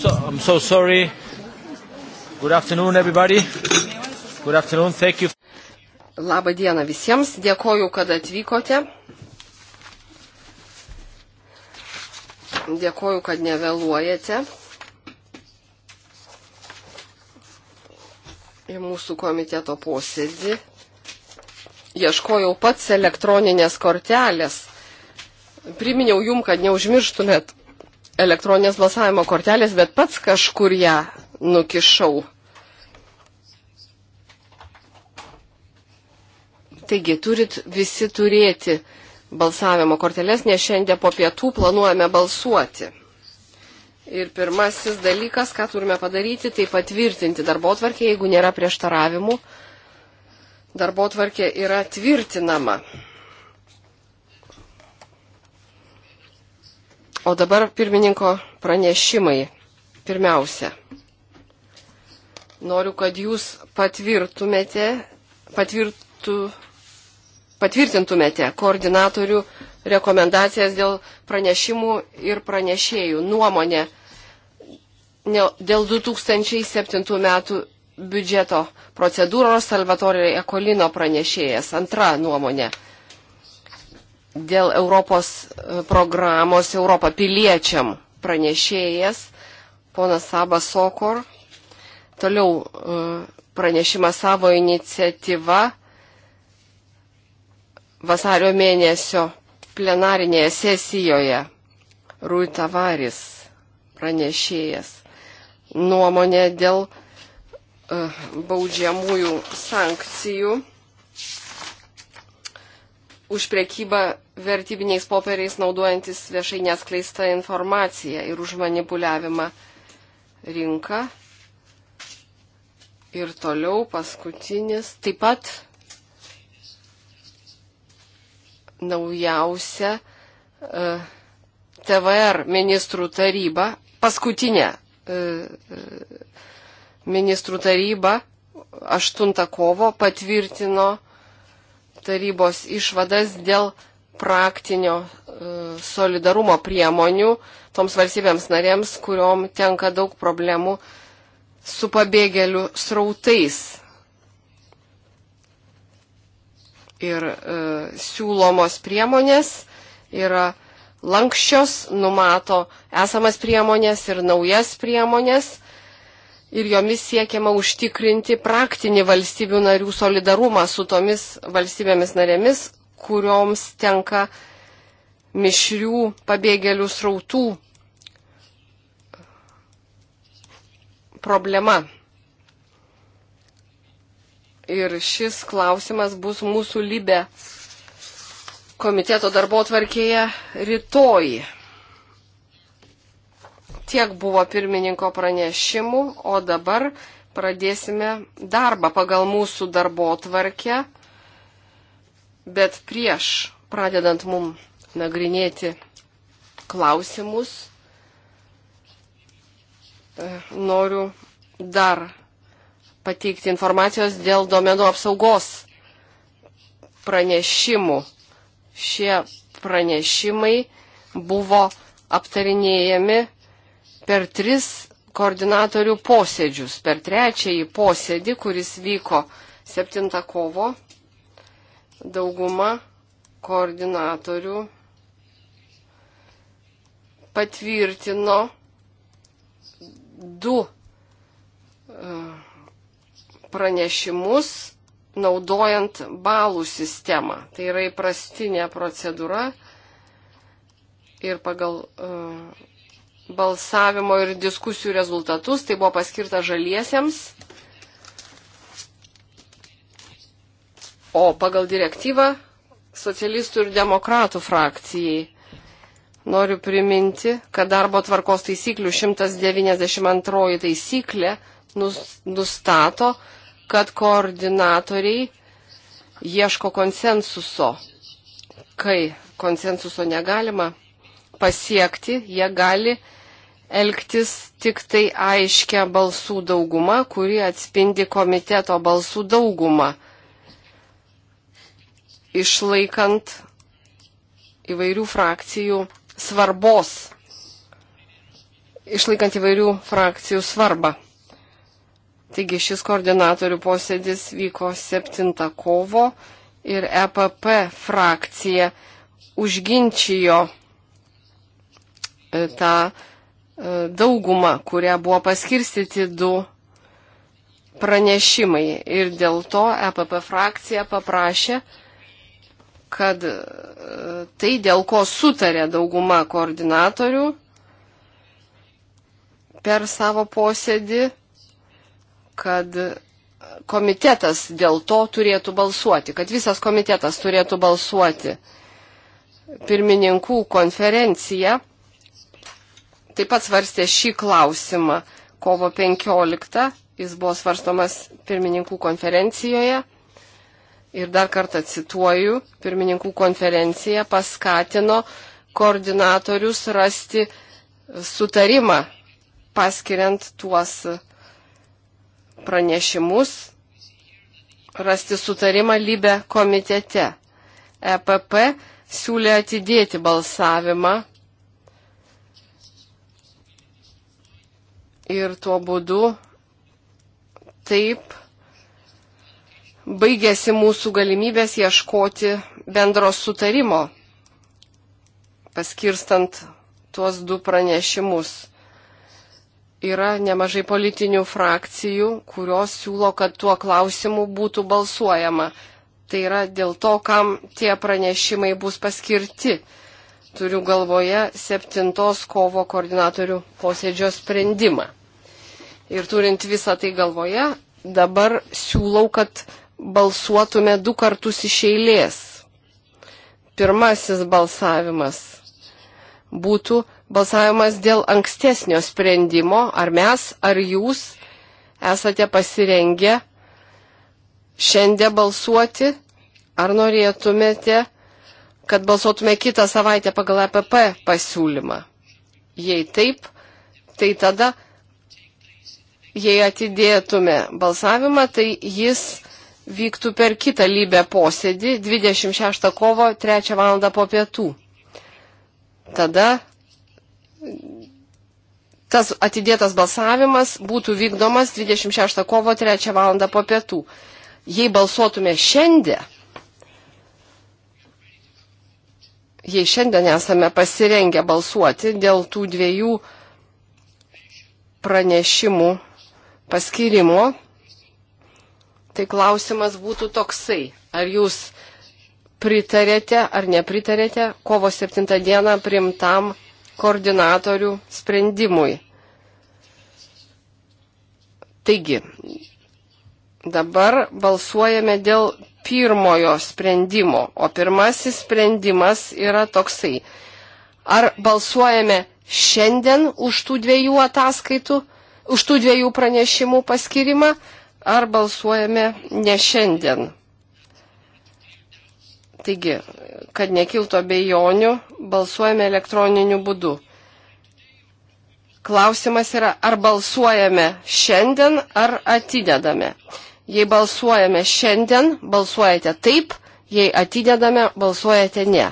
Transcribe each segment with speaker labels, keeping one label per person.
Speaker 1: So, I'm so sorry. Good afternoon, everybody. Good afternoon, thank you.
Speaker 2: Labą dieną visiems, dėkoju, kad atvykote. Dėkoju, kad nevėluojate. Į mūsų komiteto posėdį. Ieškojau pats elektroninės kortelės. Priminiau jum, kad neužmirštumėt elektroninės balsavimo kortelės, bet pats kažkur ją nukišau. Taigi, turit visi turėti balsavimo korteles, nes šiandien po pietų planuojame balsuoti. Ir pirmasis dalykas, ką turime padaryti, tai patvirtinti darbo tvarkę, jeigu nėra prieštaravimų. Darbo tvarkė yra tvirtinama. O dabar pirmininko pranešimai. Pirmiausia, noriu, kad jūs patvirtumėte, patvirtų, patvirtintumėte koordinatorių rekomendacijas dėl pranešimų ir pranešėjų nuomonę dėl 2007 metų biudžeto procedūros Salvatore Ekolino pranešėjas. Antra nuomonė dėl Europos e, programos Europą piliečiam pranešėjas, ponas Sabas Sokor. Toliau e, pranešimą savo iniciatyvą vasario mėnesio plenarinėje sesijoje. Rui Tavaris pranešėjas nuomonė dėl e, baudžiamųjų sankcijų už priekybą vertybiniais popieriais naudojantis viešai neskleista informacija ir už manipuliavimą rinką. Ir toliau paskutinis. Taip pat naujausia uh, e, TVR ministrų taryba, paskutinė uh, uh, ministrų taryba 8 kovo patvirtino tarybos išvadas dėl praktinio e, solidarumo priemonių toms valstybėms narėms, kuriuom tenka daug problemų su pabėgėlių srautais. Ir e, siūlomos priemonės yra lankščios, numato esamas priemonės ir naujas priemonės ir jomis siekiama užtikrinti praktinį valstybių narių solidarumą su tomis valstybėmis narėmis, kurioms tenka mišrių pabėgėlių srautų problema. Ir šis klausimas bus mūsų libe komiteto darbo tvarkėje rytoj. Tiek buvo pirmininko pranešimų, o dabar pradėsime darbą pagal mūsų darbo tvarkę. Bet prieš pradedant mum nagrinėti klausimus, e, noriu dar pateikti informacijos dėl domenų apsaugos pranešimų. Šie pranešimai buvo aptarinėjami per tris koordinatorių posėdžius, per trečiąjį posėdį, kuris vyko 7 kovo, dauguma koordinatorių patvirtino du e, pranešimus naudojant balų sistemą. Tai yra įprastinė procedūra ir pagal uh, balsavimo ir diskusijų rezultatus. Tai buvo paskirta žaliesiems. O pagal direktyvą socialistų ir demokratų frakcijai. Noriu priminti, kad darbo tvarkos taisyklių 192 taisyklė nustato, kad koordinatoriai ieško konsensuso. Kai konsensuso negalima pasiekti, jie gali elgtis tik tai aiškia balsų dauguma, kuri atspindi komiteto balsų daugumą, išlaikant įvairių frakcijų svarbos, išlaikant įvairių frakcijų svarbą. Taigi šis koordinatorių posėdis vyko 7 kovo ir EPP frakcija užginčijo e, tą daugumą, kurią buvo paskirstyti du pranešimai. Ir dėl to EPP frakcija paprašė, kad e, tai, dėl ko sutarė dauguma koordinatorių per savo posėdį, kad komitetas dėl to turėtų balsuoti, kad visas komitetas turėtų balsuoti. Pirmininkų konferencija taip pat svarstė šį klausimą kovo 15. Jis buvo svarstomas pirmininkų konferencijoje. Ir dar kartą cituoju, pirmininkų konferencija paskatino koordinatorius rasti sutarimą, paskiriant tuos pranešimus, rasti sutarimą lybe komitete. EPP siūlė atidėti balsavimą ir tuo būdu taip baigėsi mūsų galimybės ieškoti bendro sutarimo, paskirstant tuos du pranešimus. Yra nemažai politinių frakcijų, kurios siūlo, kad tuo klausimu būtų balsuojama. Tai yra dėl to, kam tie pranešimai bus paskirti. Turiu galvoje 7 kovo koordinatorių posėdžio sprendimą. Ir turint visą tai galvoje, dabar siūlau, kad balsuotume du kartus iš eilės. Pirmasis balsavimas būtų balsavimas dėl ankstesnio sprendimo, ar mes, ar jūs esate pasirengę šiandien balsuoti, ar norėtumėte, kad balsuotume kitą savaitę pagal EPP pasiūlymą. Jei taip, tai tada jei atidėtume balsavimą, tai jis vyktų per kitą lybę posėdį 26 kovo 3 val. po pietų. Tada tas atidėtas balsavimas būtų vykdomas 26 kovo 3 val. po pietų. Jei balsuotume šiandien, jei šiandien esame pasirengę balsuoti dėl tų dviejų pranešimų paskirimo, tai klausimas būtų toksai. Ar jūs pritarėte ar nepritarėte kovo 7 dieną primtam koordinatorių sprendimui? Taigi, dabar balsuojame dėl pirmojo sprendimo, o pirmasis sprendimas yra toksai. Ar balsuojame šiandien už tų dviejų ataskaitų? už tų dviejų pranešimų paskirimą, ar balsuojame ne šiandien. Taigi, kad nekiltų abejonių, balsuojame elektroniniu būdu. Klausimas yra, ar balsuojame šiandien, ar atidedame. Jei balsuojame šiandien, balsuojate taip, jei atidedame, balsuojate ne.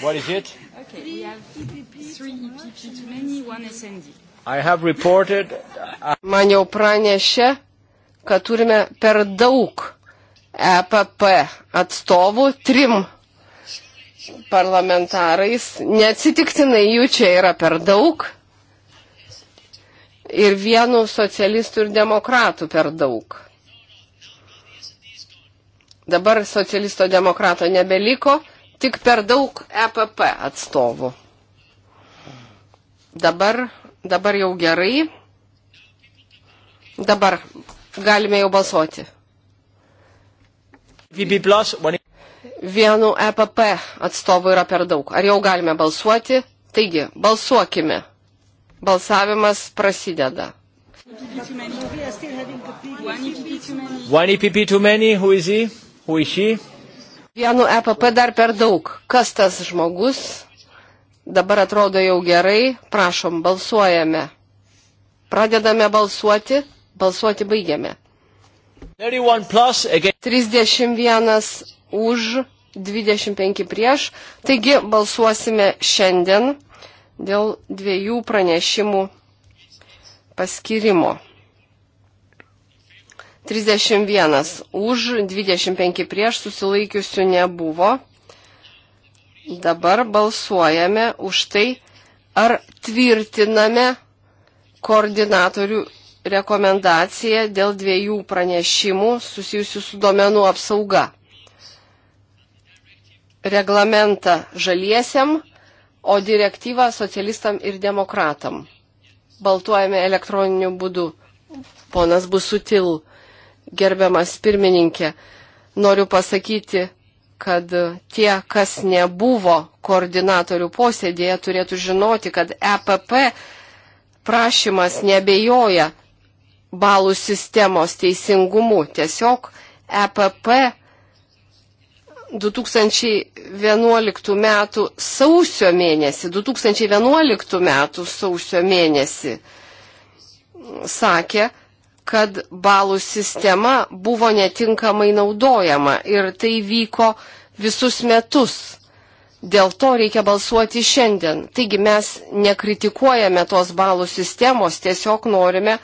Speaker 2: What is it? Okay, we have three EPP
Speaker 3: too many, one SND
Speaker 1: reported...
Speaker 2: Uh, Man jau pranešė, kad turime per daug EPP atstovų trim parlamentarais. Neatsitiktinai jų čia yra per daug ir vienu socialistų ir demokratų per daug. Dabar socialisto demokrato nebeliko, tik per daug EPP atstovų. Dabar Dabar jau gerai. Dabar galime jau balsuoti. Vienu EPP atstovu yra per daug. Ar jau galime balsuoti? Taigi, balsuokime. Balsavimas prasideda.
Speaker 3: One
Speaker 1: EPP too many, who is he? Who is she?
Speaker 2: Vienu EPP dar per daug. Kas tas žmogus? Dabar atrodo jau gerai. Prašom, balsuojame. Pradedame balsuoti. Balsuoti baigiame. 31 už, 25 prieš. Taigi balsuosime šiandien dėl dviejų pranešimų paskirimo. 31 už, 25 prieš susilaikiusių nebuvo. Dabar balsuojame už tai, ar tvirtiname koordinatorių rekomendaciją dėl dviejų pranešimų susijusių su domenų apsauga. Reglamentą žaliesiam, o direktyvą socialistam ir demokratam. Baltuojame elektroniniu būdu. Ponas Busutil, gerbiamas pirmininkė, noriu pasakyti, kad tie, kas nebuvo koordinatorių posėdėje, turėtų žinoti, kad EPP prašymas nebejoja balų sistemos teisingumu. Tiesiog EPP 2011 m. sausio mėnesį, 2011 m. sausio mėnesį sakė, kad balų sistema buvo netinkamai naudojama ir tai vyko visus metus. Dėl to reikia balsuoti šiandien. Taigi mes nekritikuojame tos balų sistemos, tiesiog norime,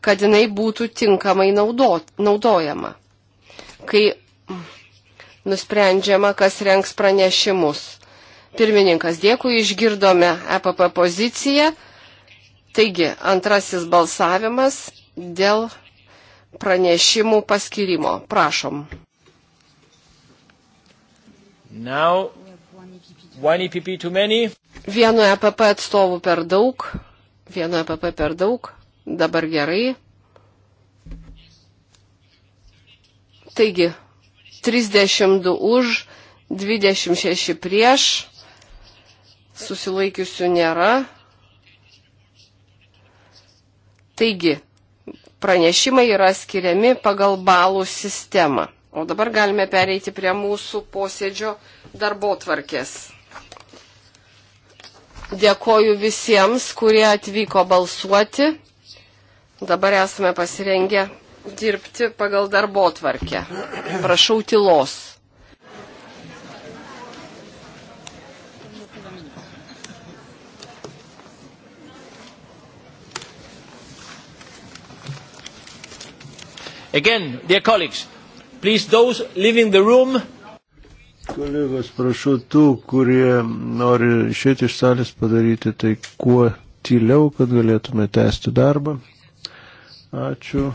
Speaker 2: kad jinai būtų tinkamai naudot, naudojama. Kai nusprendžiama, kas renks pranešimus. Pirmininkas, dėkui, išgirdome EPP poziciją. Taigi, antrasis balsavimas dėl pranešimų paskirimo. Prašom.
Speaker 1: Now, one EPP too many.
Speaker 2: Vienu EPP atstovu per daug. Vienu EPP per daug. Dabar gerai. Taigi, 32 už, 26 prieš, susilaikiusių nėra. Taigi, pranešimai yra skiriami pagal balų sistemą. O dabar galime pereiti prie mūsų posėdžio darbo tvarkės. Dėkoju visiems, kurie atvyko balsuoti. Dabar esame pasirengę dirbti pagal darbo tvarkę. Prašau tylos.
Speaker 1: Again, dear colleagues, please those leaving the room. Kolegos, prašau tų, kurie nori išėti iš salės padaryti tai kuo tyliau, kad galėtume tęsti darbą. Ačiū.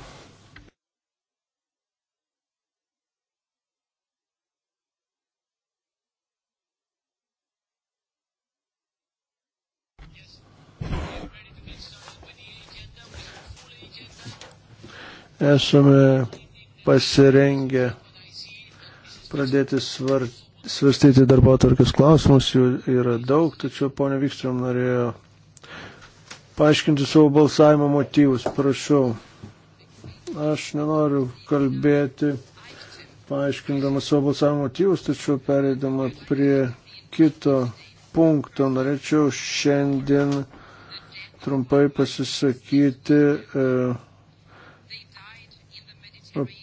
Speaker 1: esame pasirengę pradėti svart, svarstyti darbo atvarkės klausimus, jų yra daug, tačiau ponia Vikstrom norėjo paaiškinti savo balsavimo motyvus, prašau. Aš nenoriu kalbėti paaiškindama savo balsavimo motyvus, tačiau pereidama prie kito punkto norėčiau šiandien trumpai pasisakyti. E,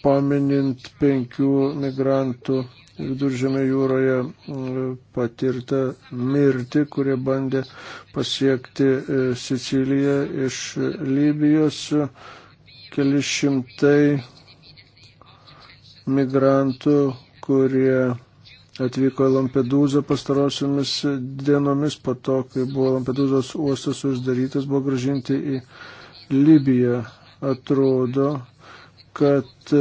Speaker 1: paminint penkių migrantų viduržėme jūroje patirtą mirtį, kurie bandė pasiekti e, Siciliją iš Libijos. Keli šimtai migrantų, kurie atvyko į Lampedūzą pastarosiomis dienomis po to, kai buvo Lampedūzos uostas uždarytas, buvo gražinti į Libiją. Atrodo, kad e,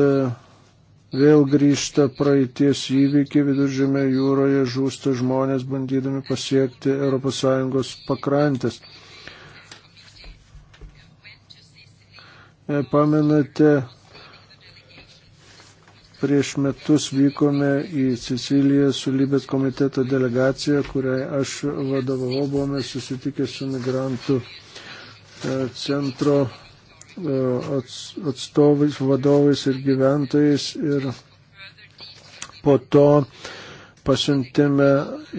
Speaker 1: vėl grįžta praeities įvykiai viduržėme jūroje, žūsta žmonės bandydami pasiekti ES pakrantės. E, pamenate, prieš metus vykome į Siciliją su Libės komiteto delegacija, kuriai aš vadovavau, buvome susitikę su migrantų e, centro E, atstovais, vadovais ir gyventojais ir po to pasiuntėme,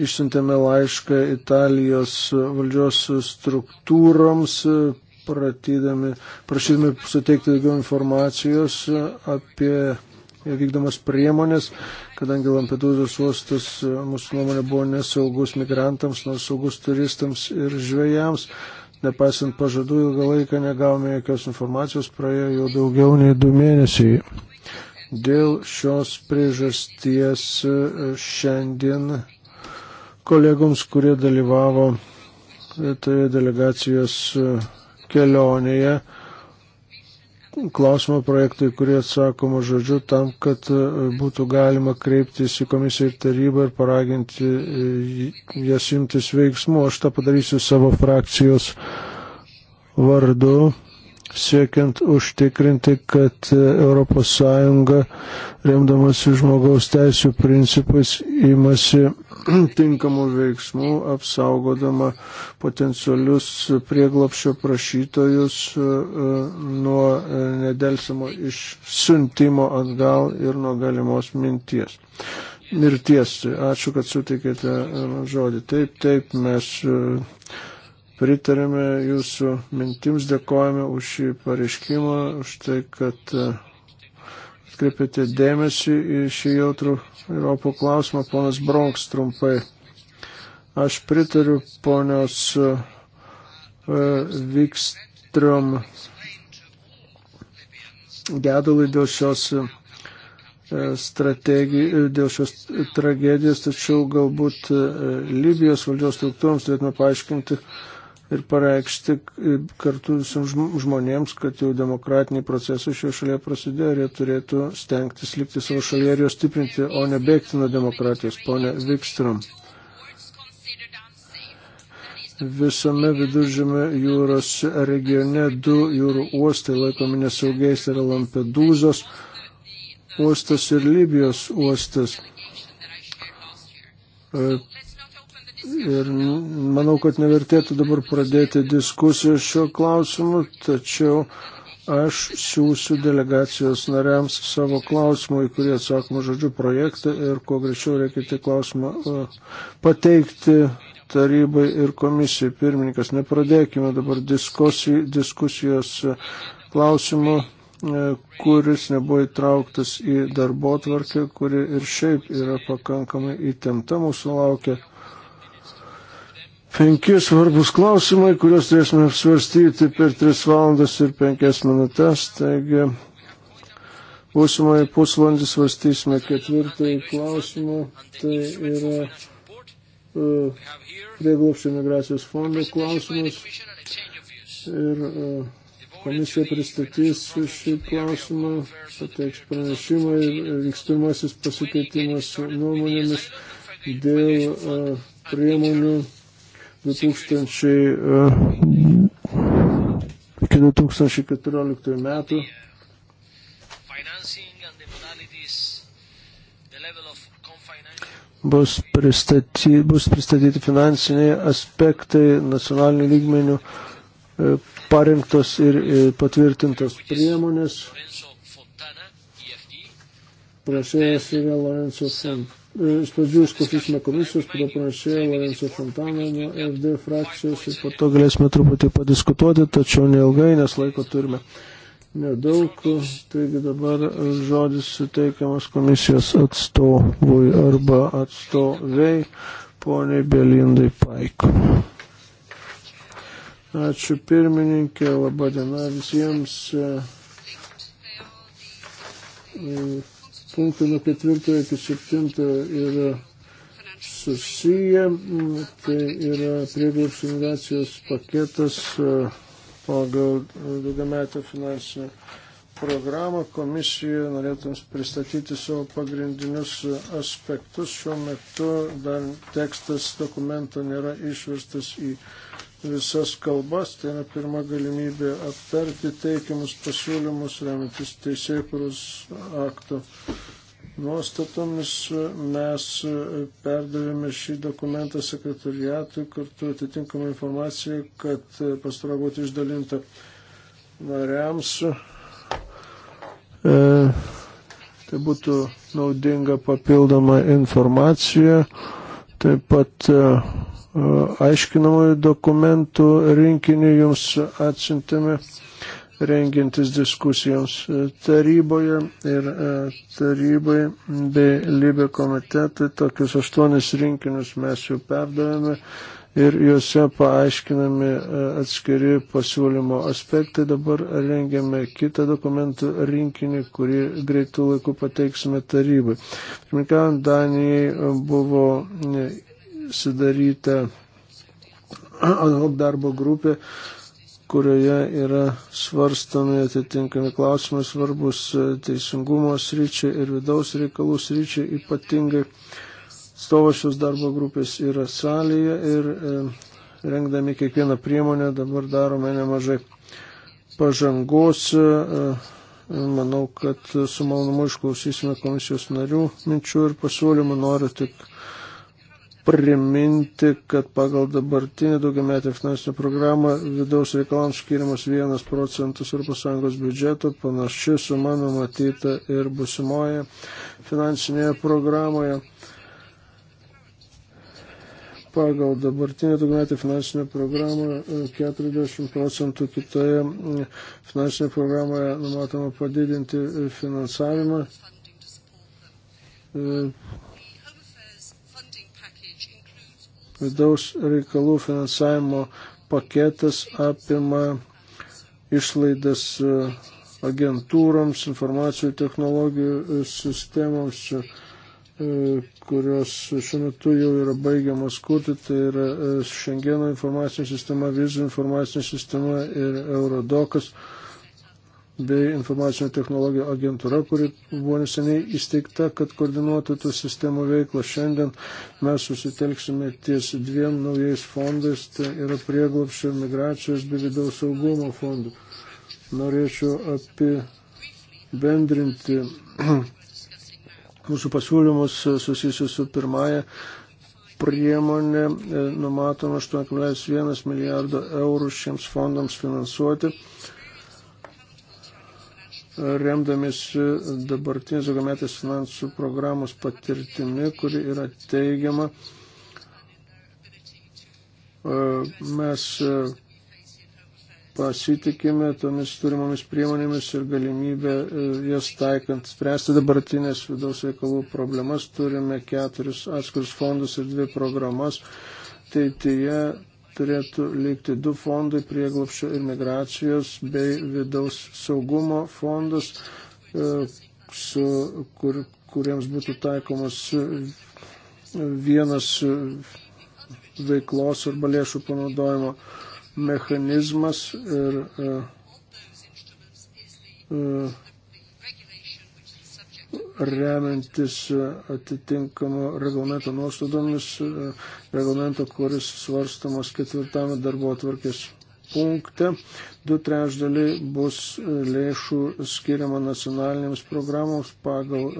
Speaker 1: išsiuntėme laišką Italijos valdžios struktūroms, prašydami suteikti daugiau informacijos apie vykdomas priemonės, kadangi Lampedūzos uostas mūsų nuomonė buvo nesaugus migrantams, nors saugus turistams ir žvėjams. Nepaisant pažadų ilgą laiką negavome jokios informacijos, praėjo jau daugiau nei du mėnesiai. Dėl šios priežasties e, šiandien kolegoms, kurie dalyvavo e, toje delegacijos e, kelionėje, klausimo projektui, kurie atsakoma žodžiu, tam, kad e, būtų galima kreiptis į komisiją ir tarybą ir paraginti e, jas imtis veiksmų. Aš tą padarysiu savo frakcijos vardu, siekiant užtikrinti, kad ES remdamasi žmogaus teisų principais imasi tinkamų veiksmų, apsaugodama potencialius prieglopšio prašytojus e, nuo e, nedelsimo išsiuntimo atgal ir nuo galimos minties. Mirties. Ačiū, kad sutikėte e, žodį. Taip, taip, mes pritarėme jūsų mintims, dėkojame už šį pareiškimą, už tai, kad atkreipėte dėmesį į šį jautrų Europų klausimą, ponas Bronks trumpai. Aš pritariu ponios Vikstrom e, gedului dėl šios e, strategijų, dėl šios tragedijos, tačiau galbūt e, Libijos valdžios struktūroms turėtume paaiškinti, ir pareikšti kartu visiems žmonėms, kad jau demokratiniai procesai šioje šalyje prasidėjo ir jie turėtų stengtis likti savo šalyje ir jos stiprinti, o ne bėgti nuo demokratijos, ponė Vikstrom. Visame viduržėme jūros regione du jūrų uostai laikomi nesaugiais tai yra Lampedūzos uostas ir Libijos uostas. E, ir nu, manau, kad nevertėtų dabar pradėti diskusiją šiuo klausimu, tačiau aš siūsiu delegacijos nariams savo klausimą, į kurį atsakoma žodžiu projektą ir kuo greičiau reikia tik klausimą e, pateikti tarybai ir komisijai. Pirmininkas, nepradėkime dabar diskusijos e, klausimų e, kuris nebuvo įtrauktas į darbo tvarkę, kuri ir šiaip yra pakankamai įtempta mūsų laukia. Penki svarbus klausimai, kuriuos turėsime apsvarstyti per 3 valandas ir 5 minutės. Taigi, būsimai pusvalandį svarstysime ketvirtąjį klausimą. Tai yra uh, e, prieglopščio migracijos fondo klausimas. Ir uh, komisija pristatys šį klausimą, pateiks pranešimą ir vyks pirmasis pasikeitimas nuomonėmis dėl e, priemonių 2000, e, iki 2014 metų. Bus, pristaty, bus pristatyti finansiniai aspektai nacionalinių lygmenių e, parinktos ir e, patvirtintos priemonės. Prašėjas yra Lorenzo Sent. Iš e, pradžių išklausysime komisijos, tada panašėjo Lorenzo Fontano nuo FD frakcijos ir po to galėsime truputį padiskutuoti, tačiau neilgai, nes laiko turime nedaug. Taigi dabar žodis suteikiamas komisijos atstovui arba atstoviai, poniai Belindai Paik. Ačiū pirmininkė, laba diena visiems. Uh, punktai nuo ketvirtojo iki septintojo yra susiję. Mm, tai yra prieglobsio migracijos paketas e, pagal daugiametę finansinę programą. Komisija norėtum pristatyti savo pagrindinius aspektus. Šiuo metu dar tekstas dokumento nėra išverstas į visas kalbas, tai yra pirma galimybė aptarti teikiamus pasiūlymus, remiantis teisėkurus akto nuostatomis. Mes perdavėme šį dokumentą sekretariatui kartu atitinkamą informaciją, kad pastara būtų išdalinta nariams. E, tai būtų naudinga papildoma informacija. Taip pat e, aiškinamųjų dokumentų rinkinį jums atsintėme rengintis diskusijoms taryboje ir e, tarybai bei lybė komitetui. Tokius aštuonis rinkinius mes jau perdavėme ir juose paaiškinami e, atskiri pasiūlymo aspektai. Dabar rengiame kitą dokumentų rinkinį, kurį greitų laikų pateiksime tarybai. Pirmininkaujant, Danijai buvo sudaryta darbo grupė, kurioje yra svarstami atitinkami klausimai svarbus teisingumo sryčiai ir vidaus reikalų sryčiai ypatingai. Stovas šios darbo grupės yra salėje ir e, rengdami kiekvieną priemonę dabar darome nemažai pažangos. E, e Manau, kad su malonumu išklausysime komisijos narių minčių ir pasiūlymų. Noriu tik priminti, kad pagal dabartinį daugiametę finansinę programą vidaus reikalams skiriamas 1 procentas ES biudžeto, panaši suma numatyta ir busimoje finansinėje programoje. Pagal dabartinę daugiametę finansinę programą 40 e, procentų kitoje finansinėje programoje numatoma padidinti e, finansavimą e, Vidaus reikalų finansavimo paketas apima išlaidas e, agentūroms, informacijų technologijų e, sistemoms, e, kurios šiuo metu jau yra baigiamas kurti, tai yra Šengeno informacinė sistema, vizų informacinė sistema ir Eurodokas bei informacinių technologijų agentūra, kuri buvo neseniai įsteigta, kad koordinuotų tų sistemų veiklą. Šiandien mes susitelksime ties dviem naujais fondais, tai yra prieglopščio migracijos bei vidaus saugumo fondų. Norėčiau apibendrinti mūsų pasiūlymus susijusius su pirmąją priemonė e, numatoma 8,1 milijardo eurų šiems fondams finansuoti remdamėsi dabartinės ilgametės finansų programos patirtimi, kuri yra teigiama, e, mes e, pasitikime tomis turimomis priemonėmis ir galimybę e, jas taikant spręsti dabartinės vidaus reikalų problemas. Turime keturis atskirus fondus ir dvi programas. Teityje turėtų likti du fondai - prieglopščio ir migracijos bei vidaus saugumo fondas, e, su, kur, kuriems būtų taikomas e, vienas e, veiklos arba lėšų panaudojimo mechanizmas ir uh, uh, remiantis e, atitinkamo reglamento nuostadomis, e, reglamento, kuris svarstamas ketvirtame darbo atvarkės punkte. Du trešdaliai bus e, lėšų skiriama nacionalinėms programoms pagal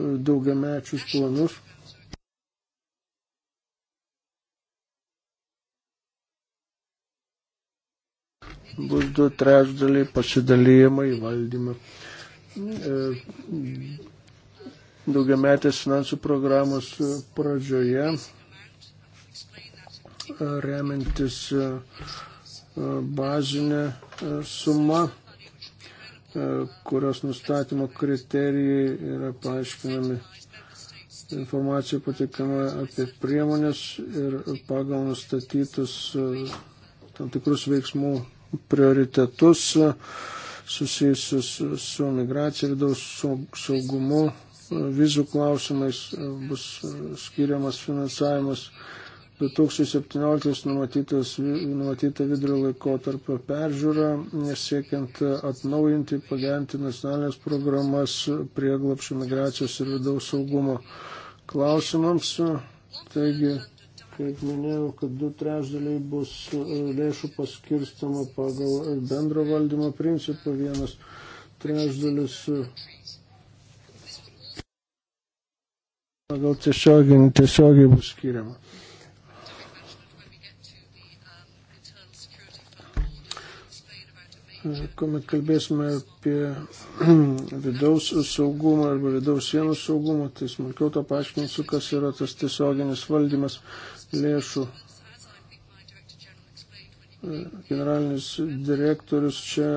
Speaker 1: daugiamečius planus. Bus du trešdaliai pasidalyjama į valdymą. E, daugiametės finansų programos pradžioje, e, remiantis e, bazinę sumą, kurios nustatymo kriterijai yra paaiškinami informacija patikama apie priemonės ir pagal nustatytus tam tikrus veiksmų prioritetus. Uh, susijusius su migracija, vidaus saugumu, vizų klausimais e, bus e, skiriamas finansavimas 2017 numatyta vidurio laiko tarp peržiūra, siekiant atnaujinti, pagerinti nacionalinės programas prieglapšio migracijos ir vidaus saugumo klausimams. Taigi kaip minėjau, kad du trešdaliai bus e, lėšų paskirstama pagal bendro valdymo principą, vienas trešdalis e, pagal tiesioginį tiesiogiai bus skiriama. kuomet kalbėsime apie vidaus saugumą arba vidaus sienų saugumą, tai smulkiau to paaiškinsiu, kas yra tas tiesioginis valdymas lėšų. Generalinis direktorius čia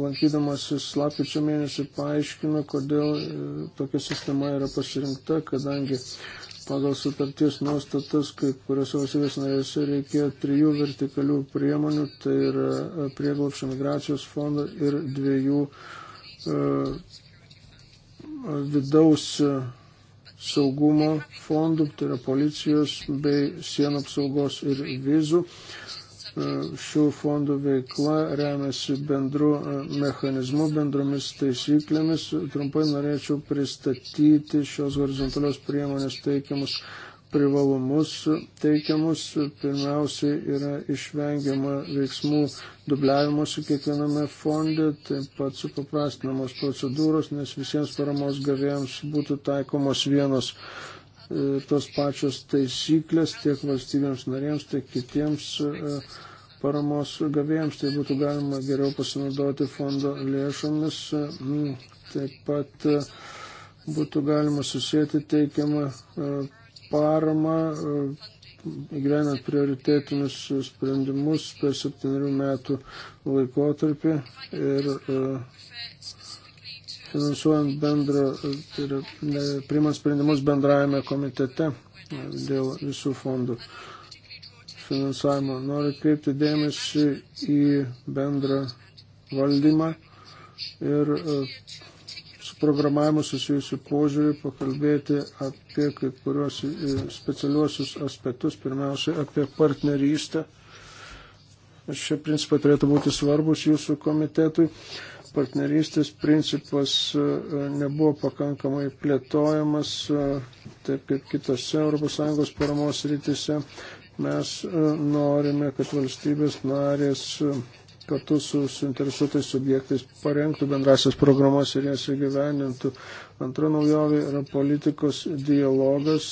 Speaker 1: lankydamasis lapkričio mėnesį paaiškino, kodėl tokia sistema yra pasirinkta, kadangi Pagal sutarties nuostatas, kai kuriuose valstybės narėse reikėjo trijų vertikalių priemonių, tai yra e, prieglopšio migracijos fondo ir dviejų uh, vidaus saugumo fondų, tai yra policijos bei sienų apsaugos ir vizų. Uh, E, šių fondų veikla remiasi bendru e, mechanizmu, bendromis taisyklėmis. Trumpai norėčiau pristatyti šios horizontalios priemonės teikiamus privalumus. Teikiamus pirmiausiai yra išvengiama veiksmų dubliavimuose kiekviename fonde, taip pat supaprastinamos procedūros, nes visiems paramos gavėjams būtų taikomos vienos tos pačios taisyklės tiek valstybėms narėms, tiek kitiems e, paramos gavėjams, tai būtų galima geriau pasinaudoti fondo lėšomis. E, taip pat e, būtų galima susijęti teikiamą paramą, įgyvenant prioritetinius sprendimus per septynių metų laikotarpį ir finansuojant bendrą, tai yra, ne, primant sprendimus bendrajame komitete e, dėl visų fondų finansavimo. Noriu kreipti dėmesį į bendrą valdymą ir e, su programavimu susijusiu požiūrį pakalbėti apie kai kuriuos e, specialiuosius aspektus, pirmiausia apie partnerystę. Šie principai turėtų būti svarbus jūsų komitetui partnerystės principas e, nebuvo pakankamai plėtojamas, e, taip kaip kitose ES paramos rytise. Mes e, norime, kad valstybės narės kartu su suinteresuotais subjektais parengtų bendrasias programas ir jas įgyvenintų. Antra naujovė yra politikos dialogas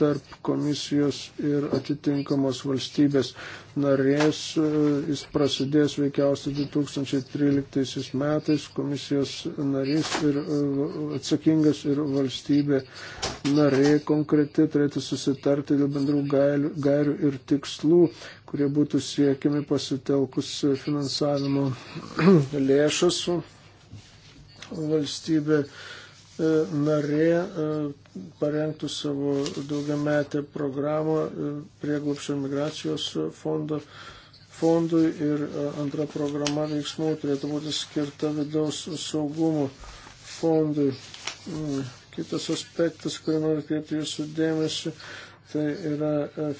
Speaker 1: tarp komisijos ir atitinkamos valstybės narės. Jis prasidės veikiausiai 2013 metais. Komisijos narys ir atsakingas ir valstybė narė konkreti turėtų susitarti dėl bendrų gairių ir tikslų, kurie būtų siekiami pasitelkus finansavimo lėšas valstybė E, narė e, parengtų savo daugiametę programą e, prieglopšio migracijos fondo, fondui ir antra programa veiksmų turėtų būti skirta vidaus saugumo fondui. Mm, kitas aspektas, kurį noriu atkreipti jūsų dėmesį, tai yra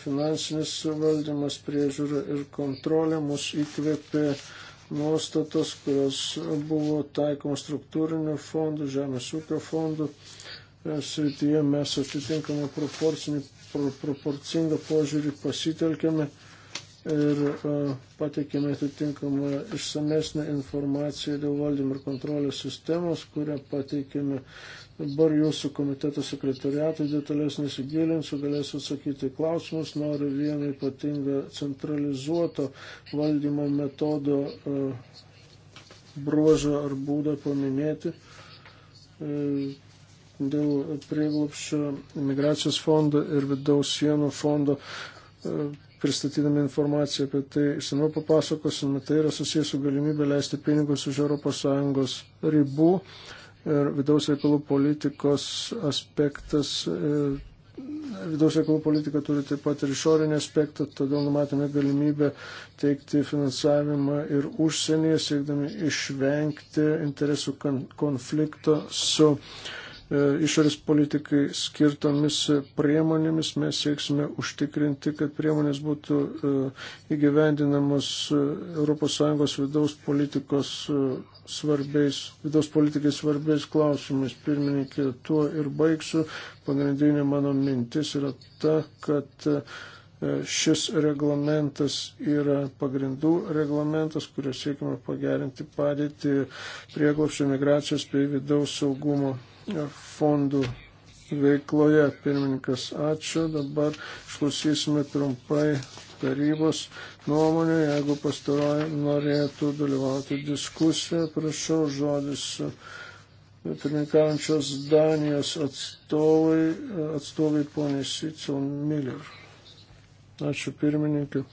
Speaker 1: finansinis valdymas, priežiūra ir kontrolė mus įkvėpė nuostatas, kurios buvo taikomos struktūrinių fondų, žemės ūkio fondų e, srityje mes atitinkamą pro, proporcingą požiūrį pasitelkėme ir e, pateikėme atitinkamą išsamesnę informaciją dėl valdymo ir kontrolės sistemos, kurią pateikėme Dabar jūsų komiteto sekretariatas detalės nesigilinsiu, galėsiu atsakyti klausimus. Noriu vieną ypatingą centralizuoto valdymo metodo e, bruožą ar būdą paminėti. E, dėl prieglupščio migracijos fondo ir vidaus sienų fondo e, pristatydami informaciją apie tai išsamiau papasakosime. Tai yra susijęs su galimybė leisti pinigus už ES ribų ir vidaus reikalų politikos aspektas. Vidaus reikalų politika turi taip pat ir išorinį aspektą, todėl numatėme galimybę teikti finansavimą ir užsienyje, siekdami išvengti interesų konflikto su e, išorės politikai skirtomis priemonėmis. Mes sieksime užtikrinti, kad priemonės būtų e, įgyvendinamos ES vidaus politikos e, svarbiais, vidaus politikai svarbiais klausimais. Pirmininkė, tuo ir baigsiu. Pagrindinė mano mintis yra ta, kad e, šis reglamentas yra pagrindų reglamentas, kurio siekime pagerinti padėtį prieglopščio migracijos bei vidaus saugumo fondų veikloje. Pirmininkas, ačiū. Dabar išklausysime trumpai tarybos nuomonių. Jeigu pastaroji norėtų dalyvauti diskusijoje, prašau žodis pirmininkaujančios Danijos atstovai, atstovai ponė Sicon Miller. Ačiū pirmininkai.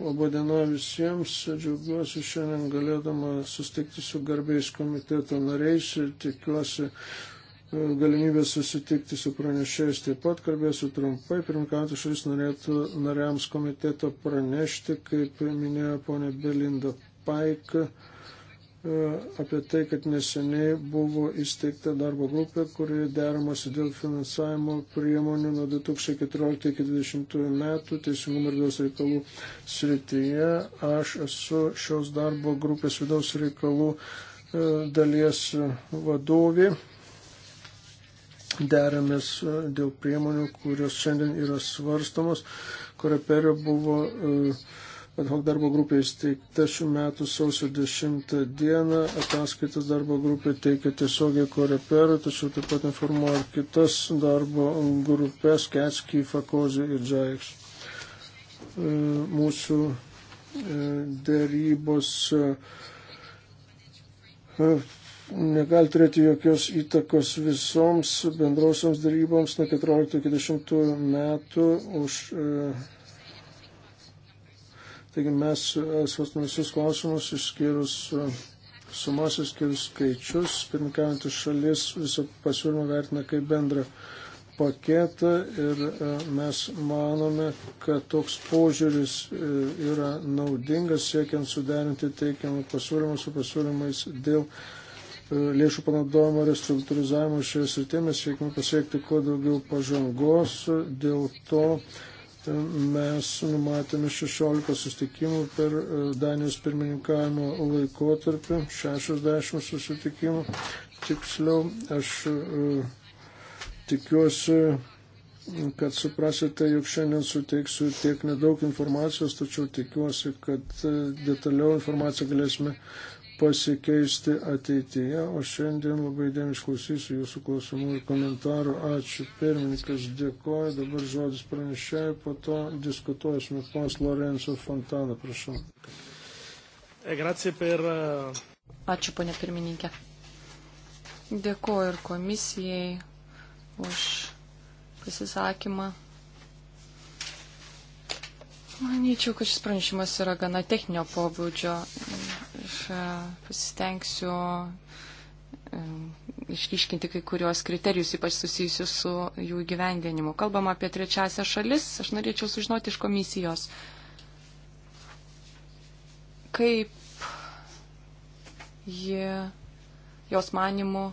Speaker 1: Labadiena visiems, džiaugiuosi šiandien galėdama sustikti su garbiais komiteto nariais ir tikiuosi galimybę susitikti su pranešėjais. Taip pat kalbėsiu trumpai. Pirmkauti šalis norėtų nariams komiteto pranešti, kaip minėjo ponė Belinda Paik, e, apie tai, kad neseniai buvo įsteigta darbo grupė, kuri deramasi dėl finansavimo priemonių nuo 2014 iki 2020 metų teisingumo ir vidaus reikalų srityje. Aš esu šios darbo grupės vidaus reikalų e, dalies vadovė deramės e, dėl priemonių, kurios šiandien yra svarstomos. Koreperio buvo e, ad hoc darbo grupė įsteigta šių metų sausio 10 dieną. Ataskaitas darbo grupė teikia tiesiogiai koreperui, tačiau taip pat informuoja ir kitas darbo grupės Ketskį, Fakozį ir Džaiks. E, mūsų dėrybos negali turėti jokios įtakos visoms bendrausiams daryboms nuo 14-20 metų. Už, e, taigi mes e, svarstame visus klausimus, išskyrus e, sumas, išskyrus skaičius. Pirmininkavintis šalis visą pasiūlymą vertina kaip bendrą paketą ir mes manome, kad toks požiūris yra naudingas siekiant suderinti teikiamą pasiūlymą su pasiūlymais dėl lėšų panaudojimo restruktūrizavimo šioje srityje mes siekime pasiekti kuo daugiau pažangos, dėl to e, mes numatėme 16 susitikimų per e, Danijos pirmininkavimo laikotarpį, 60 susitikimų. Tiksliau, aš e, tikiuosi, kad suprasite, jog šiandien suteiksiu tiek nedaug informacijos, tačiau tikiuosi, kad detaliau informaciją galėsime pasikeisti ateityje, o šiandien labai dėmesį išklausysiu jūsų klausimų ir komentarų. Ačiū, pirmininkas, dėkoju. Dabar žodis pranešėjai, po to diskutuosime. Pons Lorenzo Fontana, prašau. E, per... Uh,
Speaker 3: Ačiū, ponė pirmininkė. Dėkoju ir komisijai už pasisakymą. Manyčiau, kad šis pranešimas yra gana techninio pobūdžio Aš e, pasistengsiu e, išryškinti kai kurios kriterijus, ypač susijusius su jų gyvendinimu. Kalbam apie trečiasią šalis, aš norėčiau sužinoti iš komisijos, kaip jie, jos manimu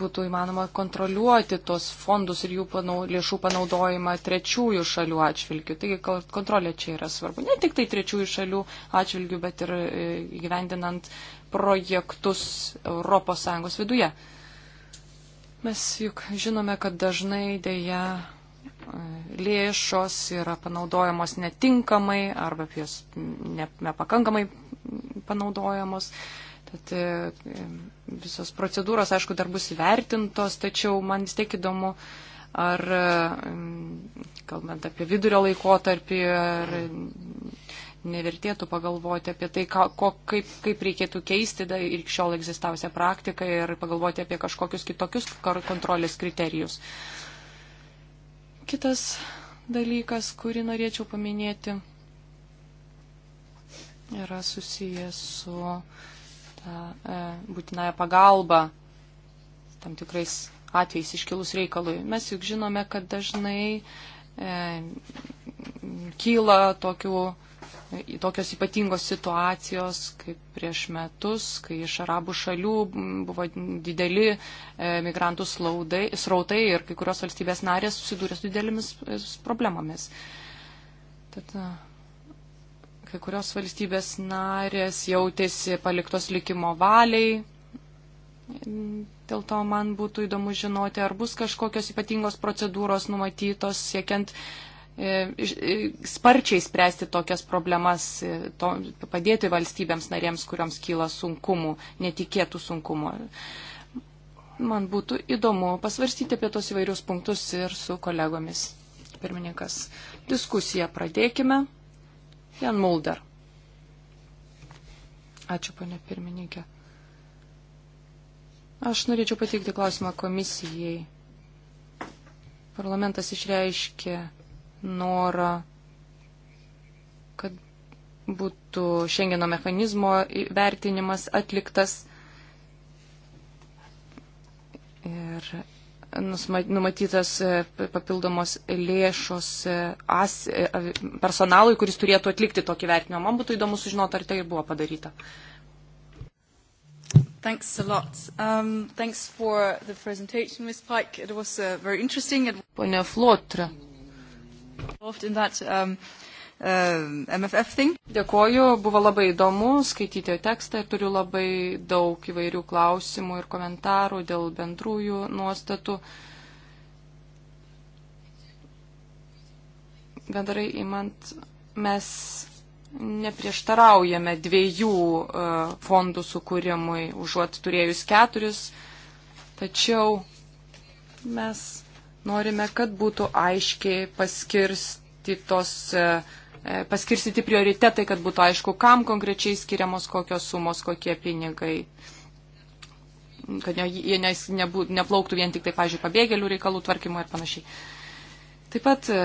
Speaker 3: būtų įmanoma kontroliuoti tos fondus ir jų panau, lėšų panaudojimą trečiųjų šalių atžvilgių. Taigi kontrolė čia yra svarbu. Ne tik tai trečiųjų šalių atžvilgių, bet ir e, gyvendinant projektus ES viduje. Mes juk žinome, kad dažnai dėja e, lėšos yra panaudojamos netinkamai arba jos nepakankamai panaudojamos. Ne Bet visos procedūros, aišku, dar bus įvertintos, tačiau man vis tiek įdomu, ar, e, kalbant apie vidurio laikotarpį, ar nevertėtų pagalvoti apie tai, ka, ko, kaip, kaip reikėtų keisti da, ir iki šiol egzistavusią praktiką ir pagalvoti apie kažkokius kitokius kontrolės kriterijus. Kitas dalykas, kurį norėčiau paminėti, yra susijęs su tą e, būtinąją pagalbą tam tikrais atvejais iškilus reikalui. Mes juk žinome, kad dažnai e, kyla tokių, e, tokios ypatingos situacijos, kaip prieš metus, kai iš arabų šalių buvo dideli e, migrantų slaudai, srautai ir kai kurios valstybės narės susidūrė su didelėmis e, problemomis. Tad, e, Kai kurios valstybės narės jautėsi paliktos likimo valiai. Dėl to man būtų įdomu žinoti, ar bus kažkokios ypatingos procedūros numatytos siekiant e, e, sparčiai spręsti tokias problemas, e, to, padėti valstybėms narėms, kuriams kyla sunkumų, netikėtų sunkumų. Man būtų įdomu pasvarstyti apie tos įvairius punktus ir su kolegomis. Pirmininkas, diskusiją pradėkime. Jan Mulder. Ačiū, ponė pirmininkė. Aš norėčiau pateikti klausimą komisijai. Parlamentas išreiškė norą, kad būtų Šengeno mechanizmo vertinimas atliktas. Ir numatytas e, papildomos lėšos e, as, e, personalui, kuris turėtų atlikti tokį vertinimą. Man būtų įdomu sužinoti, ar tai buvo padaryta. Thanks a lot. Um, thanks for the presentation, Ms. Pike. It was uh, very interesting. It... Pone Flotra. Involved in that. Um, Uh, MFF thing. Dėkoju, buvo labai įdomu skaityti tekstą ir turiu labai daug įvairių klausimų ir komentarų dėl bendrųjų nuostatų. Bendrai įmant, mes neprieštaraujame dviejų uh, fondų sukūrimui, užuot turėjus keturis, tačiau mes norime, kad būtų aiškiai paskirstytos uh, E, paskirstyti prioritetai, kad būtų aišku, kam konkrečiai skiriamos kokios sumos, kokie pinigai. Kad ne, jie ne, nebū, neplauktų vien tik tai, pažiūrėjau, pabėgėlių reikalų tvarkymo ir panašiai. Taip pat e,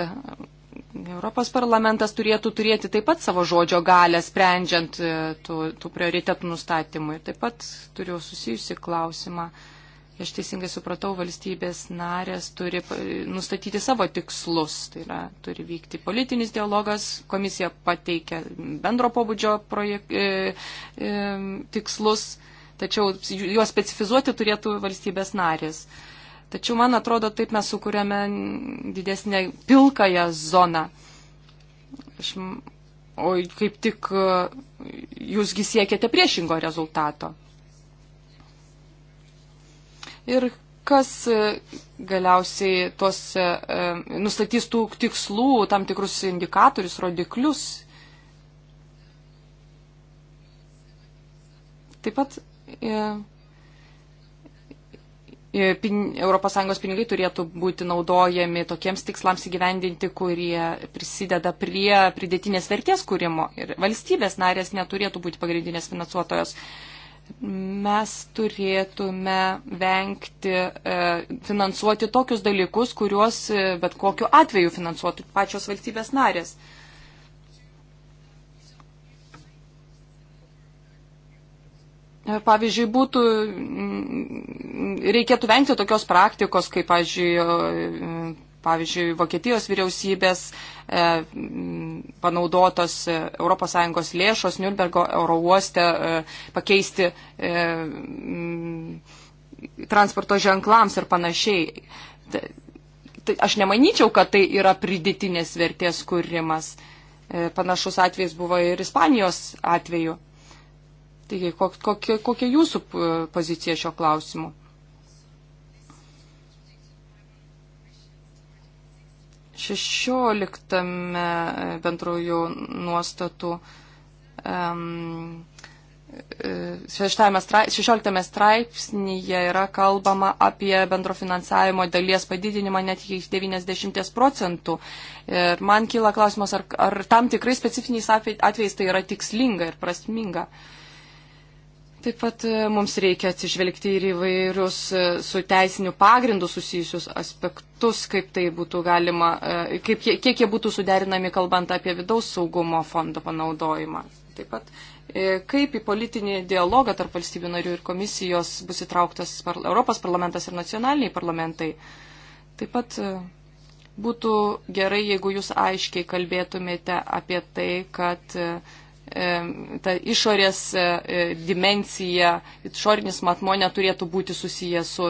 Speaker 3: Europos parlamentas turėtų turėti taip pat savo žodžio galę sprendžiant e, tų, tų prioritetų nustatymui. Taip pat turiu susijusi klausimą. Uh, aš teisingai supratau, valstybės narės turi nustatyti savo tikslus. Tai yra, turi vykti politinis dialogas, komisija pateikia bendro pobūdžio projek, e, e, tikslus, tačiau juos specifizuoti turėtų valstybės narės. Tačiau, man atrodo, taip mes sukūrėme didesnę pilkąją zoną. Aš, o kaip tik e, jūsgi siekiate priešingo rezultato ir kas e, galiausiai tos e, e, nustatys tų tikslų, tam tikrus indikatorius, rodiklius. Taip pat ES pinigai turėtų būti naudojami tokiems tikslams įgyvendinti, kurie prisideda prie pridėtinės vertės kūrimo ir valstybės narės neturėtų būti pagrindinės finansuotojos. E, mes turėtume vengti e, finansuoti tokius dalykus, kuriuos e, bet kokiu atveju finansuotų pačios valstybės narės. E, pavyzdžiui, būtų, reikėtų vengti tokios praktikos, kaip, pavyzdžiui, pavyzdžiui, Vokietijos vyriausybės e, panaudotos e, ES lėšos Nürnbergo oro uoste e, pakeisti transporto ženklams ir panašiai. Aš nemanyčiau, kad tai yra pridėtinės vertės kūrimas. Panašus atvejs buvo ir Ispanijos atveju. Taigi, kokia, kokia jūsų pozicija šio klausimu? 16 e, bendrųjų nuostatų. Um, 16 straipsnėje yra kalbama apie bendro finansavimo dalies padidinimą net iki 90 procentų. Ir man kyla klausimas, ar, ar tam tikrai specifiniais atvejais tai yra tikslinga ir prasminga. Uh, Taip pat e, mums reikia atsižvelgti ir įvairius e, su teisiniu pagrindu susijusius aspektus, kaip tai būtų galima, e, kaip, kiek jie būtų suderinami kalbant apie vidaus saugumo fondo panaudojimą. Taip pat kaip į politinį dialogą tarp valstybių narių ir komisijos bus įtrauktas Europos parlamentas ir nacionaliniai parlamentai. Taip pat būtų gerai, jeigu jūs aiškiai kalbėtumėte apie tai, kad E, ta išorės e, e, dimencija, išorinis matmo neturėtų būti susijęs su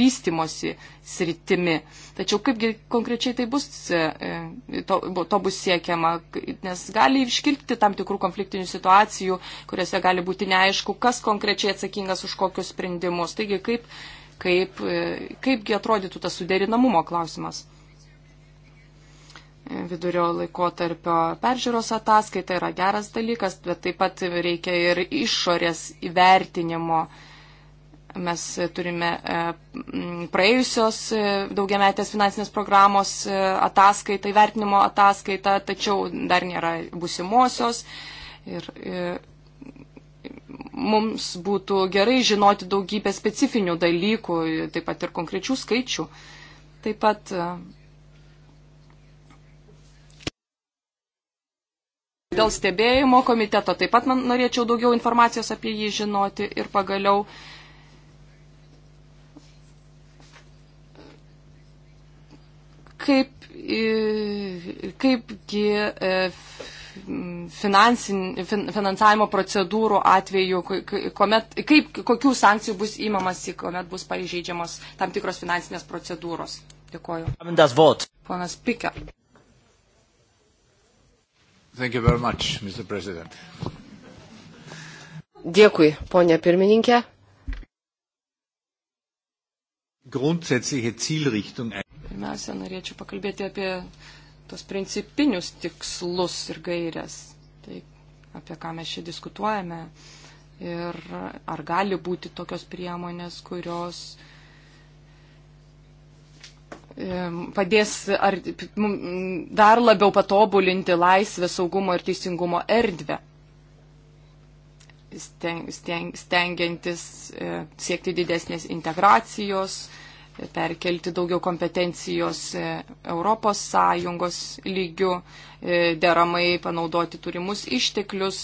Speaker 3: vystimosi sritimi. Tačiau kaipgi konkrečiai tai bus, to, to bus siekiama, nes gali iškilti tam tikrų konfliktinių situacijų, kuriuose gali būti neaišku, kas konkrečiai atsakingas už kokius sprendimus. Taigi kaip, kaip, kaipgi atrodytų tas suderinamumo klausimas vidurio laikotarpio peržiūros ataskaita yra geras dalykas, bet taip pat reikia ir išorės įvertinimo. Mes turime e, praėjusios e, daugiametės finansinės programos e, ataskaitą, įvertinimo ataskaitą, tačiau dar nėra busimosios. Ir mums būtų gerai žinoti daugybę specifinių dalykų, taip pat ir konkrečių skaičių. Taip pat Dėl stebėjimo komiteto taip pat man norėčiau daugiau informacijos apie jį žinoti ir pagaliau. Kaip, kaipgi e, finansin, finansavimo procedūrų atveju, kuomet, kaip, kokių sankcijų bus įmamasi, kuomet bus pažeidžiamos tam tikros finansinės procedūros. Dėkuoju. Ponas Piker.
Speaker 1: Thank you very much, Mr. President.
Speaker 2: Dėkui, ponė pirmininkė.
Speaker 3: Pirmiausia, norėčiau pakalbėti apie tos principinius tikslus ir gairias. Tai apie ką mes čia diskutuojame. Ir ar gali būti tokios priemonės, kurios uh, padės ar, dar labiau patobulinti laisvę, saugumo ir teisingumo erdvę, steng, steng, stengiantis e, siekti didesnės integracijos, e, perkelti daugiau kompetencijos ES lygių, e, deramai panaudoti turimus išteklius,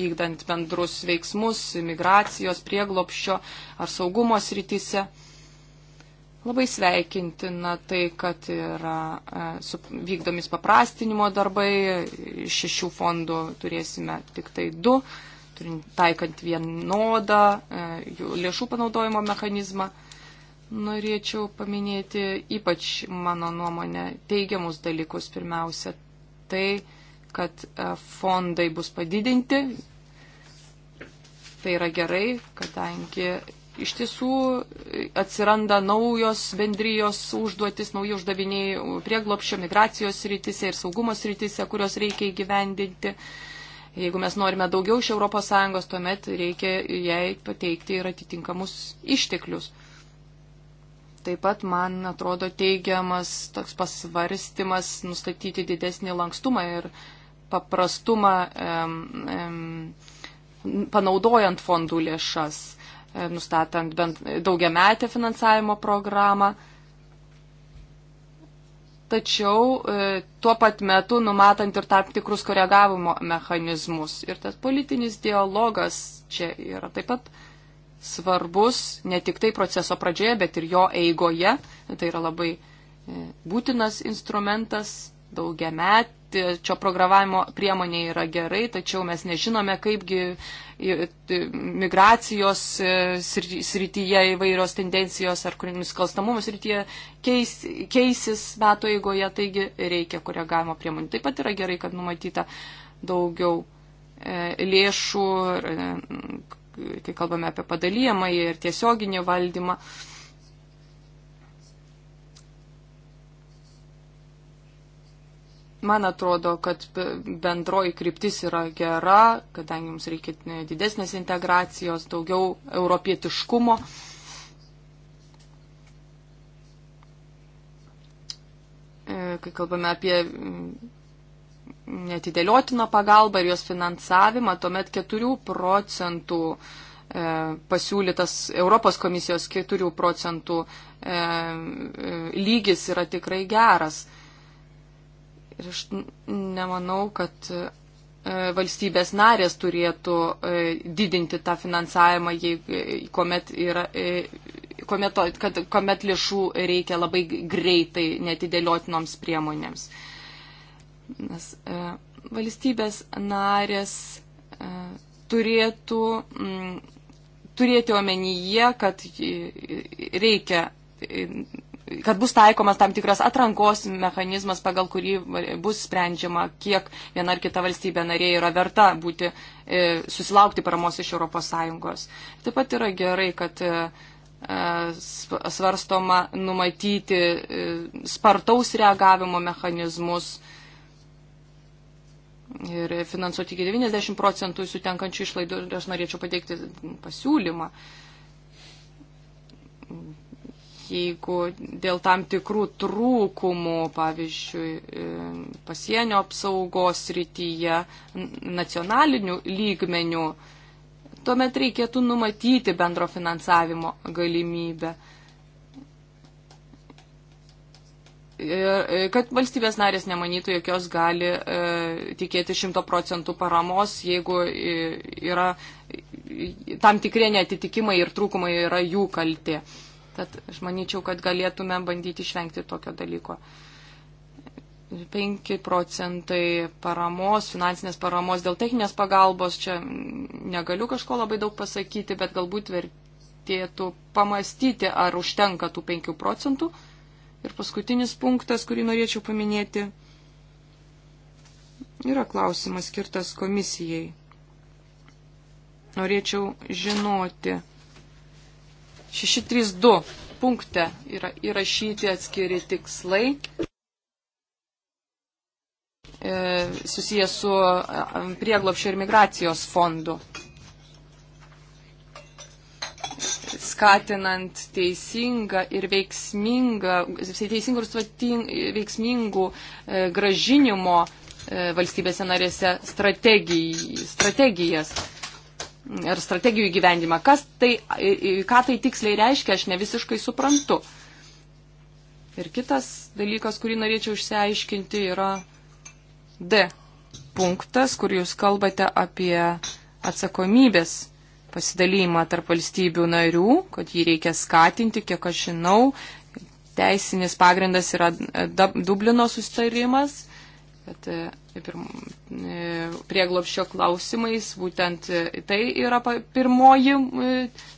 Speaker 3: vykdant bendrus veiksmus migracijos, prieglopščio ar saugumo srityse. Labai sveikintina tai, kad yra e, vykdomis paprastinimo darbai, iš šešių fondų turėsime tik tai du, taikant vienodą e, lėšų panaudojimo mechanizmą. Norėčiau paminėti ypač mano nuomonę teigiamus dalykus. Pirmiausia, tai, kad e, fondai bus padidinti. Tai yra gerai, kadangi iš tiesų atsiranda naujos bendrijos užduotis, nauji uždaviniai prieglopščio migracijos rytise ir saugumo rytise, kurios reikia įgyvendinti. Jeigu mes norime daugiau iš ES, tuomet reikia jai pateikti ir atitinkamus išteklius. Taip pat man atrodo teigiamas toks pasvarstimas nustatyti didesnį lankstumą ir paprastumą um, um, panaudojant fondų lėšas E, nustatant bent daugiametę finansavimo programą. Tačiau e, tuo pat metu numatant ir tam tikrus koregavimo mechanizmus. Ir tas politinis dialogas čia yra taip pat svarbus ne tik tai proceso pradžioje, bet ir jo eigoje. Tai yra labai e, būtinas instrumentas daugiametė, čia programavimo priemonė yra gerai, tačiau mes nežinome, kaipgi migracijos e, srityje įvairios tendencijos ar nusikalstamumo srityje keis, keisis metų eigoje, taigi reikia koregavimo priemonių. Taip pat yra gerai, kad numatyta daugiau e, lėšų, e, kai kalbame apie padalyjamą ir tiesioginį valdymą. E, Man atrodo, kad bendroji kryptis yra gera, kadangi mums reikia e, didesnės integracijos, daugiau europietiškumo. E, kai kalbame apie mm, netidėliotiną pagalbą ir jos finansavimą, tuomet 4 procentų e, pasiūlytas Europos komisijos 4 procentų lygis yra tikrai geras. Ir aš nemanau, kad e, valstybės narės turėtų e, didinti tą finansavimą, jei, e, kuomet, yra, kuomet, kad, kuomet lėšų reikia labai greitai netidėliotinoms priemonėms. Nes valstybės narės turėtų turėti omenyje, kad reikia kad bus taikomas tam tikras atrankos mechanizmas, pagal kurį bus sprendžiama, kiek viena ar kita valstybė narė yra verta būti, e, susilaukti paramos iš ES. Taip pat yra gerai, kad e, svarstoma numatyti e, spartaus reagavimo mechanizmus ir finansuoti iki 90 procentų sutenkančių išlaidų. Aš norėčiau pateikti pasiūlymą jeigu dėl tam tikrų trūkumų, pavyzdžiui, e, pasienio apsaugos rytyje, nacionalinių lygmenių, tuomet reikėtų numatyti bendro finansavimo galimybę. E, e, kad valstybės narės nemanytų, jog jos gali e, tikėti 100 procentų paramos, jeigu yra tam tikrie netitikimai ir trūkumai yra jų kalti. E, Tad aš manyčiau, kad galėtume bandyti išvengti tokio dalyko. 5 procentai paramos, finansinės paramos dėl techninės pagalbos, čia negaliu kažko labai daug pasakyti, bet galbūt vertėtų pamastyti, ar užtenka tų 5 procentų. Ir paskutinis punktas, kurį norėčiau paminėti, yra klausimas skirtas komisijai. Norėčiau žinoti 632 punkte yra įrašyti atskiri tikslai e, susijęs su e, prieglopščio ir migracijos fondu, skatinant teisingą ir veiksmingą, teisingų ir svating, veiksmingų e, gražinimo valstybėse narėse strategijas ir strategijų įgyvendimą. Kas tai, ką tai tiksliai reiškia, aš ne visiškai suprantu. Ir kitas dalykas, kurį norėčiau išsiaiškinti, yra D punktas, kur jūs kalbate apie atsakomybės pasidalymą tarp valstybių narių, kad jį reikia skatinti, kiek aš žinau. Teisinis pagrindas yra Dublino sustarimas, kad E, prieglopščio klausimais, būtent e, tai yra pirmoji e,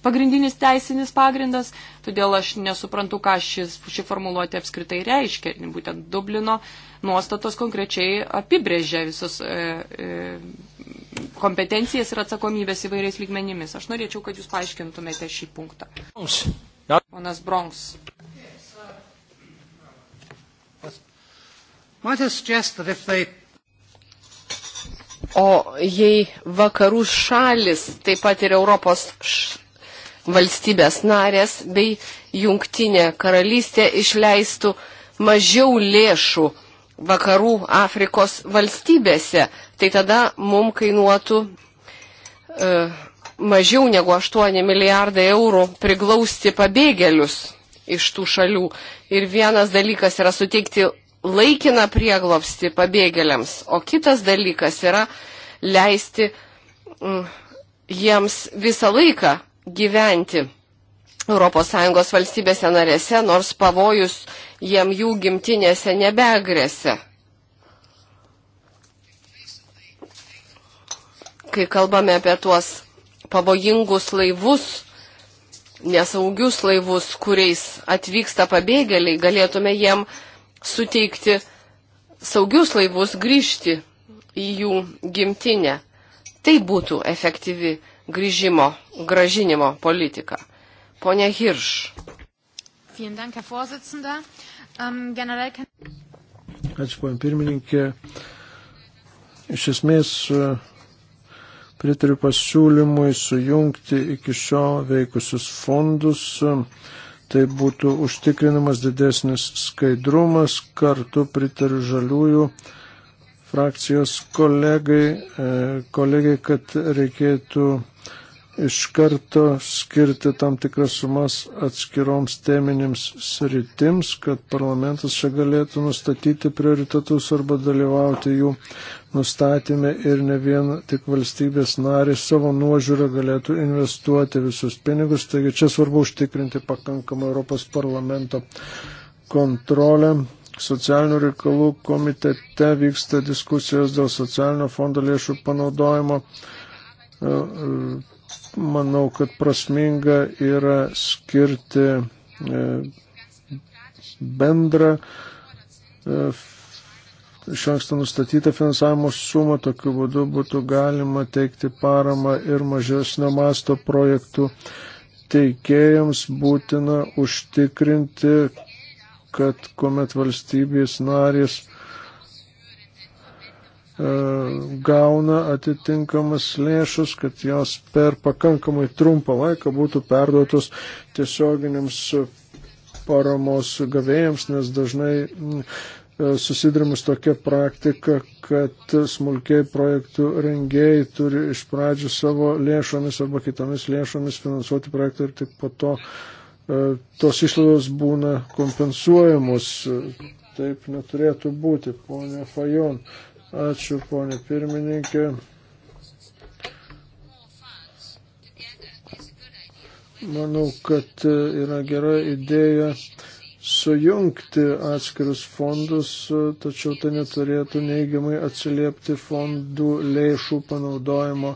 Speaker 3: pagrindinis teisinis pagrindas, todėl aš nesuprantu, ką šis, ši formuluotė apskritai reiškia. Būtent Dublino nuostatos konkrečiai apibrėžia visus e, e, kompetencijas ir atsakomybės įvairiais lygmenimis. Aš norėčiau, kad jūs paaiškintumėte šį punktą. Ponas Bronks. Might I suggest that if they
Speaker 2: O jei vakarų šalis, taip pat ir Europos š... valstybės narės bei jungtinė karalystė išleistų mažiau lėšų vakarų Afrikos valstybėse, tai tada mums kainuotų e, mažiau negu 8 milijardai eurų priglausti pabėgėlius iš tų šalių. Ir vienas dalykas yra suteikti laikiną prieglopsti pabėgėliams, o kitas dalykas yra leisti mm, jiems visą laiką gyventi ES valstybėse narėse, nors pavojus jiem jų gimtinėse nebegrėse. Kai kalbame apie tuos pavojingus laivus, nesaugius laivus, kuriais atvyksta pabėgėliai, galėtume jiem uh, suteikti saugius laivus grįžti į jų gimtinę. Tai būtų efektyvi grįžimo, gražinimo politika. Pone Hirš.
Speaker 3: Ähm,
Speaker 1: Ačiū, pan pirmininkė. Iš esmės e, pritariu pasiūlymui sujungti iki šio veikusius fondus Tai būtų užtikrinamas didesnis skaidrumas, kartu pritariu žaliųjų frakcijos kolegai, e, kolegai, kad reikėtų iš karto skirti tam tikras sumas atskiroms teminėms sritims, kad parlamentas čia galėtų nustatyti prioritetus arba dalyvauti jų nustatymė ir ne vien tik valstybės narės savo nuožiūrą galėtų investuoti visus pinigus. Taigi čia svarbu užtikrinti pakankamą Europos parlamento kontrolę. Socialinių reikalų komitete vyksta diskusijos dėl socialinio fondo lėšų panaudojimo. E, Manau, kad prasminga yra skirti e, bendrą e, iš anksto nustatytą finansavimo sumą, tokiu būdu būtų galima teikti paramą ir mažesnio masto projektų teikėjams būtina užtikrinti, kad kuomet valstybės narės e, gauna atitinkamas lėšus, kad jos per pakankamai trumpą laiką būtų perduotos tiesioginiams paramos gavėjams, nes dažnai E, susidurimus tokia praktika, kad smulkiai projektų rengėjai turi iš pradžių savo lėšomis arba kitomis lėšomis finansuoti projektą ir tik po to e, tos išlaidos būna kompensuojamos. Taip neturėtų būti, ponė Fajon. Ačiū, ponė pirmininkė. Manau, kad e, yra gera idėja sujungti atskirius fondus, tačiau tai neturėtų neigiamai atsiliepti fondų lėšų panaudojimo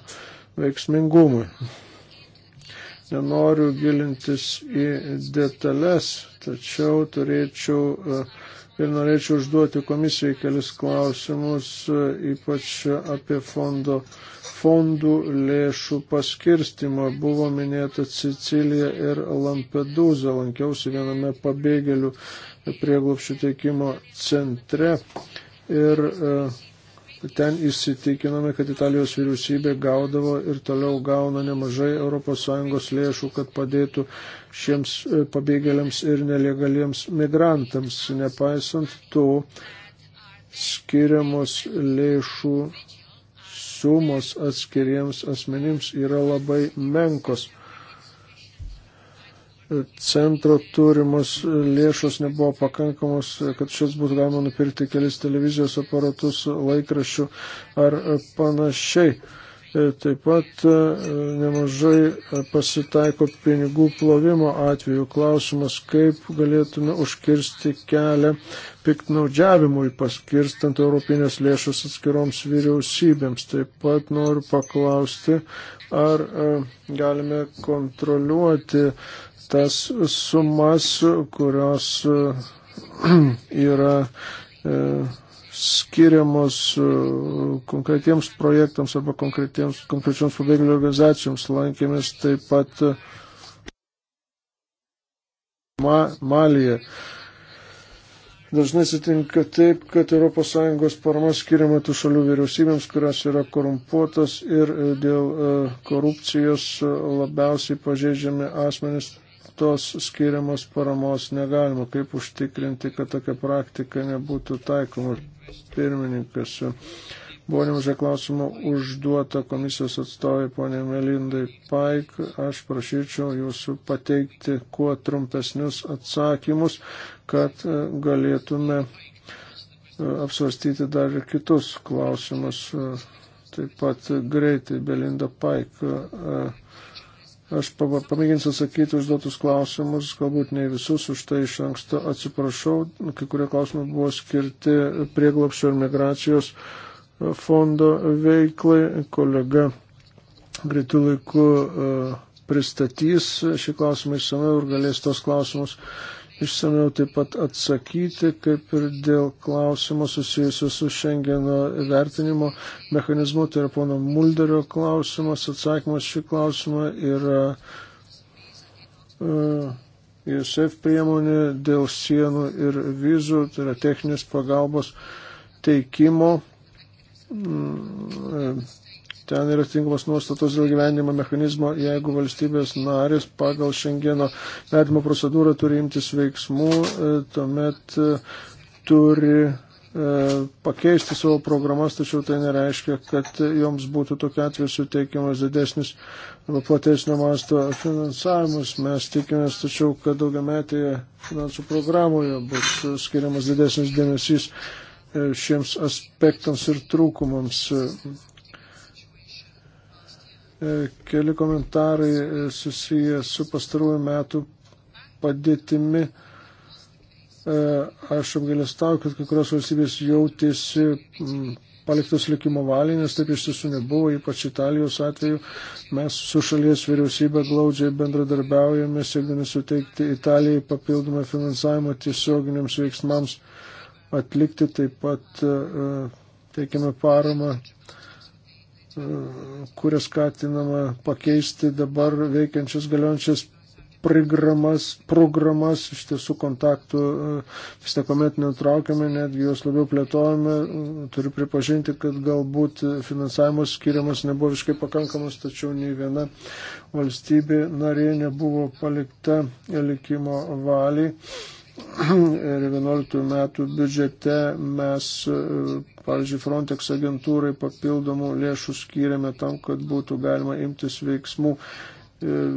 Speaker 1: veiksmingumui. Nenoriu gilintis į detalės, tačiau turėčiau uh, ir norėčiau užduoti komisijai kelis klausimus, ypač apie fondo, fondų lėšų paskirstimą. Buvo minėta Sicilija ir Lampedusa, lankiausi viename pabėgėlių prieglopšių teikimo centre. Ir uh, Ten įsitikinome, kad Italijos vyriausybė gaudavo ir toliau gauna nemažai ES lėšų, kad padėtų šiems e, pabėgėliams ir nelegaliems migrantams. Nepaisant to, skiriamos lėšų sumos atskiriems asmenims yra labai menkos centro turimos lėšos nebuvo pakankamos, kad šios būtų galima nupirkti kelis televizijos aparatus, laikraščių ar panašiai. Taip pat e, nemažai pasitaiko pinigų plovimo atveju. Klausimas, kaip galėtume užkirsti kelią piktnaudžiavimui, paskirstant europinės lėšas atskiroms vyriausybėms. Taip pat noriu paklausti, ar e, galime kontroliuoti tas sumas, kurios yra e, skiriamos e, konkretiems projektams arba konkrečioms pabėgėlių organizacijoms. Lankėmės taip pat e, Ma Malyje. Dažnai atsitinka taip, kad ES parama skiriama tų šalių vyriausybėms, kurios yra korumpuotos ir dėl korupcijos labiausiai pažeidžiami asmenys tos skiriamos paramos negalima. Kaip užtikrinti, kad tokia praktika nebūtų taikoma? Pirmininkas. Buvo nemažai klausimų užduota komisijos atstovai ponė Melindai Paik. Aš prašyčiau jūsų pateikti kuo trumpesnius atsakymus, kad e, galėtume e, apsvarstyti dar ir kitus klausimus. E, taip pat greitai Belinda Paik Aš pamėginsiu atsakyti užduotus klausimus, galbūt ne visus, už tai iš anksto atsiprašau. Kai kurie klausimai buvo skirti prieglopščio ir migracijos e, fondo veiklai. Kolega greitų laikų e, pristatys šį klausimą išsameu ir galės tos klausimus išsameu taip pat atsakyti, kaip ir dėl klausimo susijusio su Schengeno vertinimo mechanizmu, tai yra pono Mulderio klausimas, atsakymas šį klausimą yra JSF e, priemonė dėl sienų ir vizų, tai yra techninės pagalbos teikimo e, ten yra tinkamos nuostatos dėl gyvenimo mechanizmo, jeigu valstybės narės pagal šengeno metimo procedūrą turi imtis veiksmų, e, tuomet e, turi e, pakeisti savo programas, tačiau tai nereiškia, kad joms būtų tokia atveju suteikiamas didesnis arba platesnio masto finansavimas. Mes tikimės, tačiau, kad daugiametėje finansų programoje bus skiriamas didesnis dėmesys šiems aspektams ir trūkumams. E, keli komentarai e, susiję su pastarųjų metų padėtimi. E, aš apgalėstau, kad kai kurios valstybės jautėsi paliktas likimo valiai, nes taip iš tiesų nebuvo, ypač Italijos atveju. Mes su šalies vyriausybė glaudžiai bendradarbiaujame, siekdami suteikti Italijai papildomą finansavimą tiesioginiams veiksmams atlikti, taip pat teikiame paramą E, kuria skatinama pakeisti dabar veikiančias galiojančias programas, programas, iš tiesų kontaktų e, vis niekuomet netraukiame, netgi juos labiau plėtojame. E, turiu pripažinti, kad galbūt finansavimas skiriamas nebuvo visiškai pakankamas, tačiau nei viena valstybė narė nebuvo palikta likimo valiai. Ir 11 metų biudžete mes Pavyzdžiui, Frontex agentūrai papildomų lėšų skyrėme tam, kad būtų galima imtis veiksmų e,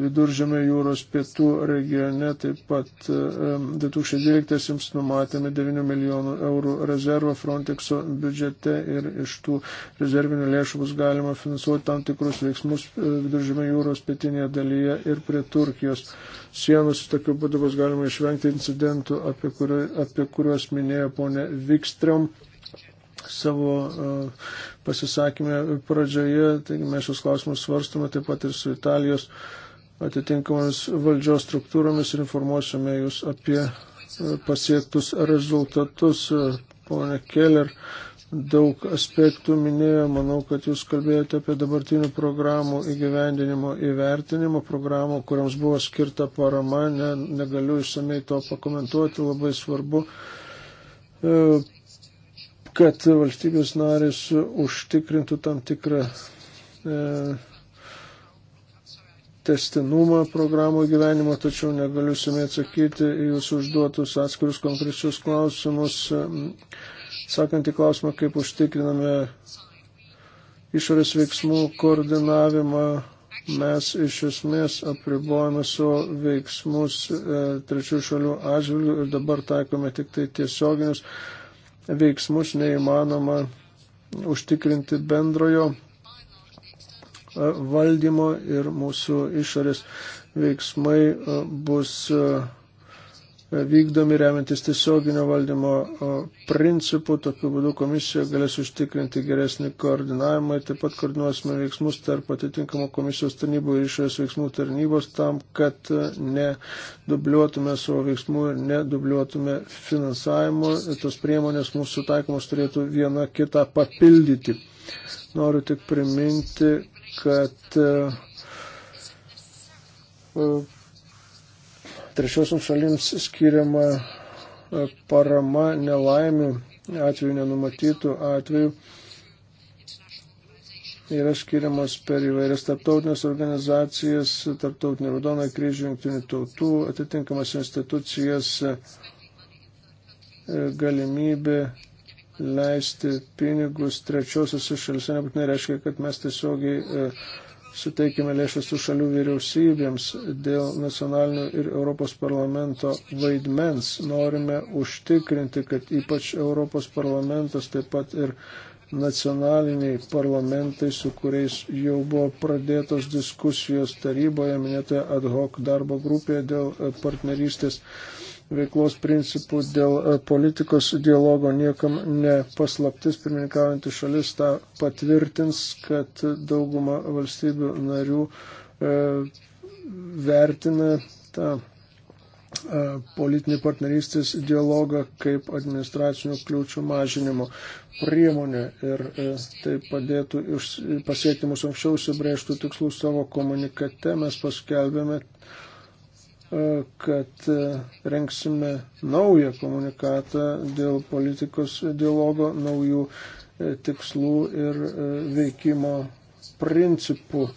Speaker 1: viduržėmio jūros pietų regione. Taip pat 2012 e, e, numatėme 9 milijonų eurų rezervą Frontexo biudžete ir iš tų rezervinių lėšų bus galima finansuoti tam tikrus veiksmus viduržėmio jūros pietinėje dalyje ir prie Turkijos sienos. Tokiu būdu bus galima išvengti incidentų, apie, kuriu, apie kuriuos minėjo ponė Vikstrom savo pasisakymę pradžioje, taigi mes šios klausimus svarstame taip pat ir su Italijos atitinkamomis valdžios struktūromis ir informuosime jūs apie pasiektus rezultatus. Pone Keller, daug aspektų minėjo, manau, kad jūs kalbėjote apie dabartinių programų įgyvendinimo įvertinimo, programų, kuriams buvo skirta parama, ne, negaliu išsamei to pakomentuoti, labai svarbu kad valstybės narės užtikrintų tam tikrą e, testinumą programų gyvenimo, tačiau negaliu sumai atsakyti į jūsų užduotus atskirius konkrečius klausimus. Sakant į klausimą, kaip užtikriname išorės veiksmų koordinavimą, mes iš esmės apribojame savo veiksmus e, trečių šalių atžvilgių ir dabar taikome tik tai tiesioginius veiksmus neįmanoma užtikrinti bendrojo e, valdymo ir mūsų išorės veiksmai e, bus e, vykdomi remiantis tiesioginio valdymo principų. Tokiu būdu komisija galės užtikrinti geresnį koordinavimą. Taip pat koordinuosime veiksmus tarp atitinkamo komisijos tarnybų ir išorės veiksmų tarnybos tam, kad e, nedubliuotume savo veiksmų ir nedubliuotume finansavimo. Tos priemonės mūsų taikomos turėtų viena kitą papildyti. Noriu tik priminti, kad uh, trečiosiams šalims skiriama e, parama nelaimių atveju, nenumatytų atveju yra skiriamos per įvairias tarptautinės organizacijas, tarptautinį raudoną kryžių, jungtinių tautų, atitinkamas institucijas e, galimybė leisti pinigus trečiosios šalise nebūtinai reiškia, kad mes tiesiogiai e, suteikiame lėšas su šalių vyriausybėms dėl nacionalinių ir Europos parlamento vaidmens. Norime užtikrinti, kad ypač Europos parlamentas, taip pat ir nacionaliniai parlamentai, su kuriais jau buvo pradėtos diskusijos taryboje, minėtoje ad hoc darbo grupėje dėl partnerystės veiklos principų dėl e, politikos dialogo niekam nepaslaptis. Pirmininkaujantį šalis tą patvirtins, kad dauguma valstybių narių e, vertina tą e, politinį partnerystės dialogą kaip administracinių kliūčių mažinimo priemonę ir tai padėtų pasiekti mūsų anksčiau užsibrėžtų tikslų savo komunikate. Mes paskelbėme E, kad e, rengsime naują komunikatą dėl politikos dialogo naujų e, tikslų ir veikimo principų.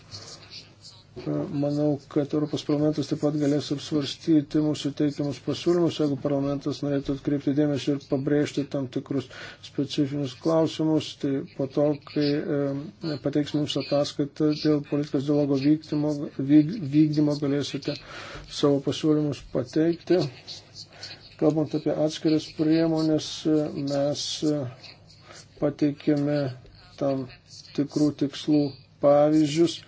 Speaker 1: Manau, kad Europos parlamentas taip pat galės apsvarstyti mūsų teikiamus pasiūlymus, jeigu parlamentas norėtų atkreipti dėmesį ir pabrėžti tam tikrus specifinius klausimus, tai po to, kai e, pateiks mums ataskaitą dėl politikos dialogo vykdymo, vyk, vykdymo, galėsite savo pasiūlymus pateikti. Kalbant apie atskiras priemonės, e, mes e, pateikėme tam tikrų tikslų pavyzdžius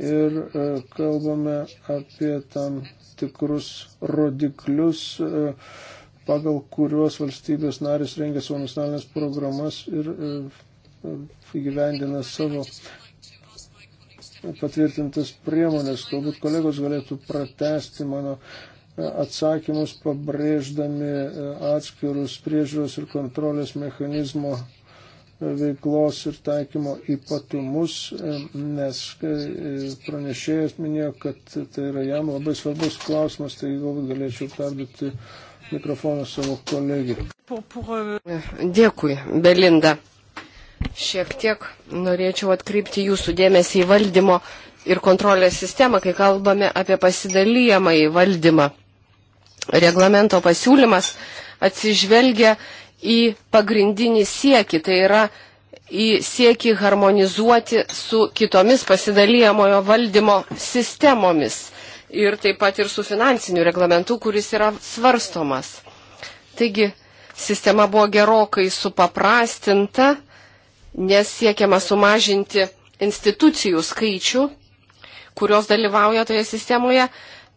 Speaker 1: ir e, kalbame apie tam tikrus rodiklius, e, pagal kuriuos valstybės narės rengia savo nacionalinės programas ir e, įgyvendina savo patvirtintas priemonės. Galbūt kolegos galėtų pratesti mano atsakymus, pabrėždami atskirus priežiūros ir kontrolės mechanizmo veiklos ir taikymo ypatumus, nes e, pranešėjas minėjo, kad tai yra jam labai svarbus klausimas, tai galbūt galėčiau perduoti mikrofoną savo kolegiai.
Speaker 2: Euh,
Speaker 1: Dėkui, Belinda.
Speaker 2: Šiek tiek norėčiau atkreipti jūsų dėmesį į valdymo ir kontrolės sistemą, kai kalbame apie pasidalyjamą į valdymą. Reglamento pasiūlymas atsižvelgia į pagrindinį siekį, tai yra į siekį harmonizuoti su kitomis pasidalyjamojo valdymo sistemomis ir taip pat ir su finansiniu reglamentu, kuris yra svarstomas. Taigi, sistema buvo gerokai supaprastinta, nes siekiama sumažinti institucijų skaičių, kurios dalyvauja toje sistemoje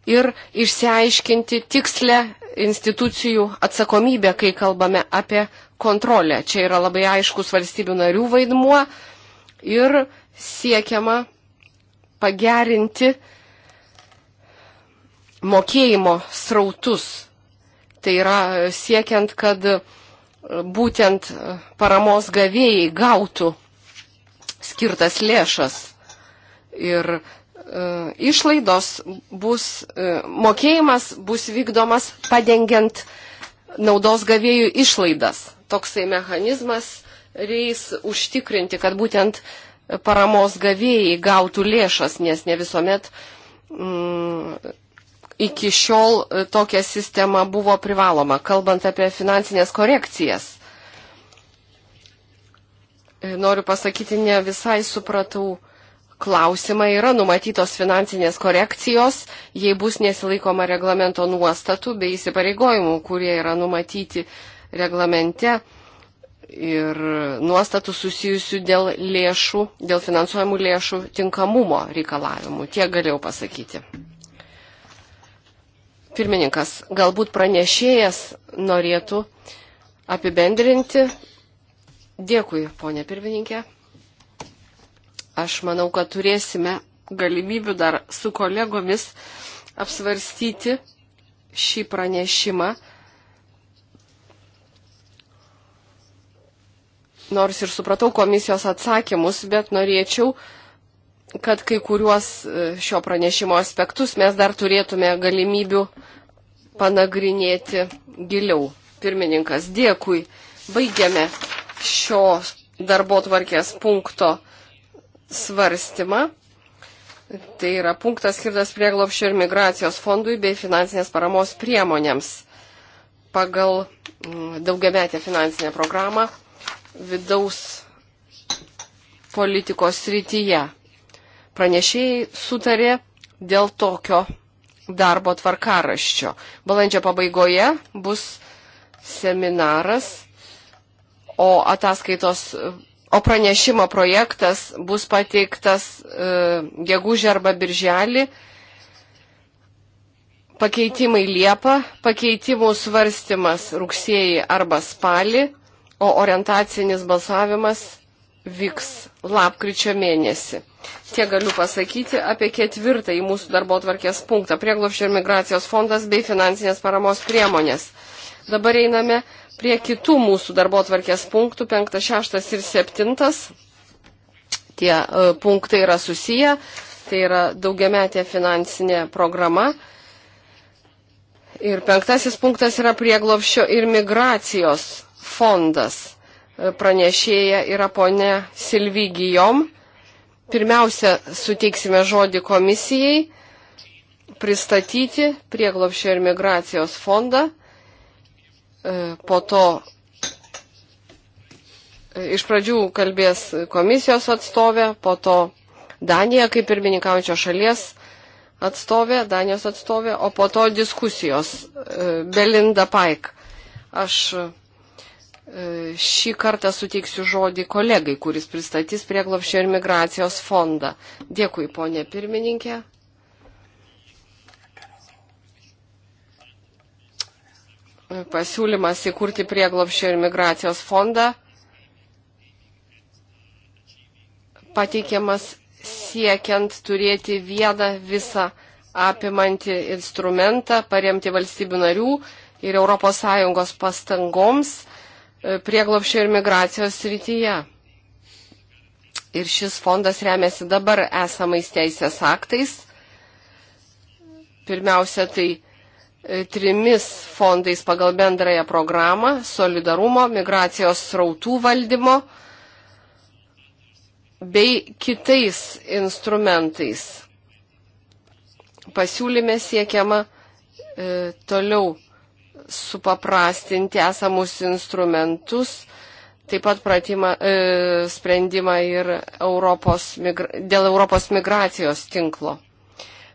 Speaker 2: ir išsiaiškinti tikslę institucijų atsakomybė, kai kalbame apie kontrolę. Čia yra labai aiškus valstybių narių vaidmuo ir siekiama pagerinti mokėjimo srautus. Tai yra siekiant, kad būtent paramos gavėjai gautų skirtas lėšas. Ir E, išlaidos bus, e, mokėjimas bus vykdomas padengiant naudos gavėjų išlaidas. Toksai mechanizmas reis užtikrinti, kad būtent paramos gavėjai gautų lėšas, nes ne visuomet mm, iki šiol e, tokia sistema buvo privaloma, kalbant apie finansinės korekcijas. Noriu pasakyti, ne visai supratau klausimą yra numatytos finansinės korekcijos, jei bus nesilaikoma reglamento nuostatų bei įsipareigojimų, kurie yra numatyti reglamente ir nuostatų susijusių dėl lėšų, dėl finansuojamų lėšų tinkamumo reikalavimų. Tiek galėjau pasakyti. Pirmininkas, galbūt pranešėjas norėtų apibendrinti. Dėkui, ponė pirmininkė. Aš manau, kad turėsime galimybių dar su kolegomis apsvarstyti šį pranešimą. Nors ir supratau komisijos atsakymus, bet norėčiau, kad kai kuriuos e, šio pranešimo aspektus mes dar turėtume galimybių panagrinėti giliau. Pirmininkas, dėkui. Baigiame šio darbo tvarkės punkto svarstymą. Tai yra punktas skirtas prieglopščio ir migracijos fondui bei finansinės paramos priemonėms pagal mm, daugiametę finansinę programą vidaus politikos srityje. Pranešėjai sutarė dėl tokio darbo tvarkaraščio. Balandžio pabaigoje bus seminaras, o ataskaitos o pranešimo projektas bus pateiktas e, gegužė arba birželį, pakeitimai Liepa, pakeitimų svarstymas rugsėjį arba spalį, o orientacinis balsavimas vyks lapkričio mėnesį. Tie galiu pasakyti apie ketvirtąjį mūsų darbo tvarkės punktą - prieglopščio ir migracijos fondas bei finansinės paramos priemonės. Dabar einame prie kitų mūsų darbo tvarkės punktų, 5, 6 ir 7. Tie e, punktai yra susiję, tai yra daugiametė finansinė programa. Ir penktasis punktas yra prieglopščio ir migracijos fondas. E, pranešėja yra ponė Silvygijom. Pirmiausia, suteiksime žodį komisijai pristatyti prieglopščio ir migracijos fondą E, po to e, iš pradžių kalbės komisijos atstovė, po to Danija kaip pirmininkaujančio šalies atstovė, Danijos atstovė, o po to diskusijos e, Belinda Paik. Aš šį kartą suteiksiu žodį kolegai, kuris pristatys prieglopščio ir migracijos fondą. Dėkui, ponė pirmininkė. pasiūlymas įkurti prieglopščio ir migracijos fondą pateikiamas siekiant turėti vieną visą apimantį instrumentą, paremti valstybių narių ir ES pastangoms e, prieglopščio ir migracijos srityje. Ir šis fondas remiasi dabar esamais teisės aktais. Pirmiausia, tai E, trimis fondais pagal bendrąją programą - solidarumo, migracijos srautų valdymo bei kitais instrumentais. Pasiūlyme siekiama e, toliau supaprastinti esamus instrumentus, taip pat pratimą, e, sprendimą ir Europos, dėl Europos migracijos tinklo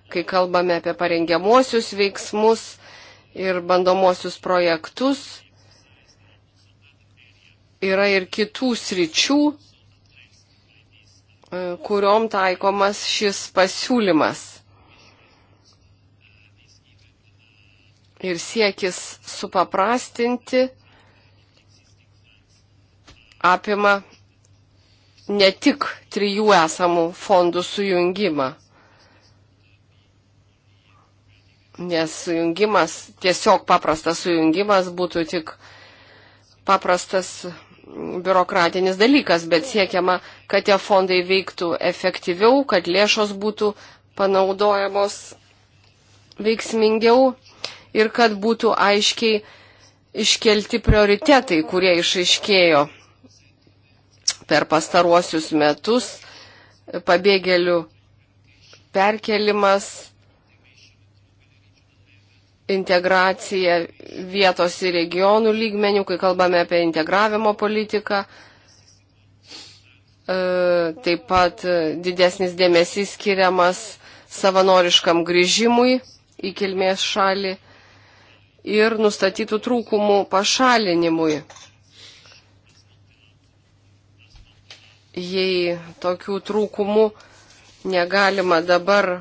Speaker 2: kai kalbame apie parengiamuosius veiksmus ir bandomuosius projektus, yra ir kitų sričių, e, kuriom taikomas šis pasiūlymas. Ir siekis supaprastinti apima ne tik trijų esamų fondų sujungimą. nes sujungimas, tiesiog paprastas sujungimas būtų tik paprastas biurokratinis dalykas, bet siekiama, kad tie fondai veiktų efektyviau, kad lėšos būtų panaudojamos veiksmingiau ir kad būtų aiškiai iškelti prioritetai, kurie išaiškėjo per pastaruosius metus pabėgėlių perkelimas, integraciją vietos ir regionų lygmenių, kai kalbame apie integravimo politiką. E, taip pat didesnis dėmesys skiriamas savanoriškam grįžimui į kilmės šalį ir nustatytų trūkumų pašalinimui. Jei tokių trūkumų negalima dabar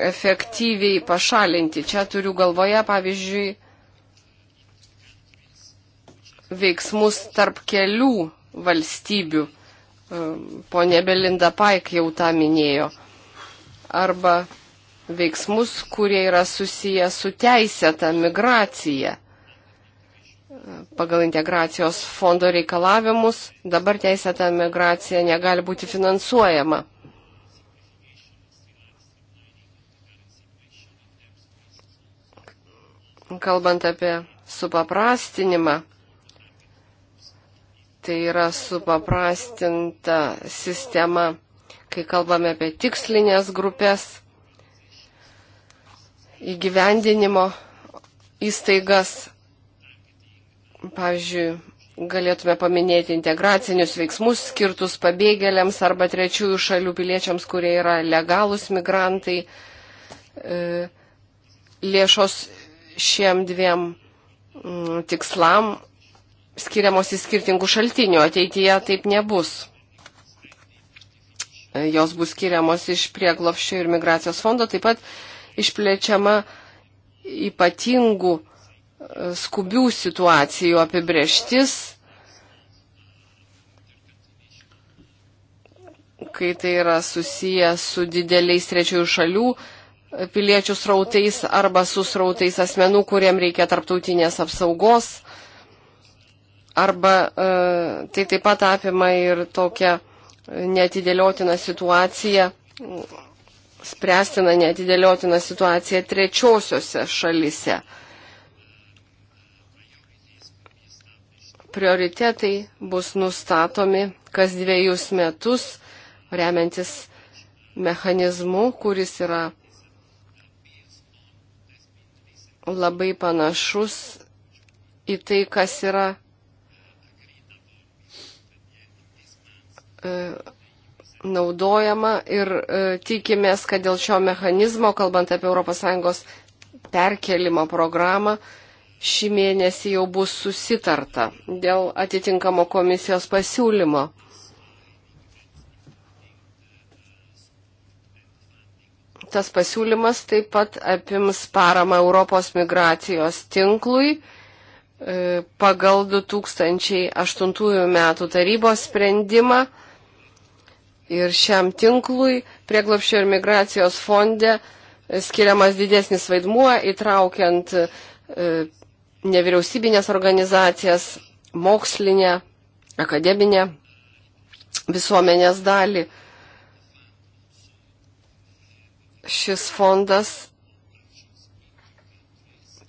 Speaker 2: efektyviai pašalinti. Čia turiu galvoje, pavyzdžiui, veiksmus tarp kelių valstybių. Ehm, Pone Belinda Paik jau tą minėjo. Arba veiksmus, kurie yra susiję su teisėta migracija. Ehm, pagal integracijos fondo reikalavimus dabar teisėta migracija negali būti finansuojama. kalbant apie supaprastinimą, tai yra supaprastinta sistema, kai kalbame apie tikslinės grupės įgyvendinimo įstaigas. Pavyzdžiui, galėtume paminėti integracinius veiksmus skirtus pabėgėliams arba trečiųjų šalių piliečiams, kurie yra legalūs migrantai. E, lėšos šiem dviem mm, tikslam skiriamos į skirtingų šaltinių. Ateityje taip nebus. Jos bus skiriamos iš prieglopščio ir migracijos fondo, taip pat išplečiama ypatingų e, skubių situacijų apibrieštis, kai tai yra susiję su dideliais trečiųjų šalių piliečių srautais arba su srautais asmenų, kuriem reikia tarptautinės apsaugos. Arba e, tai taip pat apima ir tokią netidėliotiną situaciją, spręstina netidėliotiną situaciją trečiosiose šalise. Prioritetai bus nustatomi kas dviejus metus, remiantis mechanizmu, kuris yra labai panašus į tai, kas yra e, naudojama ir e, tikimės, kad dėl šio mechanizmo, kalbant apie ES perkelimo programą, šį mėnesį jau bus susitarta dėl atitinkamo komisijos pasiūlymo. Tas pasiūlymas taip pat apims paramą Europos migracijos tinklui e, pagal 2008 metų tarybos sprendimą ir šiam tinklui prieglapščio ir migracijos fonde e, skiriamas didesnis vaidmuo įtraukiant e, nevyriausybinės organizacijas, mokslinę, akademinę visuomenės dalį šis fondas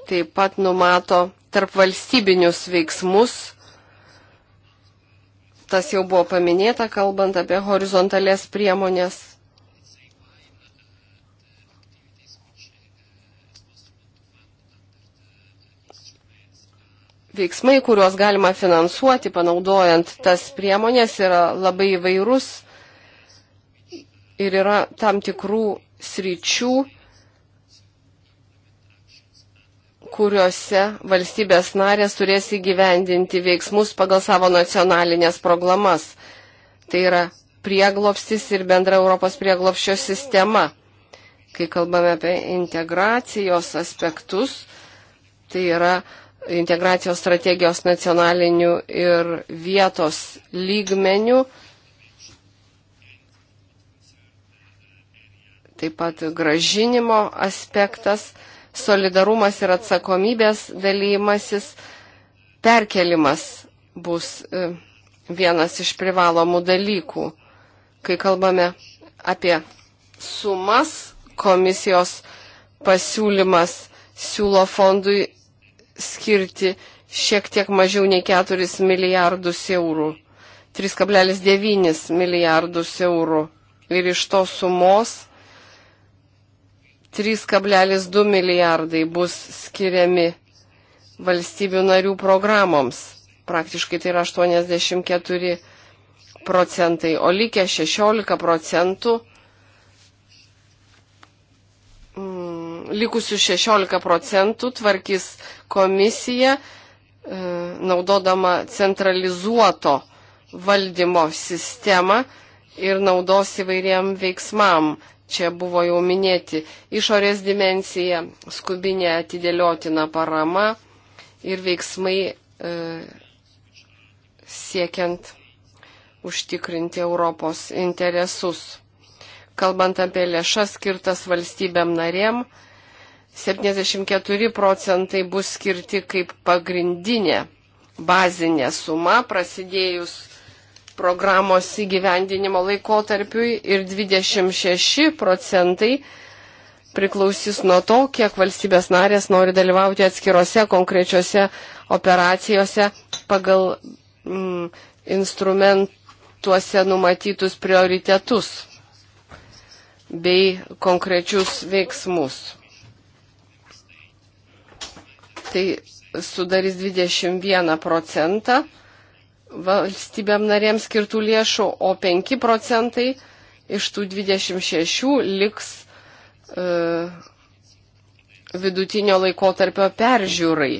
Speaker 2: taip pat numato tarp valstybinius veiksmus. Tas jau buvo paminėta, kalbant apie horizontalės priemonės. Veiksmai, kuriuos galima finansuoti, panaudojant tas priemonės, yra labai įvairus ir yra tam tikrų sričių, kuriuose valstybės narės turės įgyvendinti veiksmus pagal savo nacionalinės programas. Tai yra prieglopstis ir bendra Europos prieglopščio sistema. Kai kalbame apie integracijos aspektus, tai yra integracijos strategijos nacionalinių ir vietos lygmenių taip pat gražinimo aspektas, solidarumas ir atsakomybės dalymasis, perkelimas bus e, vienas iš privalomų dalykų. Kai kalbame apie sumas, komisijos pasiūlymas siūlo fondui skirti šiek tiek mažiau nei 4 milijardus eurų. 3,9 milijardus eurų. Ir iš to sumos 3,2 milijardai bus skiriami valstybių narių programoms. Praktiškai tai yra 84 procentai, o likę 16 procentų, mm, likusių 16 procentų tvarkys komisija, e, naudodama centralizuoto valdymo sistemą ir naudos įvairiem veiksmam Čia buvo jau minėti išorės dimencija, skubinė atidėliotina parama ir veiksmai e, siekiant užtikrinti Europos interesus. Kalbant apie lėšas skirtas valstybėm narėm, 74 procentai bus skirti kaip pagrindinė bazinė suma prasidėjus programos įgyvendinimo laikotarpiui ir 26 procentai priklausys nuo to, kiek valstybės narės nori dalyvauti atskirose konkrečiose operacijose pagal mm, instrumentuose numatytus prioritetus bei konkrečius veiksmus. Tai sudarys 21 procentą valstybėm narėms skirtų lėšų, o 5 procentai iš tų 26 liks e, vidutinio laikotarpio peržiūrai.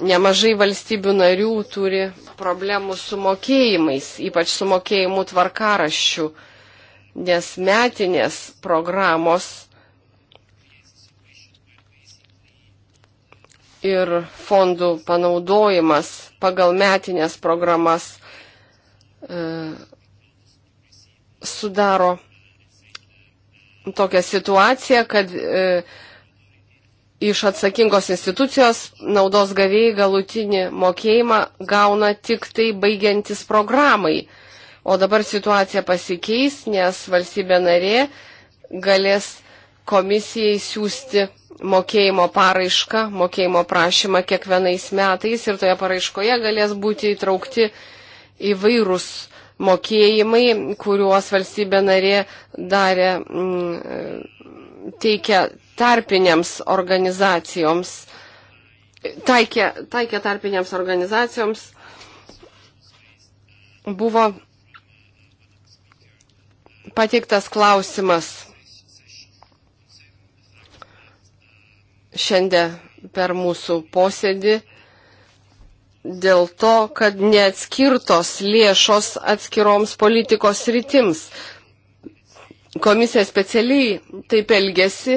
Speaker 2: Nemažai valstybių narių turi problemų su mokėjimais, ypač su mokėjimų tvarkaraščių, nes metinės programos ir fondų panaudojimas pagal metinės programas e, sudaro tokią situaciją, kad e, iš atsakingos institucijos naudos gavėjai galutinį mokėjimą gauna tik tai baigiantis programai. O dabar situacija pasikeis, nes valstybė narė galės komisijai siūsti mokėjimo paraišką, mokėjimo prašymą kiekvienais metais ir toje paraiškoje galės būti įtraukti įvairūs mokėjimai, kuriuos valstybė narė darė, mm, teikia tarpinėms organizacijoms, taikė, taikė tarpinėms organizacijoms, buvo pateiktas klausimas šiandien per mūsų posėdį dėl to, kad neatskirtos lėšos atskiroms politikos rytims. Komisija specialiai taip elgesi,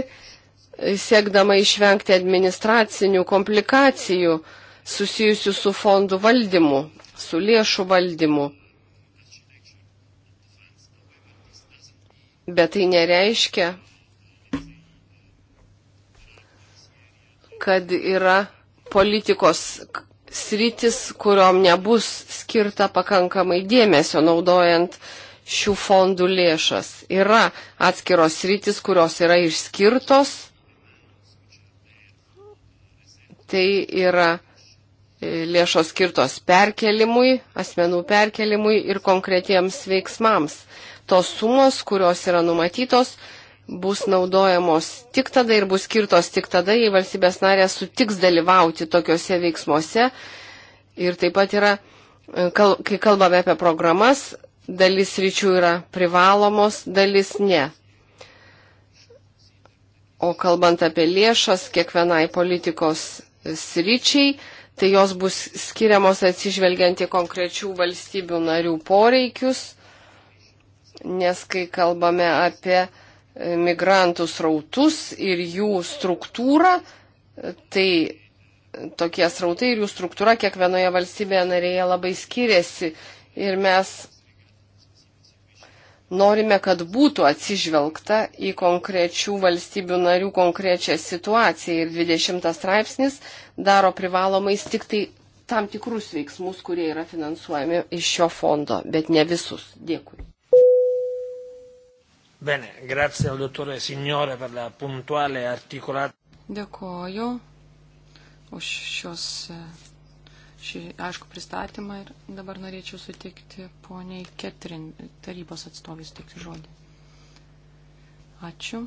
Speaker 2: siekdama išvengti administracinių komplikacijų susijusių su fondų valdymu, su lėšų valdymu. Bet tai nereiškia, kad yra politikos sritis, kuriom nebus skirta pakankamai dėmesio naudojant šių fondų lėšas. Yra atskiros sritis, kurios yra išskirtos. Tai yra e, lėšos skirtos perkelimui, asmenų perkelimui ir konkretiems veiksmams. Tos sumos, kurios yra numatytos, bus naudojamos tik tada ir bus skirtos tik tada, jei valstybės narės sutiks dalyvauti tokiuose veiksmuose. Ir taip pat yra, e, kai kalbame apie programas, dalis ryčių yra privalomos, dalis ne. O kalbant apie lėšas kiekvienai politikos sričiai, tai jos bus skiriamos atsižvelgiant į konkrečių valstybių narių poreikius, nes kai kalbame apie migrantų srautus ir jų struktūrą, tai tokie srautai ir jų struktūra kiekvienoje valstybėje narėje labai skiriasi ir mes norime, kad būtų atsižvelgta į konkrečių valstybių narių konkrečią situaciją ir 20 straipsnis daro privalomais tik tai tam tikrus veiksmus, kurie yra finansuojami iš šio fondo, bet ne visus. Dėkui.
Speaker 1: Bene, grazie al dottore Signore per la puntuale e articolata.
Speaker 3: Dėkoju už šios, šį aišku pristatymą ir dabar norėčiau sutikti poniai Ketrin, tarybos atstovės sutikti žodį. Ačiū.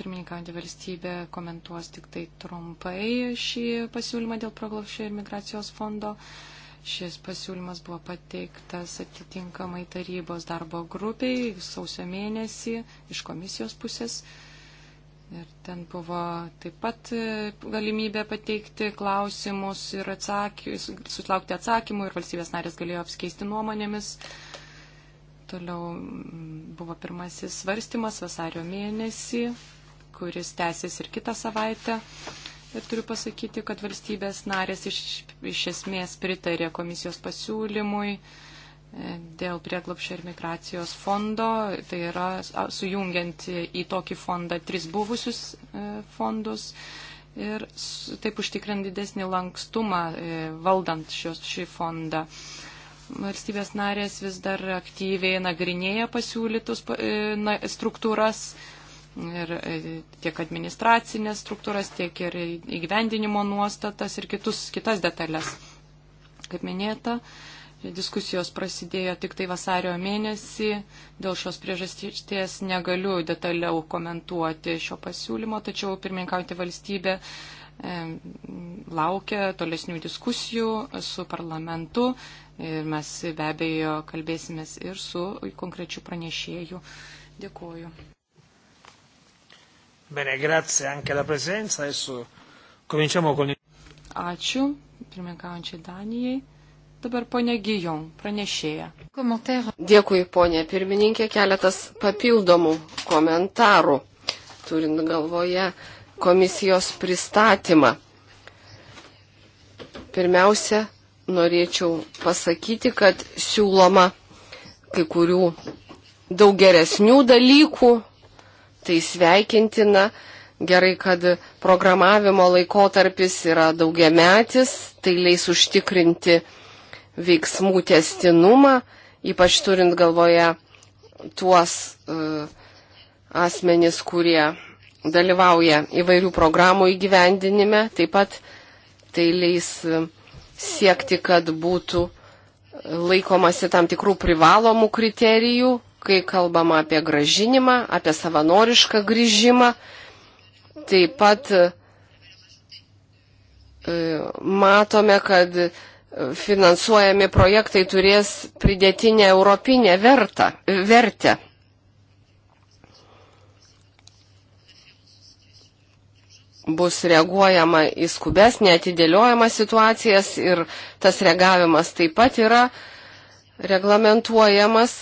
Speaker 3: Pirmininkantį valstybę komentuos tik tai trumpai šį pasiūlymą dėl proglašio ir migracijos fondo. Uh, Šis pasiūlymas buvo pateiktas atitinkamai tarybos darbo grupiai sausio mėnesį iš komisijos pusės. Ir ten buvo taip pat galimybė pateikti klausimus ir atsakius, sulaukti atsakymų ir valstybės narės galėjo apskeisti nuomonėmis. Toliau mm, buvo pirmasis svarstymas vasario mėnesį, kuris tęsis ir kitą savaitę. Ir turiu pasakyti, kad valstybės narės iš, iš esmės pritarė komisijos pasiūlymui e, dėl prieglopšio ir migracijos fondo, tai yra sujungiant į tokį fondą tris buvusius e, fondus ir taip užtikrint didesnį lankstumą e, valdant šios, šį fondą. Valstybės narės vis dar aktyviai nagrinėja pasiūlytus struktūras, ir e, tiek administracinės struktūras, tiek ir įgyvendinimo nuostatas ir kitus, kitas detalės. Kaip minėta, diskusijos prasidėjo tik tai vasario mėnesį, dėl šios priežasties negaliu detaliau komentuoti šio pasiūlymo, tačiau pirmininkauti valstybė e, laukia tolesnių diskusijų su parlamentu ir mes be abejo kalbėsimės ir su konkrečiu pranešėju. Dėkuoju. Bene,
Speaker 1: grazie anche alla presenza. Adesso cominciamo con il...
Speaker 3: Ačiū, pirmininkaujančiai Danijai. Dabar ponia Gijon, pranešėja. Dėkui,
Speaker 2: ponia pirmininkė, keletas papildomų komentarų, turint galvoje komisijos pristatymą. Pirmiausia, norėčiau pasakyti, kad siūloma kai kurių daug geresnių dalykų tai sveikintina. Gerai, kad programavimo laikotarpis yra daugiametis, tai leis užtikrinti veiksmų testinumą, ypač turint galvoje tuos uh, e, asmenys, kurie dalyvauja įvairių programų įgyvendinime. Taip pat tai leis e, siekti, kad būtų laikomasi tam tikrų privalomų kriterijų, kai kalbama apie gražinimą, apie savanorišką grįžimą. Taip pat e, matome, kad finansuojami projektai turės pridėtinę europinę vertą, vertę. Bus reaguojama į skubes, neatidėliojama situacijas ir tas reagavimas taip pat yra reglamentuojamas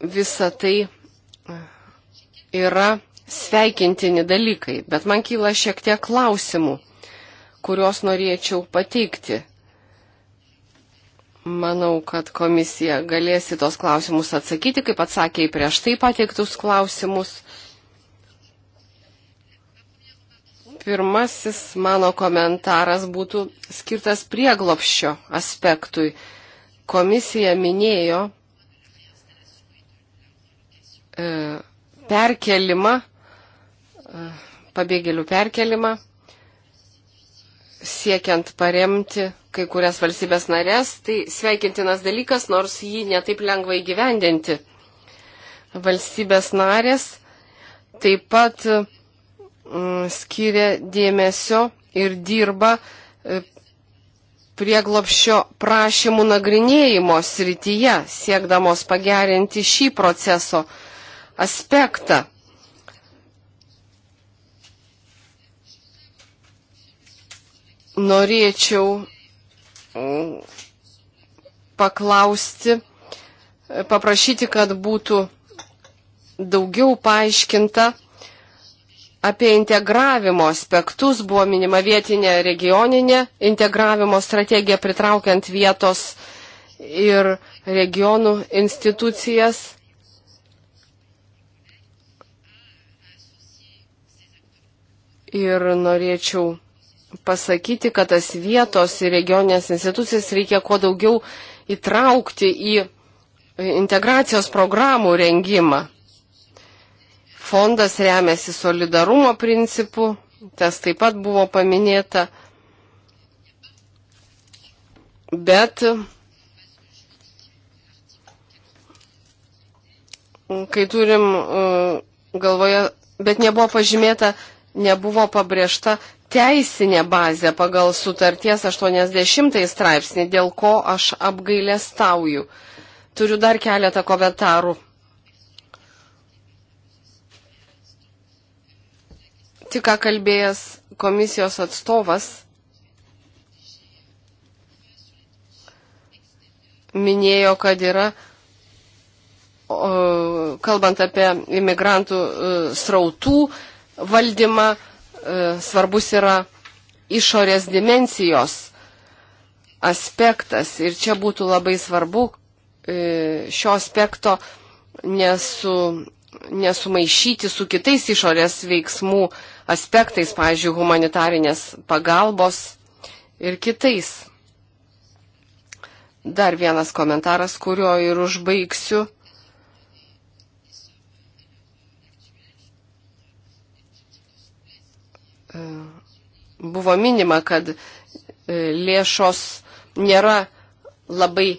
Speaker 2: visa tai yra sveikintini dalykai, bet man kyla šiek tiek klausimų, kuriuos norėčiau pateikti. Manau, kad komisija galės į tos klausimus atsakyti, kaip atsakė į prieš tai pateiktus klausimus. Pirmasis mano komentaras būtų skirtas prieglopščio aspektui. Komisija minėjo, E, perkelimą, e, pabėgėlių perkelimą, siekiant paremti kai kurias valstybės narės, tai sveikintinas dalykas, nors jį netaip lengva įgyvendinti. Valstybės narės taip pat skiria dėmesio ir dirba e, prieglopšio prašymų nagrinėjimo srityje, siekdamos pagerinti šį proceso aspektą. Norėčiau mm, paklausti, paprašyti, kad būtų daugiau paaiškinta apie integravimo aspektus. Buvo minima vietinė regioninė integravimo strategija pritraukiant vietos ir regionų institucijas. Ir norėčiau pasakyti, kad tas vietos ir regioninės institucijas reikia kuo daugiau įtraukti į integracijos programų rengimą. Fondas remiasi solidarumo principu, tas taip pat buvo paminėta, bet kai turim uh, galvoje, bet nebuvo pažymėta nebuvo pabrėžta teisinė bazė pagal sutarties 80 straipsnį, dėl ko aš apgailestauju. Turiu dar keletą komentarų. Tik ką kalbėjęs komisijos atstovas minėjo, kad yra, kalbant apie imigrantų e, srautų, valdymą, e, svarbus yra išorės dimensijos aspektas. Ir čia būtų labai svarbu e, šio aspekto nesu, nesumaišyti su kitais išorės veiksmų aspektais, pavyzdžiui, humanitarinės pagalbos ir kitais. Dar vienas komentaras, kurio ir užbaigsiu. buvo minima, kad e, lėšos nėra labai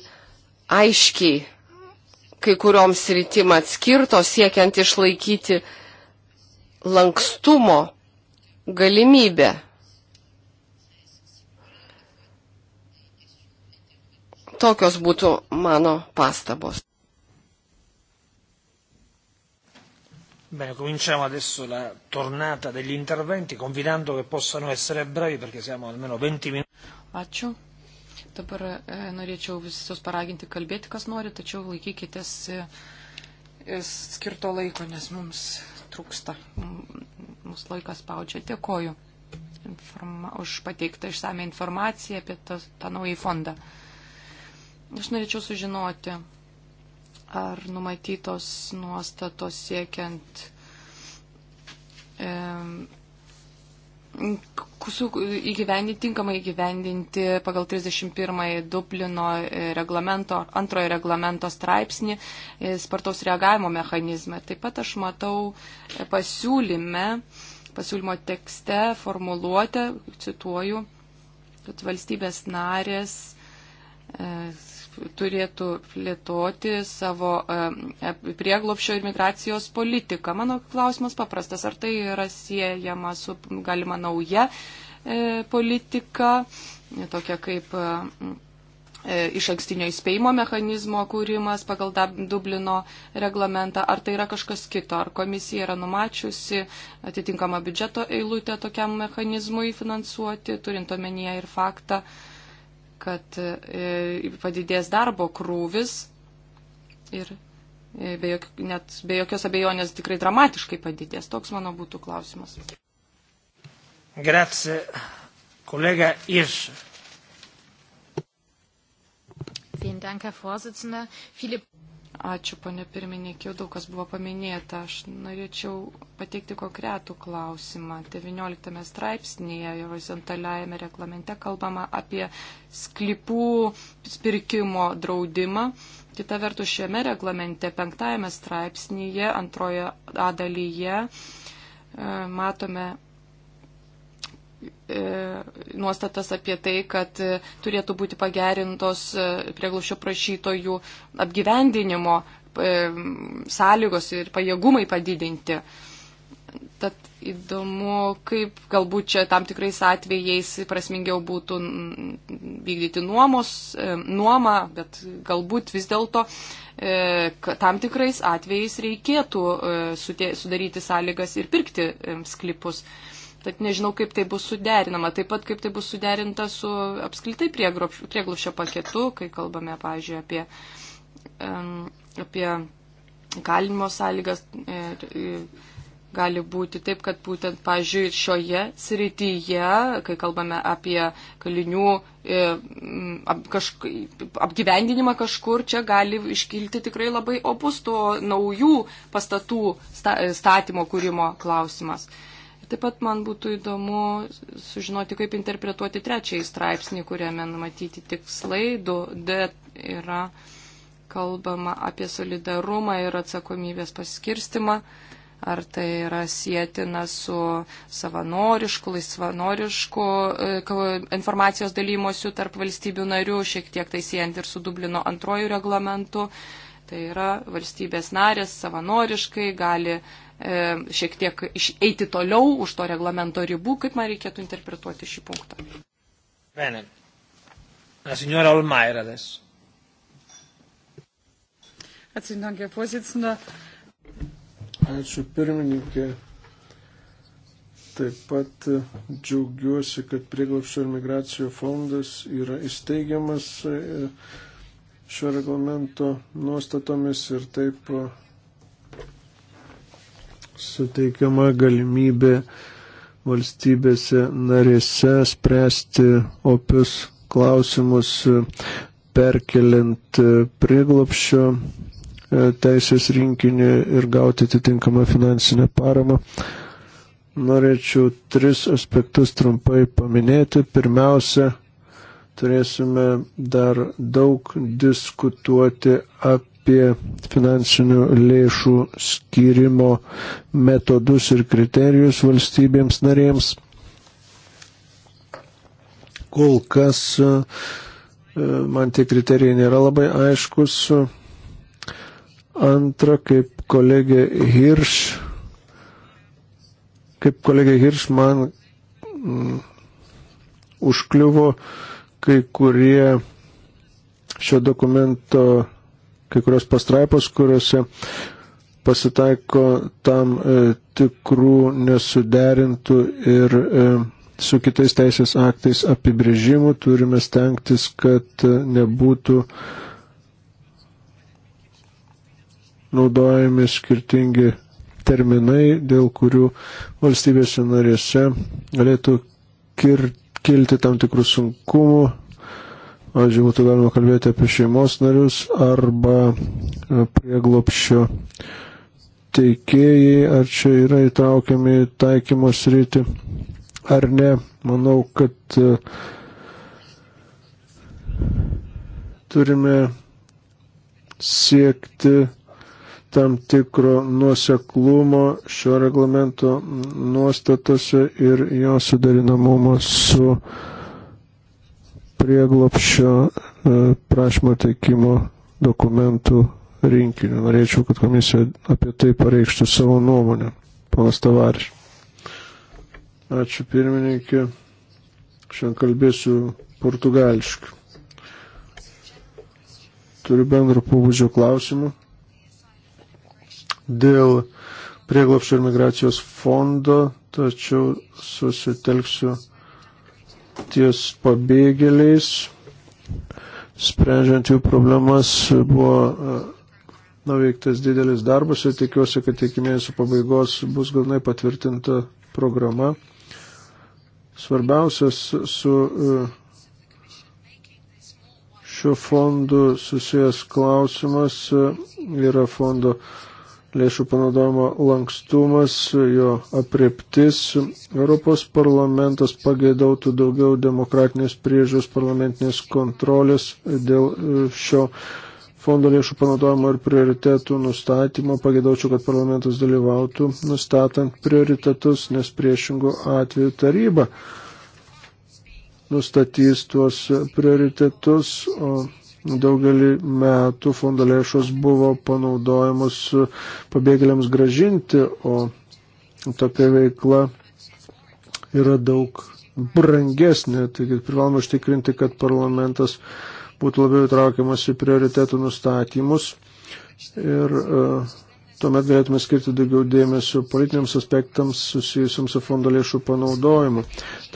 Speaker 2: aiškiai kai kurioms rytim atskirtos, siekiant išlaikyti lankstumo galimybę. Tokios būtų mano pastabos.
Speaker 1: Bene, cominciamo adesso la tornata degli interventi, confidando che possano essere brevi perché siamo almeno 20 minuti. Ačiū.
Speaker 3: Dabar e, norėčiau visus paraginti kalbėti, kas nori, tačiau laikykitės e, e skirto laiko, nes mums trūksta, mūsų laikas spaudžia. Dėkoju informa, už pateiktą išsame informaciją apie tą, tą naują fondą. Aš norėčiau sužinoti, Ar numatytos nuostatos siekiant e, įgyvendinti, tinkamai įgyvendinti pagal 31 Dublino e, reglamento, antrojo reglamento straipsnį e, spartaus reagavimo mechanizmą. Taip pat aš matau e, pasiūlyme, pasiūlymo tekste formuluotę, cituoju, kad valstybės narės turėtų plėtoti savo e, prieglopšio ir migracijos politiką. Mano klausimas paprastas, ar tai yra siejama su galima nauja e, politika, tokia kaip e, iš ankstinio įspėjimo mechanizmo kūrimas pagal Dublino reglamentą, ar tai yra kažkas kito, ar komisija yra numačiusi atitinkamą biudžeto eilutę tokiam mechanizmui finansuoti, turint omenyje ir faktą, kad e, padidės darbo krūvis ir e, be jok, net be jokios abejonės tikrai dramatiškai padidės. Toks mano būtų klausimas.
Speaker 1: Grazie, kolega Irš.
Speaker 3: Vielen Dank, Herr Vorsitzender. Viele Ačiū, ponė pirmininkė, jau daug kas buvo paminėta. Aš norėčiau pateikti konkretų klausimą. 19 straipsnėje horizontaliajame reglamente kalbama apie sklipų pirkimo draudimą. Kita vertus, šiame reglamente, penktajame straipsnėje, antroje A dalyje, e, matome E, nuostatas apie tai, kad e, turėtų būti pagerintos e, prieglušio prašytojų apgyvendinimo sąlygos ir pajėgumai padidinti. Tad įdomu, kaip galbūt čia tam tikrais atvejais prasmingiau būtų vykdyti nuomos, nuomą, bet galbūt vis dėlto tam tikrais atvejais reikėtų sudaryti sąlygas ir pirkti sklipus. E, Tad nežinau, kaip tai bus suderinama. Taip pat, kaip tai bus suderinta su apskritai prieglušio paketu, kai kalbame, pavyzdžiui, apie, um, apie kalinimo sąlygas. Ir, e, ir, e, gali būti taip, kad būtent, pažiūrėjau, šioje srityje, kai kalbame apie kalinių e, ap, kažk, apgyvendinimą kažkur, čia gali iškilti tikrai labai opus to naujų pastatų statymo kūrimo klausimas. Taip pat man būtų įdomu sužinoti, kaip interpretuoti trečiąjį straipsnį, kuriame numatyti tikslai 2D yra kalbama apie solidarumą ir atsakomybės paskirstimą, ar tai yra sėtina su savanorišku, laisvanorišku e, informacijos dalymosiu tarp valstybių narių, šiek tiek tai siejant ir su Dublino antrojų reglamentu. Tai yra valstybės narės savanoriškai gali E, šiek tiek eiti toliau už to reglamento ribų, kaip man reikėtų interpretuoti šį punktą.
Speaker 1: Bene. La signora Olmaier adesso.
Speaker 3: Herzlichen Dank, Herr Vorsitzender.
Speaker 1: Ačiū pirmininkė. Taip pat džiaugiuosi, kad prieglapščio ir migracijų fondas yra įsteigiamas e, šio reglamento nuostatomis ir taip suteikiama galimybė valstybėse narėse spręsti opius klausimus, perkeliant prieglopščio e, teisės rinkinį ir gauti atitinkamą finansinę paramą. Norėčiau tris aspektus trumpai paminėti. Pirmiausia, turėsime dar daug diskutuoti apie apie finansinių lėšų skirimo metodus ir kriterijus valstybėms narėms. Kol kas e, man tie kriterijai nėra labai aiškus. Antra, kaip kolegė Hirš, kaip kolegė Hirš man mm, užkliuvo kai kurie šio dokumento kai kurios pastraipos, kuriuose pasitaiko tam e, tikrų nesuderintų ir e, su kitais teisės aktais apibrėžimų turime stengtis, kad e, nebūtų naudojami skirtingi terminai, dėl kurių valstybėse narėse galėtų kir, kilti tam tikrų sunkumų Pavyzdžiui, būtų galima kalbėti apie šeimos narius arba e, prieglopščio teikėjai, ar čia yra įtraukiami taikymos rytį ar ne. Manau, kad e, turime siekti tam tikro nuoseklumo šio reglamento nuostatose ir jo sudarinamumo su prieglopščio e, prašymo teikimo dokumentų rinkiniu. Norėčiau, kad komisija apie tai pareikštų savo nuomonę. Ponas Tavariš. Ačiū pirmininkė. Šiandien kalbėsiu portugališkai. Turiu bendro pobūdžio klausimų. Dėl prieglopščio ir migracijos fondo, tačiau susitelksiu ties pabėgėliais, sprendžiant jų problemas, buvo e, nuveiktas didelis darbas ir tikiuosi, kad iki mėnesio pabaigos bus galnai patvirtinta programa. Svarbiausias su e, šiuo fondu susijęs klausimas e, yra fondo uh, lėšų panaudojimo lankstumas, jo apreptis. Europos parlamentas pageidautų daugiau demokratinės priežiūros parlamentinės kontrolės dėl e, šio fondo lėšų panaudojimo ir prioritetų nustatymo. Pageidaučiau, kad parlamentas dalyvautų nustatant prioritetus, nes priešingų atveju taryba nustatys tuos prioritetus, o daugelį metų fondo lėšos buvo panaudojamos pabėgėliams gražinti, o tokia veikla yra daug brangesnė. Taigi privalome užtikrinti, kad parlamentas būtų labiau įtraukiamas į prioritetų nustatymus ir uh, Tuomet galėtume skirti daugiau dėmesio politiniams aspektams susijusiams su fondo lėšų panaudojimu.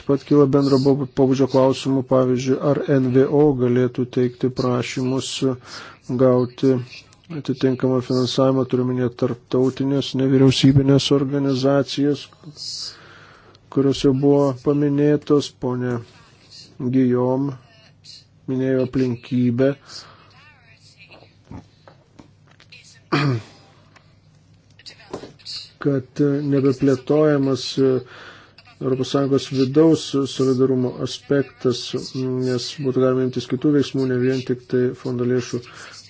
Speaker 1: Taip pat kyla bendro pobūdžio klausimų, pavyzdžiui, ar NVO galėtų teikti prašymus gauti atitinkamą finansavimą, turiminė tarptautinės nevyriausybinės organizacijas, kurios jau buvo paminėtos, ponė Gijom minėjo aplinkybę kad nebeplėtojamas e, ES vidaus solidarumo aspektas, nes būtų galima imtis kitų veiksmų, ne vien tik tai fondo lėšų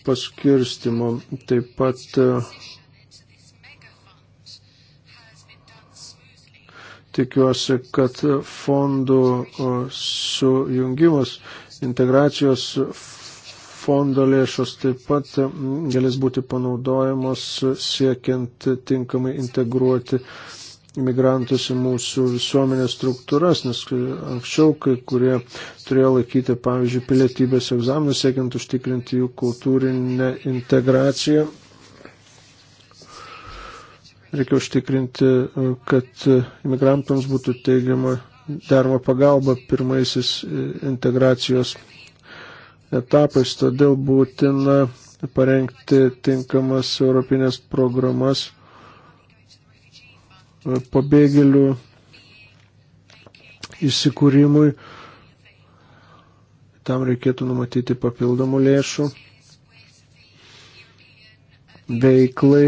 Speaker 1: paskirstimo. Taip pat e, tikiuosi, kad fondų e, sujungimas, integracijos fondo lėšos taip pat e, galės būti panaudojamos siekiant tinkamai integruoti imigrantus į mūsų visuomenės struktūras, nes e, anksčiau kai kurie turėjo laikyti, pavyzdžiui, pilietybės egzaminus, siekiant užtikrinti jų kultūrinę integraciją. Reikia užtikrinti, e, kad imigrantams būtų teigiama derma pagalba pirmaisiais integracijos etapais, todėl būtina parengti tinkamas europinės programas e, pabėgėlių įsikūrimui. Tam reikėtų numatyti papildomų lėšų veiklai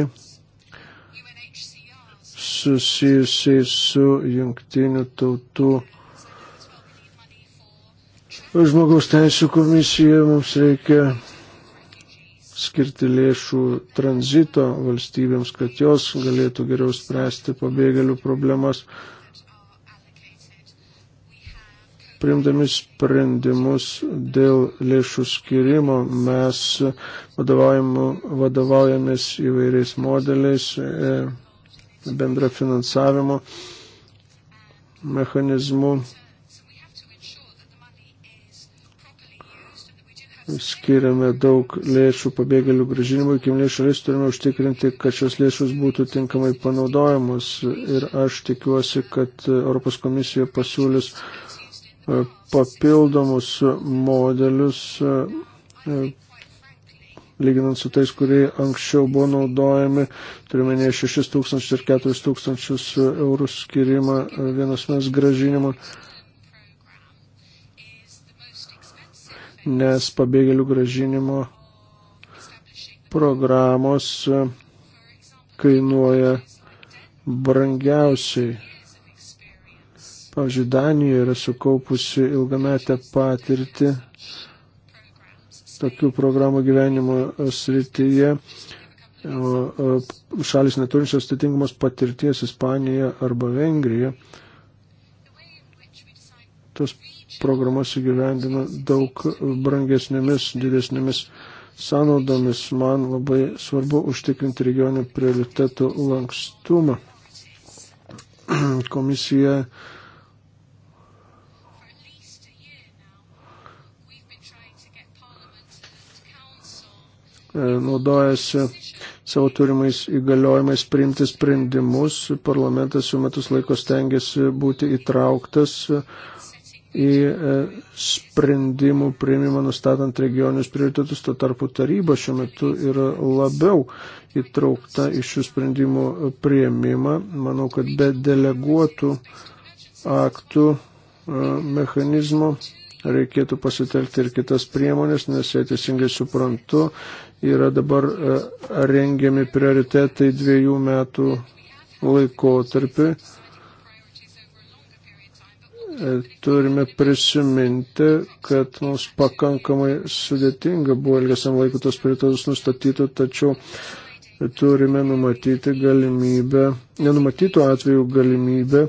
Speaker 1: susijusiai su jungtinių tautų žmogaus teisų komisija mums reikia skirti lėšų tranzito valstybėms, kad jos galėtų geriau spręsti pabėgėlių problemas. Primdami sprendimus dėl lėšų skirimo mes vadovaujamės įvairiais modeliais e, bendra finansavimo mechanizmu skiriame daug lėšų pabėgėlių gražinimui, kilmės šalis turime užtikrinti, kad šios lėšos būtų tinkamai panaudojamos ir aš tikiuosi, kad Europos komisija pasiūlys e, papildomus modelius, e, e, lyginant su tais, kurie anksčiau buvo naudojami, turime ne 6 tūkstančius ir 4 tūkstančius eurų skirimą vienas mes gražinimą. nes pabėgėlių gražinimo programos e, kainuoja brangiausiai. Pavyzdžiui, Danija yra sukaupusi ilgametę patirtį tokių programų gyvenimo srityje. Šalis neturinčios atitinkamos patirties Ispanija arba Vengrija. Tos programas įgyvendina daug brangesnėmis, didesnėmis sąnaudomis. Man labai svarbu užtikrinti regionių prioritetų lankstumą. Komisija e, naudojasi savo turimais įgaliojimais priimti sprendimus. Parlamentas jau metus laiko stengiasi būti įtrauktas į e, sprendimų prieimimą nustatant regionius prioritetus, to tarpu taryba šiuo metu yra labiau įtraukta į šių sprendimų prieimimą. Manau, kad be deleguotų aktų e, mechanizmo reikėtų pasitelkti ir kitas priemonės, nes jie teisingai suprantu, yra dabar e, rengiami prioritetai dviejų metų laikotarpiu E, turime prisiminti, kad mums pakankamai sudėtinga buvo ilgesam laiku tos prietaisus nustatyti, tačiau turime numatyti galimybę, nenumatytų atveju galimybę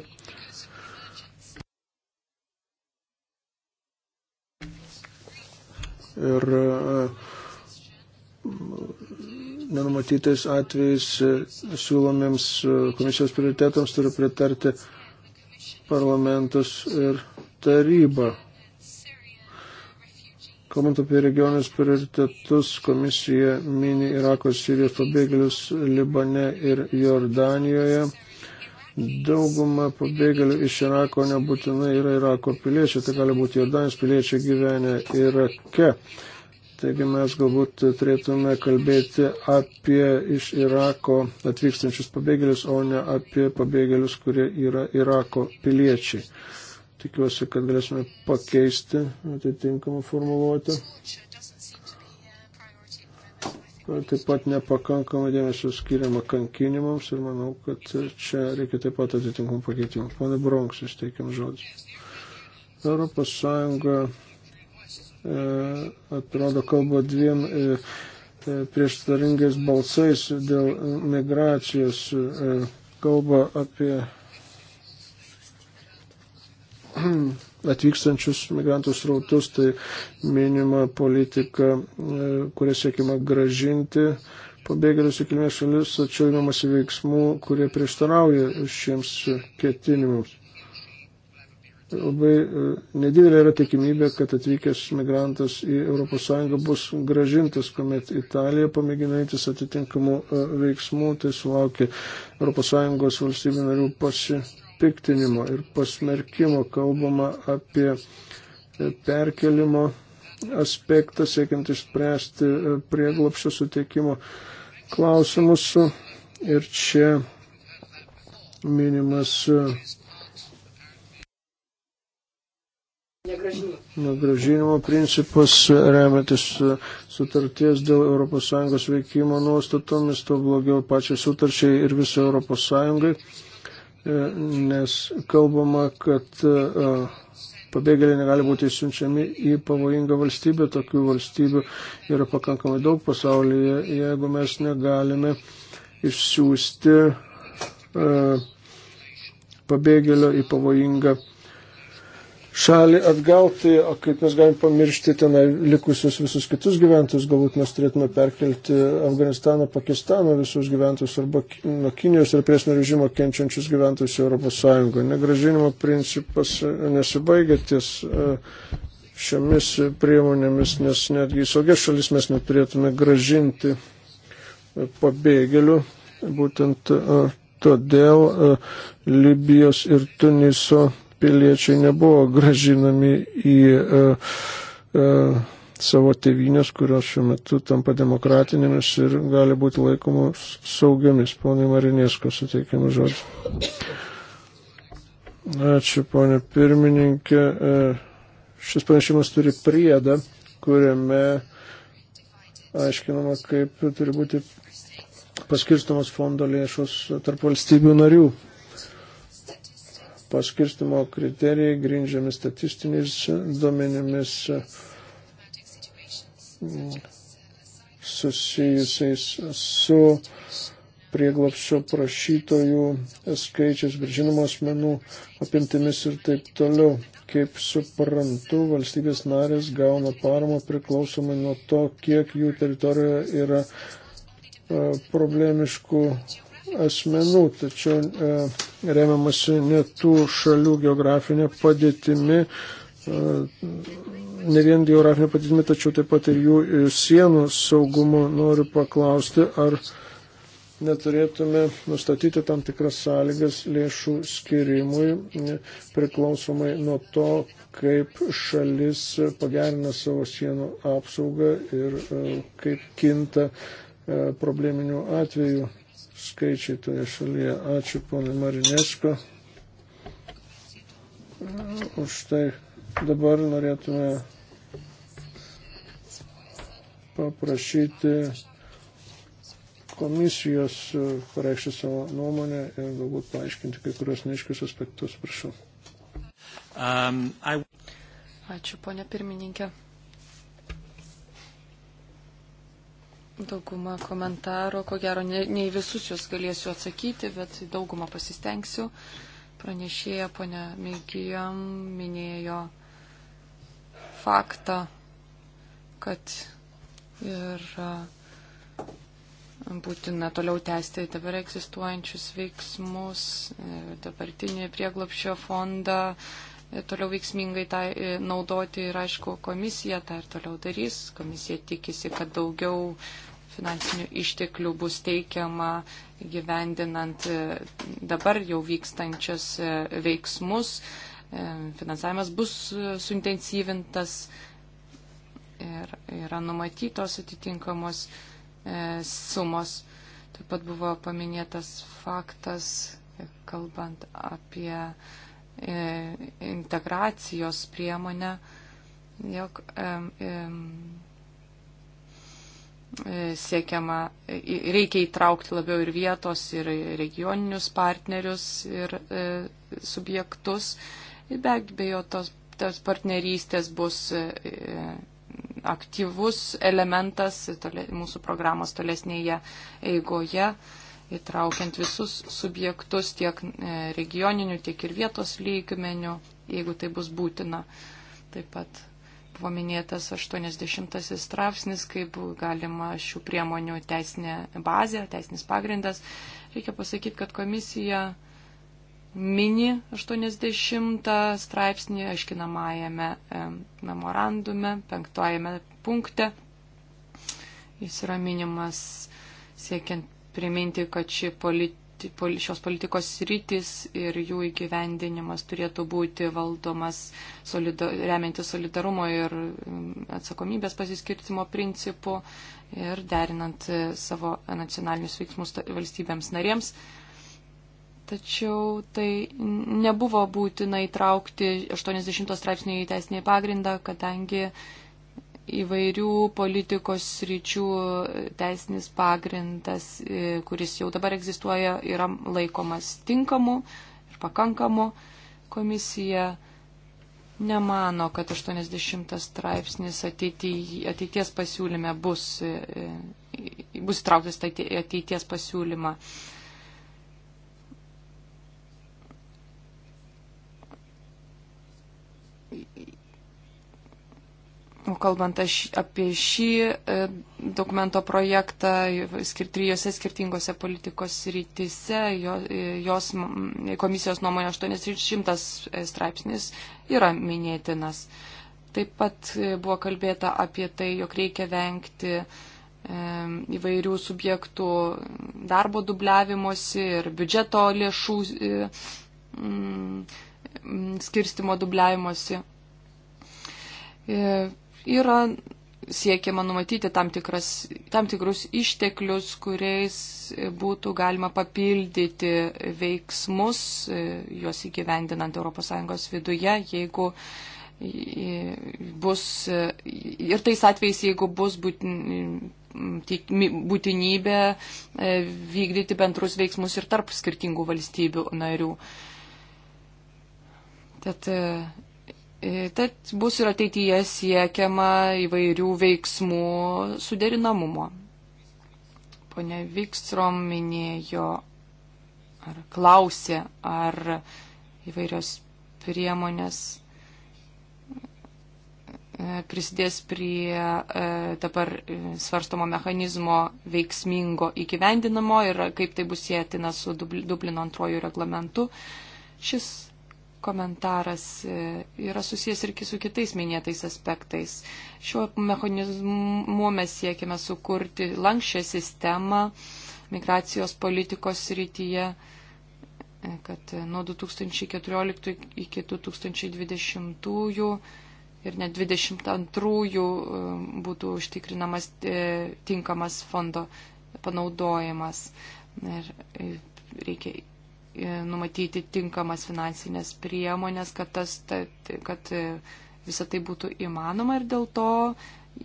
Speaker 1: ir e, nenumatytais atvejais e, siūlomiems komisijos prioritetams turi pritarti parlamentas ir taryba. Kalbant apie regionius prioritetus, komisija mini Irako Sirijos pabėgėlius Libane ir Jordanijoje. Dauguma pabėgėlių iš Irako nebūtinai yra Irako piliečiai, tai gali būti Jordanijos piliečiai gyvenę Irake. Ir Taigi mes galbūt turėtume kalbėti apie iš Irako atvykstančius pabėgėlius, o ne apie pabėgėlius, kurie yra Irako piliečiai. Tikiuosi, kad galėsime pakeisti atitinkamą formuluotę. Taip pat nepakankamai dėmesio skiriama kankinimams ir manau, kad čia reikia taip pat atitinkamų pakeitimų. Pone Bronksas, teikiam žodį. Europos Sąjunga E, atrodo kalba dviem e, e, prieštaringais balsais dėl migracijos. Kalba apie atvykstančius migrantų srautus, tai minima politika, kuria siekima gražinti pabėgėlius į kilmės šalis, tačiau imamasi veiksmų, kurie prieštarauja šiems ketinimams labai e, nedidelė yra tikimybė, kad atvykęs migrantas į ES bus gražintas, kuomet Italija pamėginantis atitinkamų e, veiksmų, tai sulaukia ES valstybių narių pasipiktinimo ir pasmerkimo. Kalbama apie e, perkelimo aspektą, siekiant išspręsti prieglopščio suteikimo klausimus. Ir čia minimas Negražinimo principas remiantis e, sutarties dėl ES veikimo nuostatomis, to blogiau pačiai sutarčiai ir visai ES, e, nes kalbama, kad e, pabėgėliai negali būti siunčiami į pavojingą valstybę, tokių valstybių yra pakankamai daug pasaulyje, jeigu mes negalime išsiųsti pabėgėlio į pavojingą valstybę šalį atgauti, o kaip mes galime pamiršti tenai likusius visus kitus gyventojus, galbūt mes turėtume perkelti Afganistano, Pakistano visus gyventojus arba nuo Kinijos ir priešinio režimo kenčiančius gyventojus į Europos Sąjungą. Negražinimo principas e, nesibaigia ties e, šiomis priemonėmis, nes netgi į saugias šalis mes neturėtume gražinti e, pabėgėlių. Būtent todėl Libijos ir Tuniso piliečiai nebuvo gražinami į uh, uh, savo tevinės, kurios šiuo metu tampa demokratinėmis ir gali būti laikomos saugiamis. Ponai Marinėsko suteikiamas žodis. Ačiū, ponė pirmininkė. E, šis pranešimas turi priedą, kuriame aiškinama, kaip turi būti paskirstamos fondo lėšos tarp valstybių narių paskirstimo kriterijai grindžiami statistiniais duomenimis susijusiais su prieglapščio prašytojų skaičius, viržinomų asmenų apimtimis ir taip toliau. Kaip suprantu, valstybės narės gauna paramą priklausomai nuo to, kiek jų teritorijoje yra e, problemiškų asmenų, tačiau e, remiamasi ne tų šalių geografinė padėtimi, e, ne vien geografinė padėtimi, tačiau taip pat ir jų e, sienų saugumo noriu paklausti, ar neturėtume nustatyti tam tikras sąlygas lėšų skirimui priklausomai nuo to, kaip šalis pagerina savo sienų apsaugą ir kaip kinta probleminių atvejų skaičiai toje šalyje. Ačiū ponui Marinesko už tai. Dabar norėtume paprašyti komisijos pareikšti savo nuomonę ir galbūt paaiškinti kai kurios neiškius aspektus, prašau. Um, I...
Speaker 3: Ačiū, ponia pirmininkė. daugumą komentarų, ko gero ne, ne į visus juos galėsiu atsakyti, bet daugumą pasistengsiu. Pranešėja ponia Mėgijam minėjo faktą, kad ir būtina toliau tęsti dabar egzistuojančius veiksmus, e, dabartinį prieglopšio fondą, toliau veiksmingai tą e, naudoti ir aišku, komisija tą ir toliau darys. Komisija tikisi, kad daugiau finansinių išteklių bus teikiama gyvendinant e, dabar jau vykstančias e, veiksmus. Finansavimas bus suintensyvintas ir yra numatytos atitinkamos sumos. Taip pat buvo paminėtas faktas, kalbant apie E, integracijos priemonę, jog e, e, siekiama, reikia įtraukti labiau ir vietos, ir regioninius partnerius, ir subjektus. Ir be abejo, tos, tos partnerystės bus aktyvus elementas tolė, mūsų programos tolesnėje eigoje įtraukiant visus subjektus tiek e, regioninių, tiek ir vietos lygmenių, jeigu tai bus būtina. Taip pat buvo minėtas 80 straipsnis, kaip galima šių priemonių teisinė bazė, teisinis pagrindas. Reikia pasakyti, kad komisija mini 80 straipsnį aiškinamajame e, memorandume, penktojame punkte. Jis yra minimas siekiant priminti, kad ši politi, pol, šios politikos rytis ir jų įgyvendinimas turėtų būti valdomas solida, remiantis solidarumo ir atsakomybės pasiskirtimo principu ir derinant e, savo nacionalinius veiksmus valstybėms narėms. Tačiau tai nebuvo būtina įtraukti 80 straipsnių į teisinį pagrindą, kadangi įvairių politikos ryčių teisinis pagrindas, e, kuris jau dabar egzistuoja, yra laikomas tinkamu ir pakankamu. Komisija nemano, kad 80 straipsnis ateities pasiūlyme bus, e, e, bus įtrauktas ateities pasiūlymą. O kalbant aš, apie šį e, dokumento projektą, skir, trijose skirtingose politikos rytise, jo, e, jos komisijos nuomonė 800 e, straipsnis yra minėtinas. Taip pat buvo kalbėta apie tai, jog reikia vengti įvairių subjektų darbo dubliavimosi ir biudžeto lėšų skirstimo dubliavimosi yra siekiama numatyti tam, tikras, tam tikrus išteklius, kuriais būtų galima papildyti veiksmus, e, juos įgyvendinant ES viduje, jeigu e, bus e, ir tais atvejais, jeigu bus būtinybė vykdyti bendrus veiksmus ir tarp skirtingų valstybių narių. Tad E, tad bus ir ateityje siekiama įvairių veiksmų suderinamumo. Pone Vikstrom minėjo ar klausė, ar įvairios priemonės e, prisidės prie e, dabar svarstomo mechanizmo veiksmingo įgyvendinamo ir kaip tai bus sėtina su Dublino antrojų reglamentu. Šis komentaras e, yra susijęs ir su kitais minėtais aspektais. Šiuo mechanizmu mes siekime sukurti lankščią sistemą migracijos politikos rytyje, e, kad e, nuo 2014 iki 2020 ir net 22 būtų užtikrinamas tinkamas fondo panaudojimas. Ir reikia E, numatyti tinkamas finansinės priemonės, kad, tas, ta, kad e, visą tai būtų įmanoma ir dėl to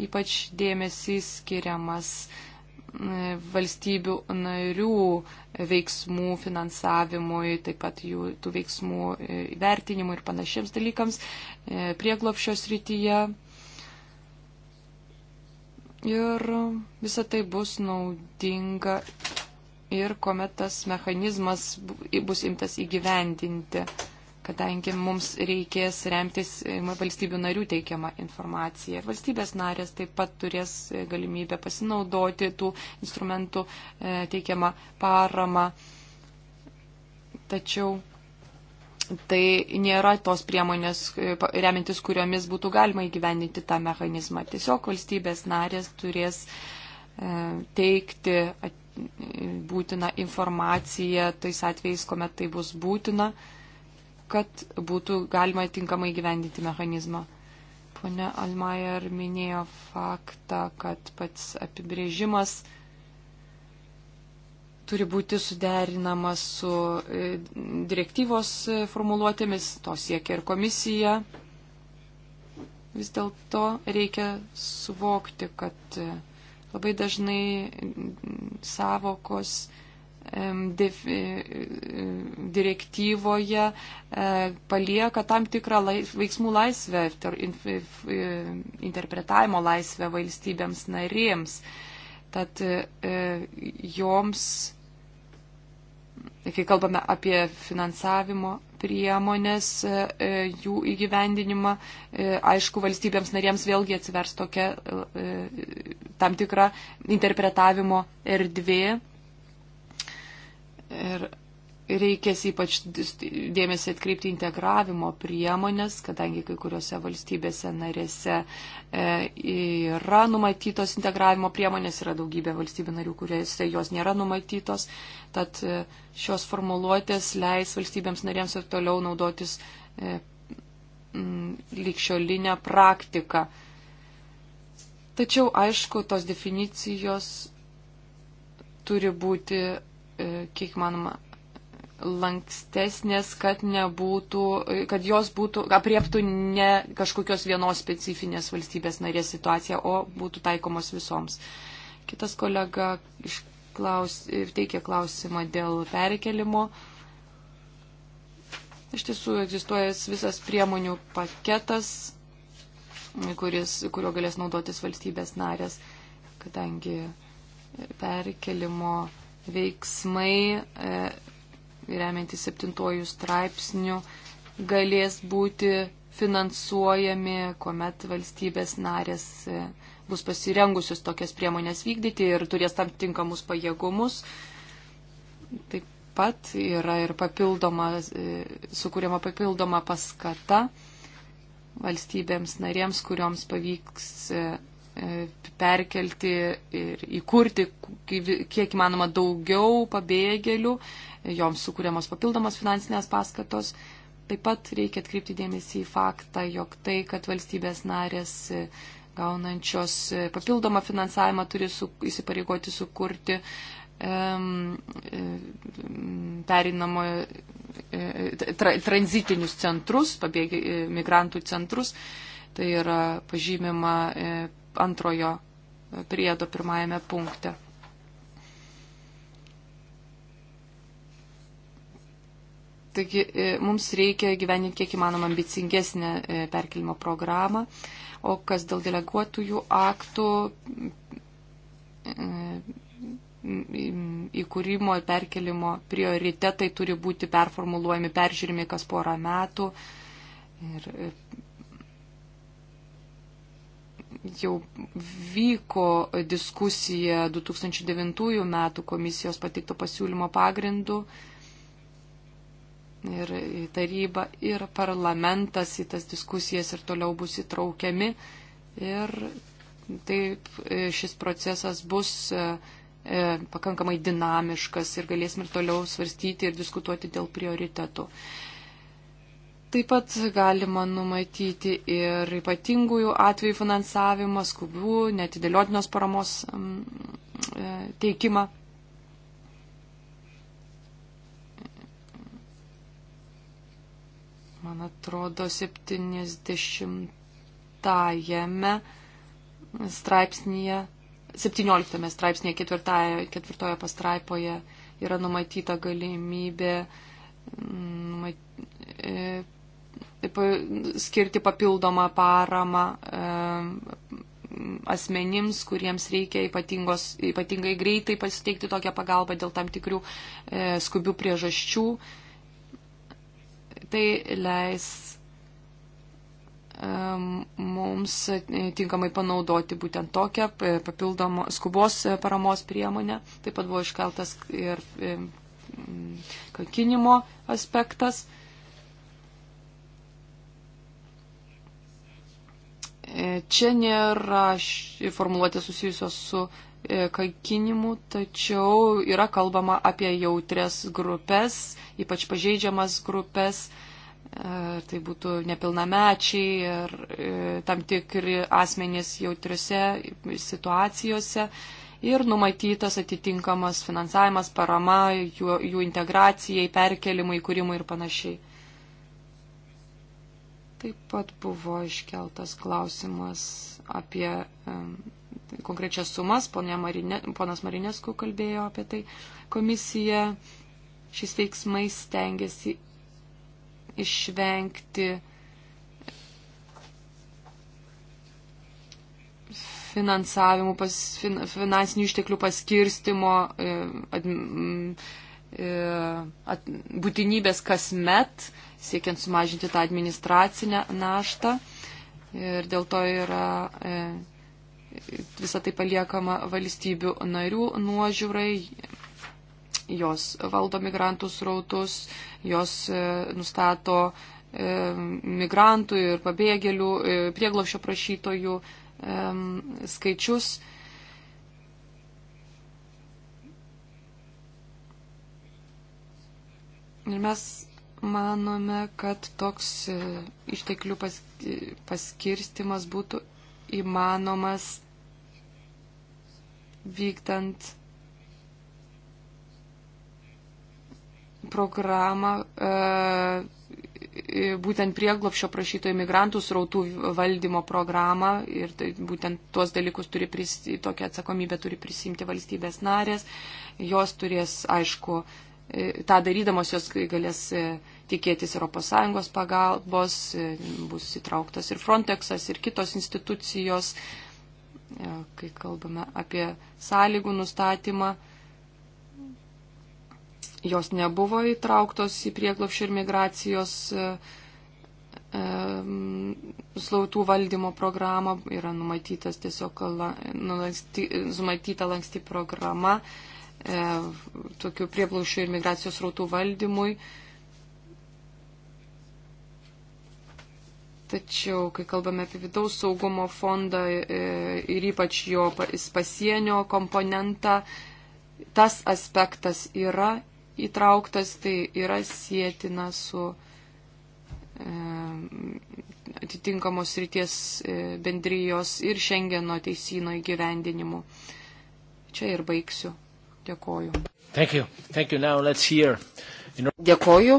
Speaker 3: ypač dėmesys skiriamas e, valstybių narių veiksmų finansavimui, taip pat jų tų veiksmų įvertinimui ir panašiems dalykams prieglopščio srityje. Ir visa tai bus naudinga ir kuomet tas mechanizmas bus imtas įgyvendinti, kadangi mums reikės remtis e, valstybių narių teikiamą informaciją. Valstybės narės taip pat turės e, galimybę pasinaudoti tų instrumentų e, teikiamą paramą. Tačiau tai nėra tos priemonės, remintis kuriomis būtų galima įgyvendinti tą mechanizmą. Tiesiog valstybės narės turės teikti būtiną informaciją tais atvejais, kuomet tai bus būtina, kad būtų galima tinkamai gyvendinti mechanizmą. Pone Almajer minėjo faktą, kad pats apibrėžimas turi būti suderinamas su e, direktyvos e, formuluotėmis, to siekia ir komisija. Vis dėlto reikia suvokti, kad e, Labai dažnai mm, savokos e, e, direktyvoje e, palieka tam tikrą laisv, veiksmų laisvę, interpretavimo laisvę valstybėms narėms. Tad joms, kai kalbame apie finansavimo priemonės, e, jų įgyvendinimą, e, aišku, valstybėms narėms vėlgi atsivers tokia e, tam tikra interpretavimo erdvė. Ir reikės ypač dėmesį atkreipti integravimo priemonės, kadangi kai kuriuose valstybėse narėse e, yra numatytos integravimo priemonės, yra daugybė valstybių narių, kuriuose jos nėra numatytos, tad e, šios formuluotės leis valstybėms narėms ir toliau naudotis e, likščiolinę praktiką. Tačiau, aišku, tos definicijos turi būti, kiek manoma, lankstesnės, kad, nebūtų, kad jos būtų, apriektų ne kažkokios vienos specifinės valstybės narės situaciją, o būtų taikomos visoms. Kitas kolega išklaus, teikė klausimą dėl perkelimo. Iš tiesų egzistuoja visas priemonių paketas, kuris, kurio galės naudotis valstybės narės, kadangi perkelimo veiksmai e, remiantis septintojų straipsnių, galės būti finansuojami, kuomet valstybės narės e, bus pasirengusios tokias priemonės vykdyti ir turės tam tinkamus pajėgumus. Taip pat yra ir papildoma, e, sukūrima papildoma paskata valstybėms narėms, kurioms pavyks e, perkelti ir įkurti kiek įmanoma daugiau pabėgėlių joms sukūriamos papildomos finansinės paskatos. Taip pat reikia atkreipti dėmesį į faktą, jog tai, kad valstybės narės e, gaunančios e, papildomą finansavimą turi su, įsipareigoti sukurti um, e, perinamo tra, tranzitinius centrus, pabėgi, migrantų centrus. Tai yra pažymima antrojo priedo pirmajame punkte. Taigi e, mums reikia gyveninti kiek įmanoma ambicingesnę e, perkelimo programą, o kas dėl deleguotųjų aktų e, įkūrimo ir perkelimo prioritetai turi būti performuluojami, peržiūrimi kas porą metų. Ir jau vyko diskusija 2009 metų komisijos patikto pasiūlymo pagrindu ir taryba, ir parlamentas į tas diskusijas ir toliau bus įtraukiami. Ir taip e, šis procesas bus e, e, pakankamai dinamiškas ir galėsim ir toliau svarstyti ir diskutuoti dėl prioritetų. Taip pat galima numatyti ir ypatingųjų atvejų finansavimą, skubių, netidėliotinos paramos teikimą man atrodo, 70-ajame straipsnėje, 17 straipsnėje, 4, 4 pastraipoje yra numatyta galimybė mm, e, e, skirti papildomą paramą e, asmenims, kuriems reikia ypatingos, ypatingai greitai pasiteikti tokią pagalbą dėl tam tikrų skubių priežasčių. Tai leis mums e, tinkamai panaudoti būtent tokią e, papildomą skubos e, paramos priemonę. Taip pat buvo iškeltas ir kankinimo aspektas. Čia nėra formuluotė susijusios su E, kankinimų, tačiau yra kalbama apie jautres grupės, ypač pažeidžiamas grupės, e, tai būtų nepilnamečiai ir e, tam tikri asmenys jautriose situacijose. Ir numatytas atitinkamas finansavimas, parama jų, jų integracijai, perkelimui, kūrimui ir panašiai. Taip pat buvo iškeltas klausimas apie konkrečias sumas, Marine, ponas Marinesku kalbėjo apie tai. Komisija šis veiksmais tengiasi išvengti finansavimų, pas, fin, finansinių išteklių paskirstimo e, ad, e, at, būtinybės kasmet, siekiant sumažinti tą administracinę naštą. Ir dėl to yra e, visą tai paliekama valstybių narių nuožiūrai, jos valdo migrantų srautus, jos e, nustato e, migrantų ir pabėgėlių, e, prieglopšio prašytojų skaičius. Ir mes manome, kad toks išteklių paskirstimas būtų įmanomas vykdant programą e, būtent prieglopšio prašyto imigrantų srautų valdymo programą ir tai, būtent tuos dalykus turi prisimti, tokią atsakomybę turi prisimti valstybės narės. Jos turės, aišku, E, tą darydamos jos galės e, tikėtis ES pagalbos, e, bus įtrauktas ir Frontexas, ir kitos institucijos, kai kalbame apie sąlygų nustatymą. Jos nebuvo įtrauktos į prieglopšį ir migracijos slautų valdymo programą, yra numatytas tiesiog lanksti, numatyta lanksti programa, e, tokių prieplaušių ir migracijos rautų valdymui. Tačiau, kai kalbame apie vidaus saugumo fondą e, ir ypač jo pasienio komponentą, tas aspektas yra įtrauktas, tai yra sėtina su e, atitinkamos ryties e, bendrijos ir Šengeno teisino įgyvendinimu. Čia ir baigsiu. Dėkoju.
Speaker 2: Thank you. Thank you. Now let's hear. In... Dėkoju.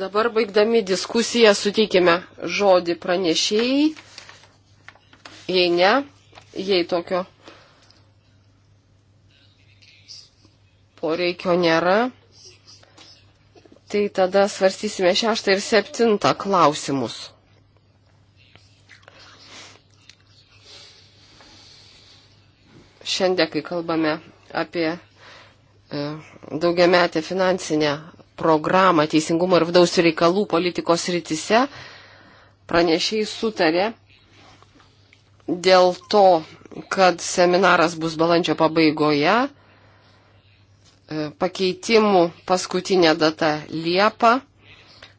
Speaker 2: Dabar baigdami diskusiją suteikime žodį pranešėjai. Jei ne, jei tokio poreikio nėra, tai tada svarstysime šeštą ir septintą klausimus. šiandien, kai kalbame apie e, daugiametę finansinę programą teisingumo ir vidaus reikalų politikos rytise, pranešiai sutarė dėl to, kad seminaras bus balandžio pabaigoje, e, pakeitimų paskutinė data Liepa,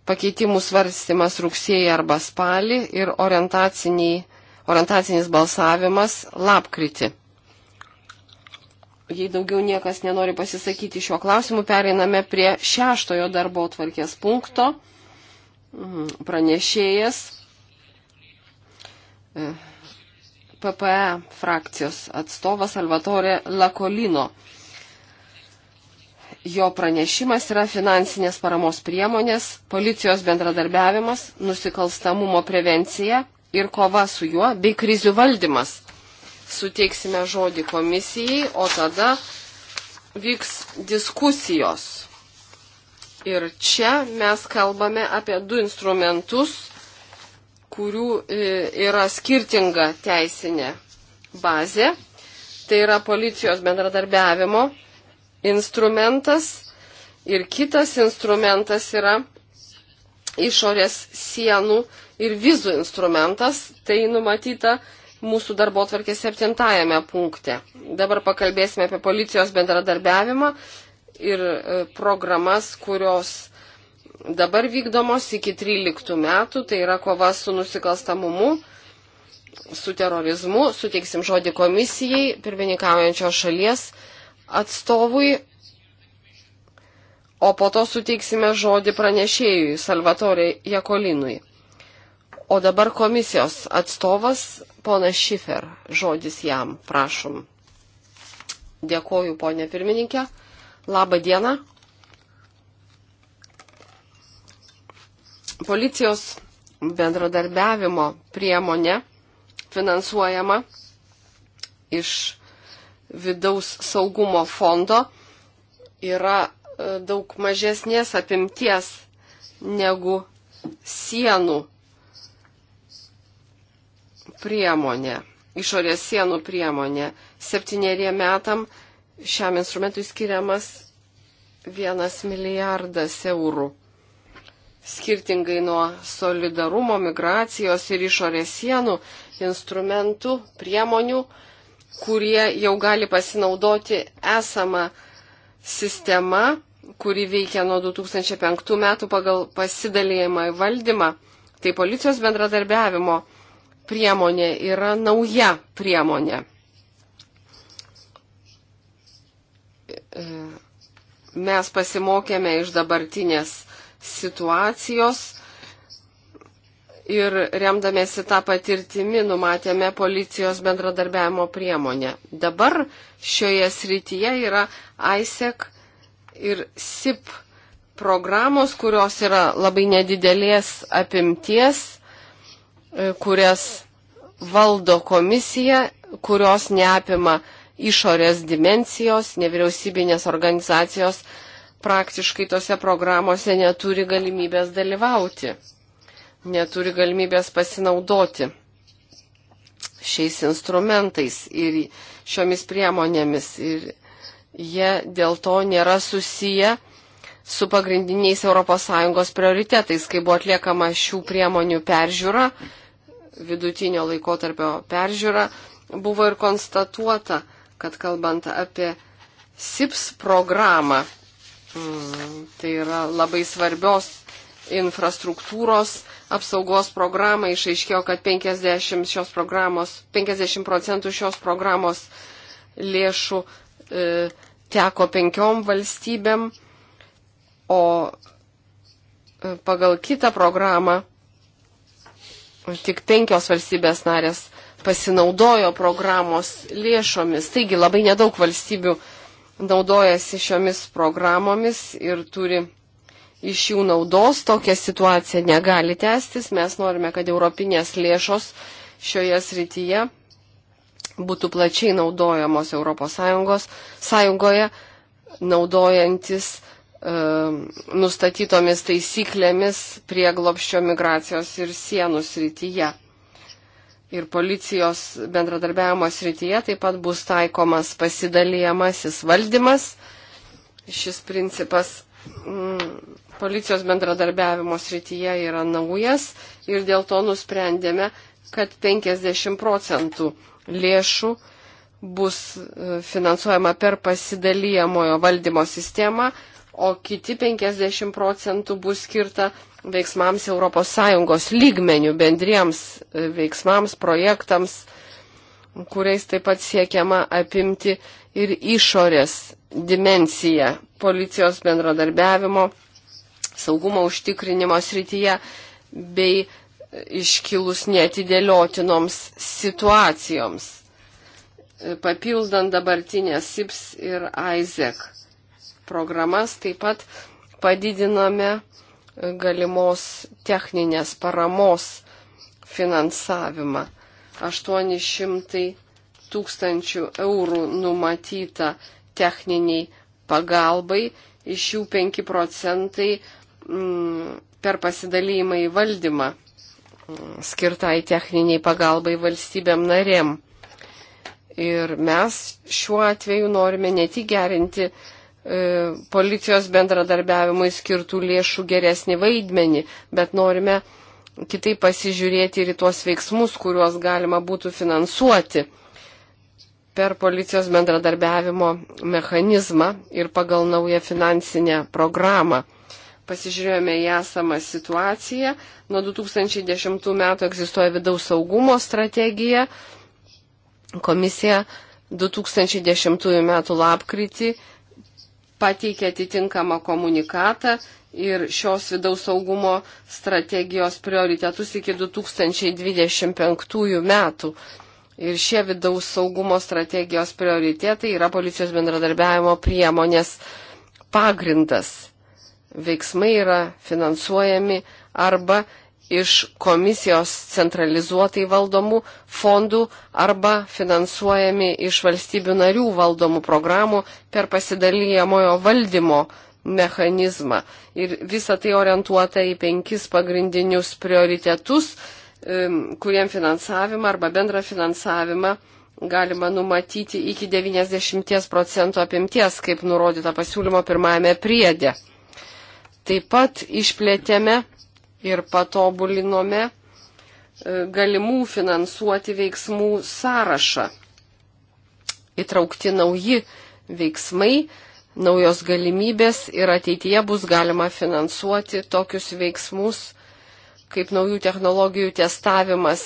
Speaker 2: pakeitimų svarstymas rugsėjai arba spalį ir orientacinis balsavimas lapkritį. Jei daugiau niekas nenori pasisakyti šiuo klausimu, pereiname prie šeštojo darbo tvarkės punkto. Mhm, pranešėjas PPE e frakcijos atstovas Salvatore Lakolino. Jo pranešimas yra finansinės paramos priemonės, policijos bendradarbiavimas, nusikalstamumo prevencija ir kova su juo bei krizių valdymas suteiksime žodį komisijai, o tada vyks diskusijos. Ir čia mes kalbame apie du instrumentus, kurių e, yra skirtinga teisinė bazė. Tai yra policijos bendradarbiavimo instrumentas ir kitas instrumentas yra išorės sienų ir vizų instrumentas. Tai numatyta mūsų darbo atvarkės septintajame punkte. Dabar pakalbėsime apie policijos bendradarbiavimą ir e, programas, kurios dabar vykdomos iki 13 metų, tai yra kova su nusikalstamumu, su terorizmu, suteiksim žodį komisijai, pirmininkaujančios šalies atstovui, o po to suteiksime žodį pranešėjui Salvatorė Jakolinui. O dabar komisijos atstovas Pona Šifer, žodis jam, prašom. Dėkoju, ponė pirmininkė. Labą dieną. Policijos bendradarbiavimo priemonė finansuojama iš vidaus saugumo fondo yra e, daug mažesnės apimties negu sienų priemonė, išorės sienų priemonė. Septyneriem metam šiam instrumentui skiriamas vienas milijardas eurų. Skirtingai nuo solidarumo, migracijos ir išorės sienų instrumentų, priemonių, kurie jau gali pasinaudoti esamą sistemą, kuri veikia nuo 2005 metų pagal pasidalėjimą į valdymą, tai policijos bendradarbiavimo priemonė yra nauja priemonė. E, mes pasimokėme iš dabartinės situacijos ir remdamėsi tą patirtimį numatėme policijos bendradarbiavimo priemonę. Dabar šioje srityje yra ISEC ir SIP programos, kurios yra labai nedidelės apimties E, kurias valdo komisija, kurios neapima išorės dimensijos, nevyriausybinės organizacijos praktiškai tose programuose neturi galimybės dalyvauti, neturi galimybės pasinaudoti šiais instrumentais ir šiomis priemonėmis. Ir jie dėl to nėra susiję su pagrindiniais ES prioritetais, kai buvo atliekama šių priemonių peržiūra vidutinio laikotarpio peržiūra, buvo ir konstatuota, kad kalbant apie SIPS programą, mm, tai yra labai svarbios infrastruktūros apsaugos programą, išaiškėjo, kad 50, šios 50 procentų šios programos lėšų e, teko penkiom valstybėm, o e, pagal kitą programą tik penkios valstybės narės pasinaudojo programos lėšomis. Taigi labai nedaug valstybių naudojasi šiomis programomis ir turi iš jų naudos. Tokia situacija negali tęstis. Mes norime, kad europinės lėšos šioje srityje būtų plačiai naudojamos ES sąjungoje, naudojantis Um, nustatytomis taisyklėmis prie glopščio migracijos ir sienų srityje. Ir policijos bendradarbiavimo srityje taip pat bus taikomas pasidalėjamasis valdymas. Šis principas mm, policijos bendradarbiavimo srityje yra naujas ir dėl to nusprendėme, kad 50 procentų lėšų bus e, finansuojama per pasidalyjamojo valdymo sistemą, o kiti 50 procentų bus skirta veiksmams ES lygmenių, bendriems e, veiksmams, projektams, kuriais taip pat siekiama apimti ir išorės dimenciją policijos bendradarbiavimo, saugumo užtikrinimo srityje bei iškilus netidėliotinoms situacijoms, e, papildant dabartinės SIPS ir AISEC programas, taip pat padidinome galimos techninės paramos finansavimą. 800 tūkstančių eurų numatyta techniniai pagalbai, iš jų 5 procentai mm, per pasidalymą į valdymą mm, skirtai techniniai pagalbai valstybėm narėm. Ir mes šiuo atveju norime ne tik gerinti E, policijos bendradarbiavimui skirtų lėšų geresnį vaidmenį, bet norime kitaip pasižiūrėti ir į tuos veiksmus, kuriuos galima būtų finansuoti per policijos bendradarbiavimo mechanizmą ir pagal naują finansinę programą. Pasižiūrėjome į esamą situaciją. Nuo 2010 metų egzistuoja vidaus saugumo strategija. Komisija 2010 metų lapkritį pateikė atitinkamą komunikatą ir šios vidaus saugumo strategijos prioritetus iki 2025 metų. Ir šie vidaus saugumo strategijos prioritetai yra policijos bendradarbiavimo priemonės pagrindas. Veiksmai yra finansuojami arba iš komisijos centralizuotai valdomų fondų arba finansuojami iš valstybių narių valdomų programų per pasidalyjamojo valdymo mechanizmą. Ir visa tai orientuota į penkis pagrindinius prioritetus, kuriem finansavimą arba bendrą finansavimą galima numatyti iki 90 procentų apimties, kaip nurodyta pasiūlymo pirmajame priedė. Taip pat išplėtėme ir patobulinome e, galimų finansuoti veiksmų sąrašą. Įtraukti nauji veiksmai, naujos galimybės ir ateityje bus galima finansuoti tokius veiksmus kaip naujų technologijų testavimas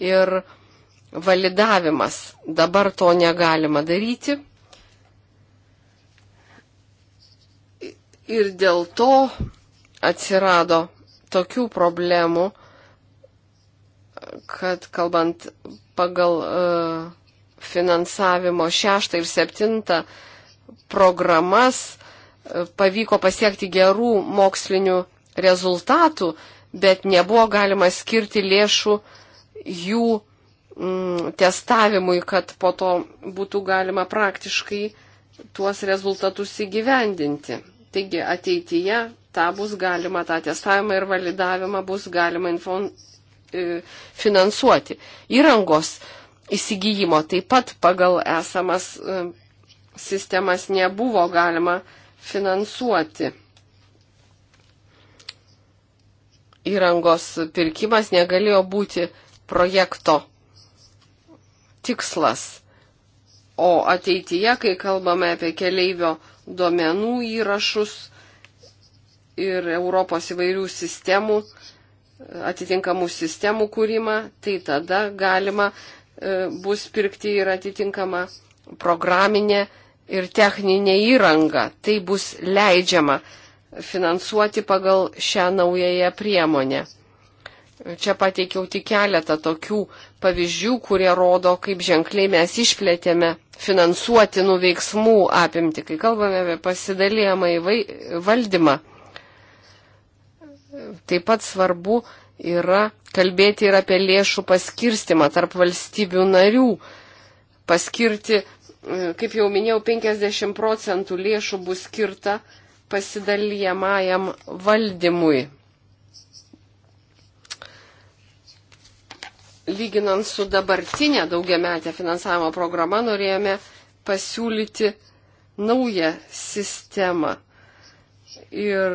Speaker 2: ir validavimas. Dabar to negalima daryti. Ir dėl to atsirado tokių problemų, kad kalbant pagal uh, finansavimo šeštą ir septintą programas uh, pavyko pasiekti gerų mokslinių rezultatų, bet nebuvo galima skirti lėšų jų mm, testavimui, kad po to būtų galima praktiškai tuos rezultatus įgyvendinti. Taigi ateityje tą bus galima, tą testavimą ir validavimą bus galima infon, e, finansuoti. Įrangos įsigijimo taip pat pagal esamas e, sistemas nebuvo galima finansuoti. Įrangos pirkimas negalėjo būti projekto tikslas. O ateityje, kai kalbame apie keleivio duomenų įrašus ir Europos įvairių sistemų, atitinkamų sistemų kūrimą, tai tada galima e, bus pirkti ir atitinkamą programinę ir techninę įrangą. Tai bus leidžiama finansuoti pagal šią naująją priemonę. Čia pateikiau tik keletą tokių pavyzdžių, kurie rodo, kaip ženkliai mes išplėtėme finansuotinų veiksmų apimti, kai kalbame apie pasidalėjimą į valdymą. Taip pat svarbu yra kalbėti ir apie lėšų paskirstimą tarp valstybių narių. Paskirti, kaip jau minėjau, 50 procentų lėšų bus skirta pasidalėjamajam valdymui. lyginant su dabartinė daugiametė finansavimo programa, norėjome pasiūlyti naują sistemą. Ir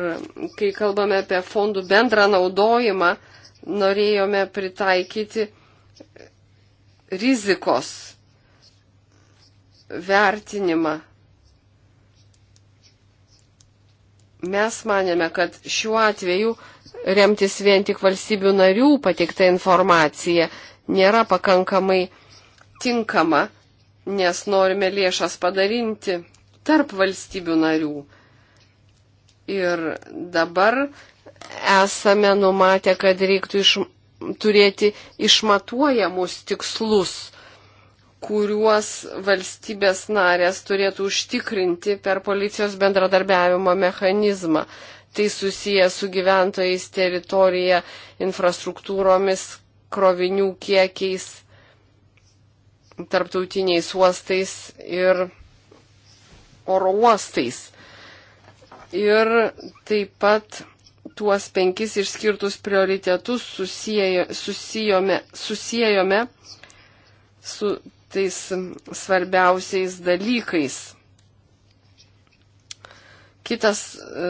Speaker 2: kai kalbame apie fondų bendrą naudojimą, norėjome pritaikyti rizikos vertinimą Mes manėme, kad šiuo atveju remtis vien tik valstybių narių pateikta informacija nėra pakankamai tinkama, nes norime lėšas padarinti tarp valstybių narių. Ir dabar esame numatę, kad reiktų iš, turėti išmatuojamus tikslus kuriuos valstybės narės turėtų užtikrinti per policijos bendradarbiavimo mechanizmą. Tai susiję su gyventojais, teritorija, infrastruktūromis, krovinių kiekiais, tarptautiniais uostais ir oro uostais. Ir taip pat tuos penkis išskirtus prioritetus susijome, susijome su tais svarbiausiais dalykais. Kitas e,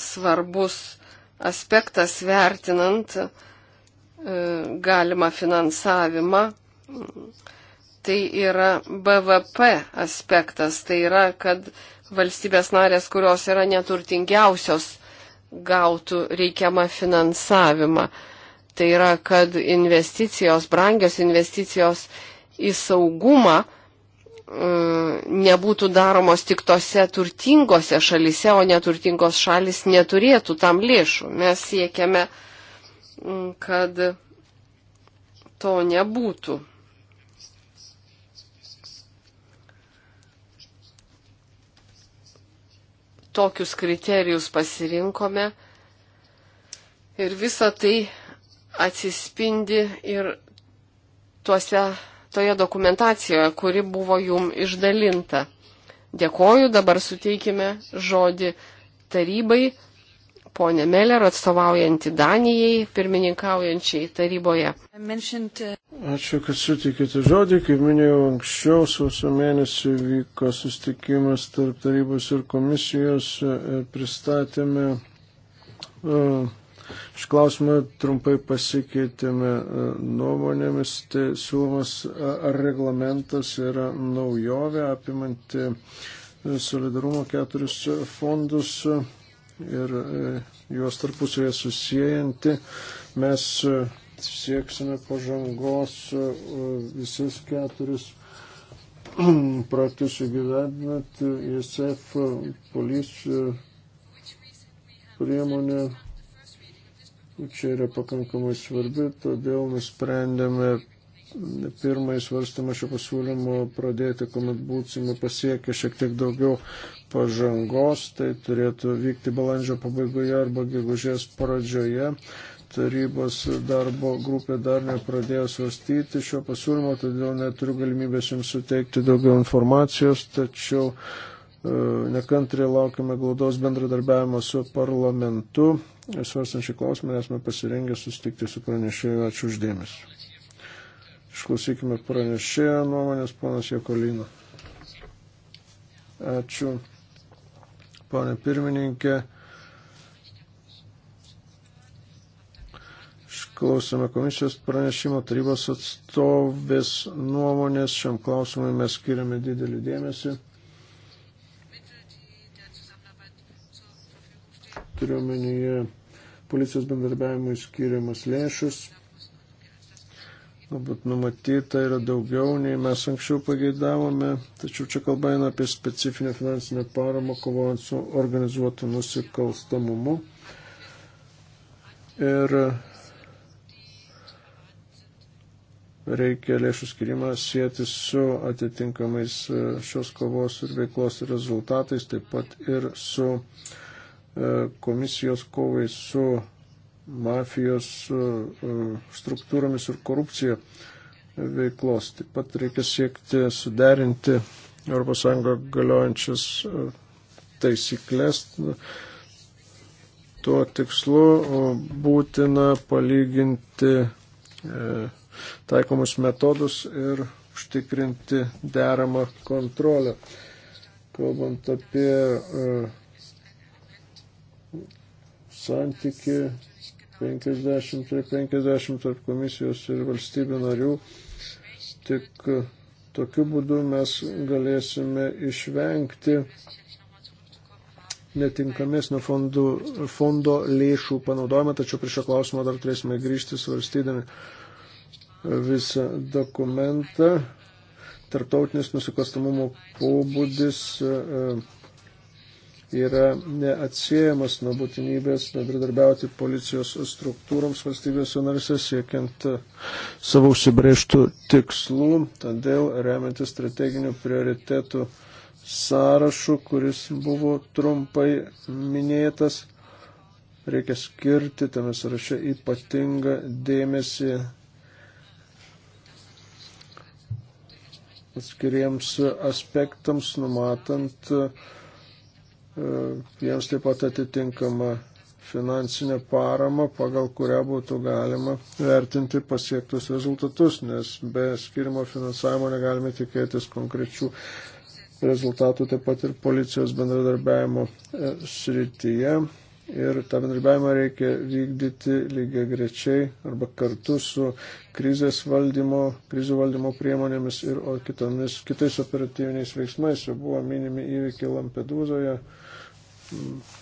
Speaker 2: svarbus aspektas vertinant e, galimą finansavimą, tai yra BVP aspektas. Tai yra, kad valstybės narės, kurios yra neturtingiausios, gautų reikiamą finansavimą. Tai yra, kad investicijos, brangios investicijos į saugumą e, nebūtų daromos tik tose turtingose šalise, o neturtingos šalis neturėtų tam lėšų. Mes siekiame, mm, kad to nebūtų. Tokius kriterijus pasirinkome ir visa tai atsispindi ir tuose toje dokumentacijoje, kuri buvo jum išdalinta. Dėkoju, dabar suteikime žodį tarybai, ponė Meller atstovaujantį Danijai, pirmininkaujančiai taryboje. Ačiū,
Speaker 1: kad sutikėte žodį. Kaip minėjau, anksčiau sausio mėnesį vyko sustikimas tarp tarybos ir komisijos ir e, pristatėme uh, Iš klausimą trumpai pasikeitėme e, nuomonėmis, tai siūlomas e, ar reglamentas yra naujovė apimanti e, solidarumo keturis fondus ir juos tarpusavėje susijanti. Mes sieksime pažangos visus keturis projektus įgyvendinant ISF polis priemonė čia yra pakankamai svarbi, todėl nusprendėme pirmąjį svarstymą šio pasiūlymo pradėti, kuomet būsime pasiekę šiek tiek daugiau pažangos, tai turėtų vykti balandžio pabaigoje arba gegužės pradžioje. Tarybos darbo grupė dar nepradėjo svarstyti šio pasiūlymo, todėl neturiu galimybės jums suteikti daugiau informacijos, tačiau e, nekantriai laukime glaudos bendradarbiavimo su parlamentu svarstant šį klausimą, esame pasirengę sustikti su pranešėju. Ačiū uždėmesi. Išklausykime pranešėjo nuomonės, ponas Jekolino. Ačiū, ponė pirmininkė. Išklausome komisijos pranešimo tarybos atstovės nuomonės. Šiam klausimui mes skiriame didelį dėmesį. turiu menyje policijos bendarbiavimui skiriamas lėšus. Galbūt numatyta yra daugiau, nei mes anksčiau pageidavome, tačiau čia kalba eina apie specifinę finansinę paramą kovojant su organizuotu nusikalstamumu. Ir reikia lėšų skirimą sieti su atitinkamais šios kovos ir veiklos rezultatais, taip pat ir su uh, E, komisijos kovai su mafijos e, e, struktūromis ir korupcija veiklos. Taip pat reikia siekti suderinti ES galiojančias taisyklės. Tuo tikslu būtina palyginti taikomus metodus ir užtikrinti deramą kontrolę. Kalbant apie santyki 50 ir 50 tarp komisijos ir valstybių narių. Tik tokiu būdu mes galėsime išvengti netinkamesnio fondų, fondo lėšų panaudojimą, tačiau prie šio klausimo dar turėsime grįžti svarstydami visą dokumentą. Tartautinis nusikastamumo pobūdis. E, yra neatsiejamas nuo būtinybės bendradarbiauti policijos struktūroms valstybėse narse siekiant savo užsibrėžtų tikslų, todėl remiantis strateginių prioritetų sąrašu, kuris buvo trumpai minėtas, reikia skirti tame sąraše ypatingą dėmesį atskiriems aspektams, numatant uh, E, jiems taip pat atitinkama finansinė parama, pagal kurią būtų galima vertinti pasiektus rezultatus, nes be skirimo finansavimo negalime tikėtis konkrečių rezultatų taip pat ir policijos bendradarbiavimo e, srityje. Ir tą bendradarbiavimą reikia vykdyti lygiai grečiai arba kartu su krizės valdymo, krizių valdymo priemonėmis ir kitomis, kitais operatyviniais veiksmais. Jau buvo minimi įvykiai Lampedūzoje,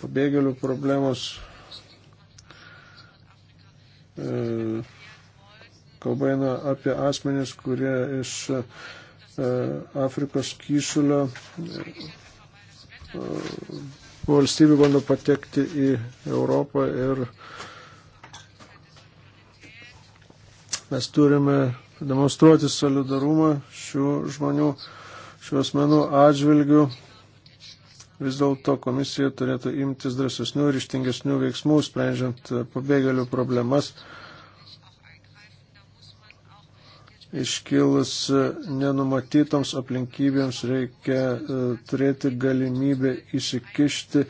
Speaker 1: pabėgėlių problemos. E, kalba eina apie asmenis, kurie iš e, Afrikos kyšulio e, valstybių bando patekti į Europą ir mes turime demonstruoti solidarumą šių žmonių, šių asmenų atžvilgių Vis dėlto komisija turėtų imtis drąsesnių ir ištingesnių veiksmų, sprendžiant pabėgėlių problemas, iškilus nenumatytoms aplinkybėms reikia e, turėti galimybę įsikišti,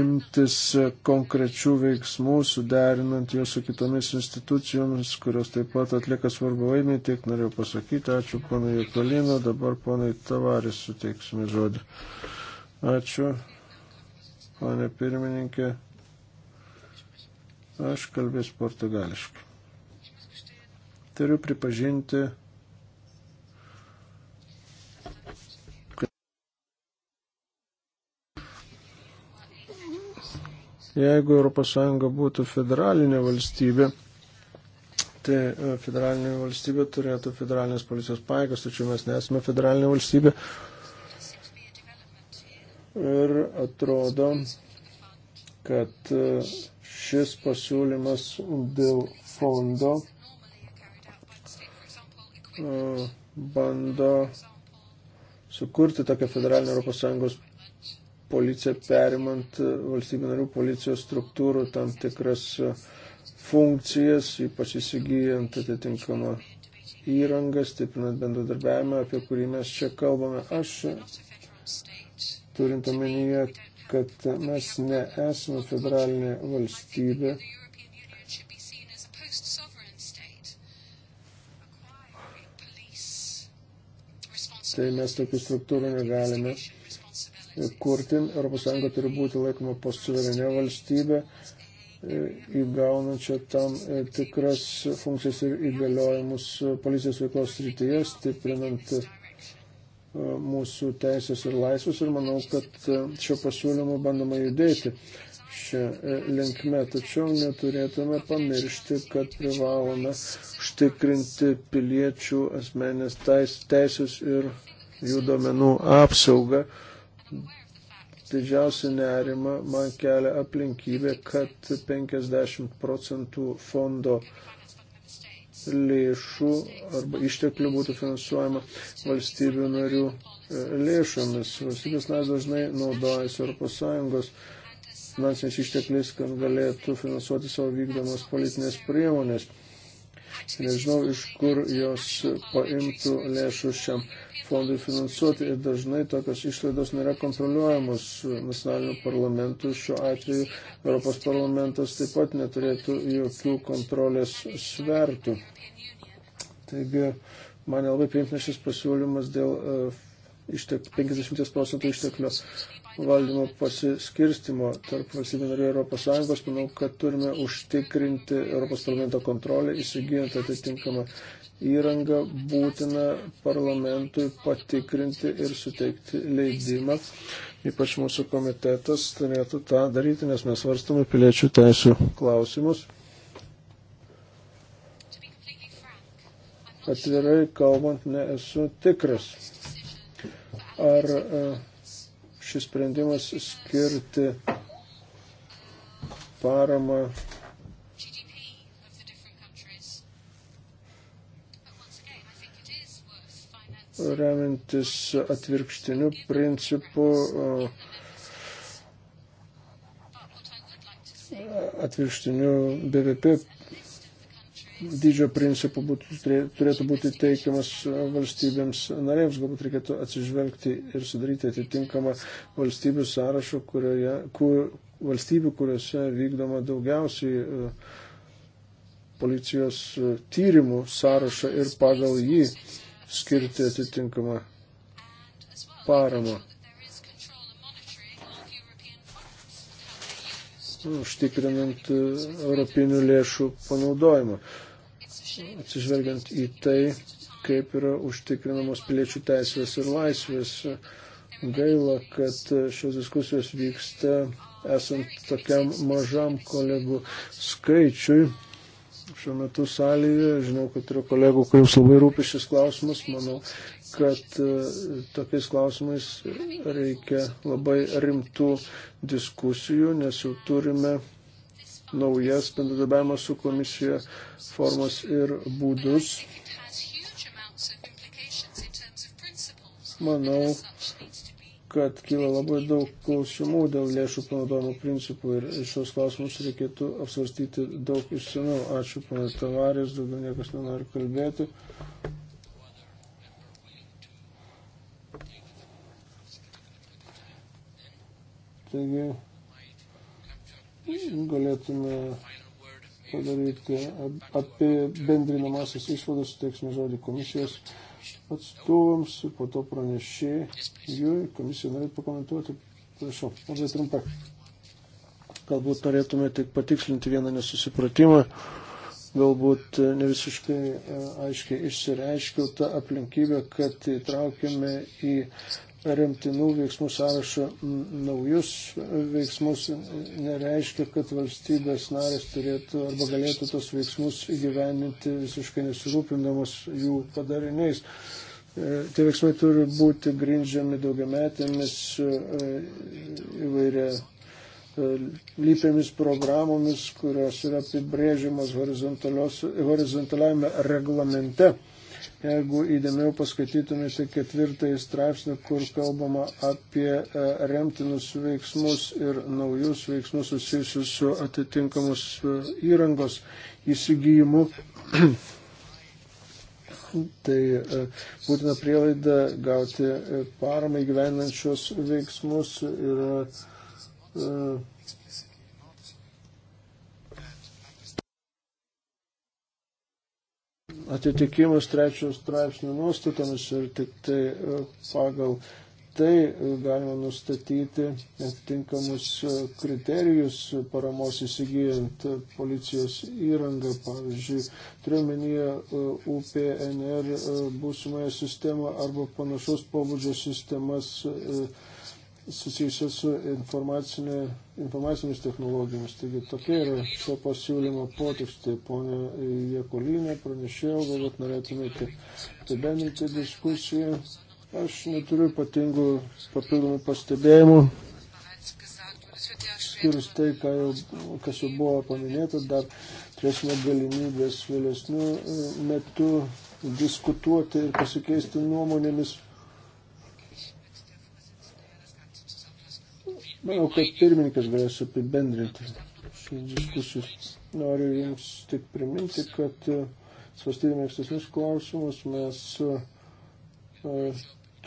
Speaker 1: imtis konkrečių veiksmų, suderinant juos su kitomis institucijomis, kurios taip pat atlieka svarbu vaidmenį, tiek norėjau pasakyti. Ačiū ponai Jokalino, dabar ponai Tavaris suteiksime žodį. Ačiū, ponė pirmininkė. Aš kalbės portugališkai. Turiu pripažinti, jeigu ES būtų federalinė valstybė, tai e, federalinė valstybė turėtų federalinės policijos paėgas, tačiau mes nesame federalinė valstybė, Ir atrodo, kad e, šis pasiūlymas dėl fondo e, bando sukurti tokią federalinę ES policiją, perimant valstybių narių policijos struktūrų tam tikras e, funkcijas, ypač įsigijant atitinkamą įrangą, stiprinant bendradarbiavimą, apie kurį mes čia kalbame. Aš turint omenyje, kad mes nesame federalinė valstybė. Tai mes tokių struktūrų negalime kurti. ES turi būti laikoma postsuverenė valstybė, e, įgaunančia tam e, tikras funkcijas ir įgaliojimus policijos veiklos srityje, stiprinant E, mūsų teisės ir laisvės ir manau, kad e, šio pasiūlymo bandoma judėti šią e, linkmę. Tačiau neturėtume pamiršti, kad privalome užtikrinti piliečių asmenės teisės ir jų domenų apsaugą. Didžiausia nerima man kelia aplinkybė, kad 50 procentų fondo uh, lėšų arba išteklių būtų finansuojama valstybių narių e, lėšomis. Valstybės narės dažnai naudojasi ES finansiniais ištekliais, kad galėtų finansuoti savo vykdomas politinės priemonės. Nežinau, iš kur jos paimtų lėšų šiam fondui finansuoti ir dažnai tokios išlaidos nėra kontroliuojamos nacionalinių parlamentų. Šiuo atveju Europos parlamentas taip pat neturėtų jokių kontrolės svertų. Taigi, man nelabai priimtinas šis pasiūlymas dėl uh, ištek, 50 procentų išteklio valdymo pasiskirstimo tarp valstybių narių Europos Sąjungos, manau, kad turime užtikrinti Europos parlamento kontrolę, įsigijant atitinkamą įrangą, būtina parlamentui patikrinti ir suteikti leidimą. Ypač mūsų komitetas turėtų tą daryti, nes mes varstame piliečių teisų klausimus. Atvirai kalbant, nesu tikras. Ar uh, šis sprendimas skirti paramą remintis atvirkštiniu principu, atvirkštiniu BVP dydžio principų būtų, turėtų būti teikiamas valstybėms narėms. Galbūt reikėtų atsižvelgti ir sudaryti atitinkamą valstybių sąrašą, kurioje, kur, valstybių, kuriuose vykdoma daugiausiai e, policijos e, tyrimų sąrašą ir pagal jį skirti atitinkamą paramą. užtikrinant e, europinių lėšų panaudojimą atsižvelgiant į tai, kaip yra užtikrinamos piliečių teisės ir laisvės. Gaila, kad šios diskusijos vyksta esant tokiam mažam kolegų skaičiui. Šiuo metu salėje, žinau, kad yra kolegų, kuriems labai rūpi šis klausimas, manau, kad e, tokiais klausimais reikia labai rimtų diskusijų, nes jau turime naujas bendradarbiavimo su komisija formas ir būdus. Manau, kad kyla labai daug klausimų dėl lėšų panaudojimo principų ir šios klausimus reikėtų apsvarstyti daug išsamiau. Ačiū, pana Tavarės, daugiau niekas nenori kalbėti. Taigi, galėtume padaryti apie bendrinamasis išvadas, suteiksime žodį komisijos atstovams, po to pranešėjui, komisija norėtų pakomentuoti, prašau, labai trumpai. Galbūt norėtume tik patikslinti vieną nesusipratimą, galbūt e, ne visiškai e, aiškiai išsireiškiau tą aplinkybę, kad įtraukime į remtinų veiksmų sąrašo naujus veiksmus nereiškia, kad valstybės narės turėtų arba galėtų tos veiksmus įgyveninti visiškai nesirūpindamas jų padariniais. E, tie veiksmai turi būti grindžiami daugiametėmis e, įvairia e, lypėmis programomis, kurios yra apibrėžiamas horizontaliame reglamente Jeigu įdėmiau paskaitytumėte ketvirtąjį straipsnį, kur kalbama apie e, remtinus veiksmus ir naujus veiksmus susijusius su atitinkamus e, įrangos įsigijimu, tai e, būtina prielaida gauti paramą įgyvenančios veiksmus ir atitikimas trečiojo straipsnio nuostatomis ir tik tai e, pagal tai e, galima nustatyti atitinkamus e, kriterijus paramos įsigijant policijos įrangą, pavyzdžiui, turiuomenyje UPNR būsimąją sistemą arba panašaus pobūdžio sistemas susijusia su informacinė, informacinėmis technologijomis. Taigi tokia yra šio pasiūlymo potekstė. Pone Jekolinė, pranešėjau, galbūt norėtumėte apibendrinti diskusiją. Aš neturiu ypatingų papildomų pastebėjimų. Skirus tai, jau, kas jau buvo paminėta, dar turėsime galimybės vėlesnių e, metų diskutuoti ir pasikeisti nuomonėmis Manau, kad pirmininkas galės apibendrinti šių diskusijų. Noriu Jums tik priminti, kad e, svastydami ankstesnius klausimus mes e,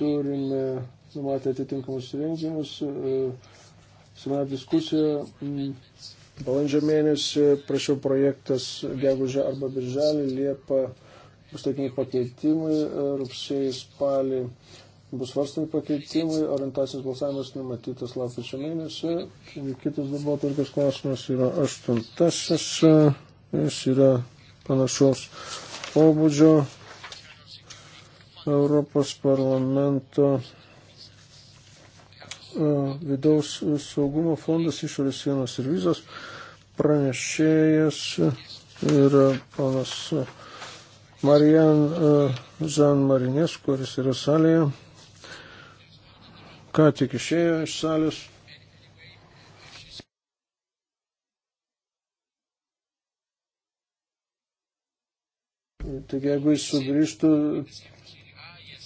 Speaker 1: turime numatę atitinkamus renginius. E, Sena diskusija balandžio mėnesį, prašiau projektas gegužę arba birželį, liepa bus teikiami pakeitimai, rugsėjai spalį bus svarstami pakeitimai, orientacijos balsavimas numatytas lapkričio mėnesį. Kitas darbo turkės klausimas yra aštuntasis, jis yra panašaus pobūdžio Europos parlamento e, vidaus saugumo fondas išorės sienos ir vizos pranešėjas ir panas Marijan e, Žan Marinės, kuris yra salėje ką tik išėjo iš salės. Tik jeigu jis sugrįžtų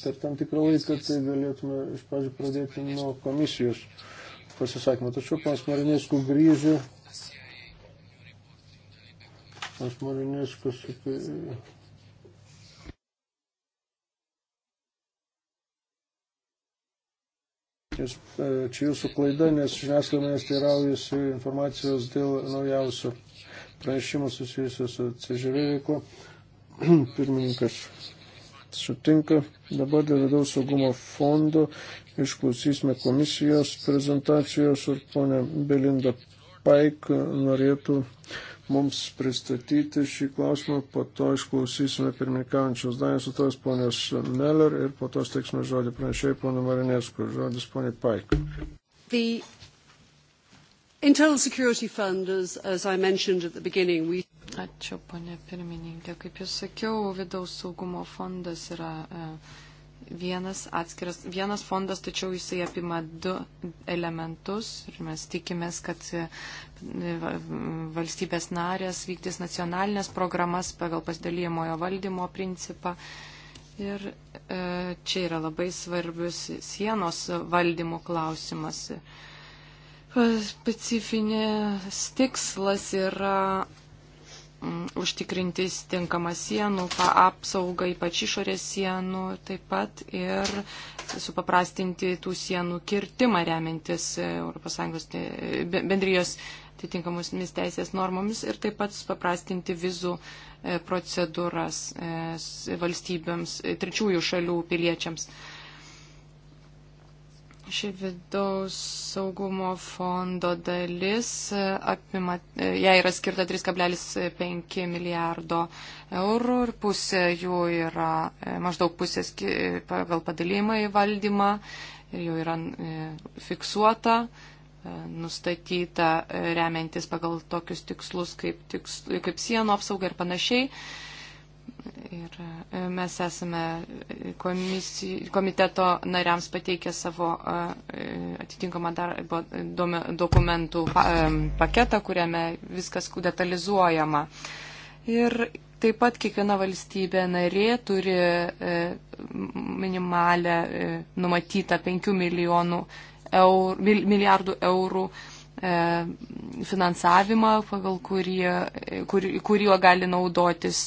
Speaker 1: per tam tikrą laiką, tai galėtume iš pradžių pradėti nuo komisijos pasisakymą. Tačiau pas Marinėskų grįžė. Pas Marinėskas apie Jūs, e, čia jūsų klaida, nes žiniasklaida manęs teiraujasi informacijos dėl naujausių pranešimų susijusių su CŽV veiklu. Pirmininkas sutinka. Dabar dėl vidaus saugumo fondo išklausysime komisijos prezentacijos ir ponia Belinda Paik norėtų mums pristatyti šį klausimą, po to išklausysime pirmininkaujančios Danijos atos ponios Meller ir po to steiksime žodį pranešėjai pono Marinėskui. Žodis poniai Paik.
Speaker 3: The Internal Security Fund, as, as I mentioned at the beginning, we... Ačiū, ponė pirmininkė. Kaip jūs sakiau, vidaus saugumo fondas yra. Uh, vienas atskiras, vienas fondas, tačiau jisai apima du elementus ir mes tikimės, kad e, valstybės narės vykdys nacionalinės programas pagal pasidalymojo valdymo principą. Ir e, čia yra labai svarbius sienos valdymų klausimas. E, specifinis tikslas yra Mm, užtikrinti tinkamą sienų apsaugą, ypač išorės sienų, taip pat ir supaprastinti tų sienų kirtimą remiantis e, ES bendrijos atitinkamusmis teisės normomis ir taip pat supaprastinti vizų e, procedūras e, valstybėms, trečiųjų šalių piliečiams. Ši vidaus saugumo fondo dalis e, apima, e, jai yra skirta 3,5 milijardo eurų ir pusė jų yra e, maždaug pusės pagal padalymą į valdymą ir jau yra fiksuota nustatyta remiantis pagal tokius tikslus kaip, tiks, kaip sienų apsauga ir panašiai. Ir e, mes esame komisijų, komiteto nariams pateikę savo e, atitinkamą darbo dokumentų e, paketą, kuriame viskas detalizuojama. Ir taip pat kiekviena valstybė narė turi minimalę numatytą 5 milijonų eur, milijardų eurų E, finansavimą, pagal kurį, kur, kuriuo gali naudotis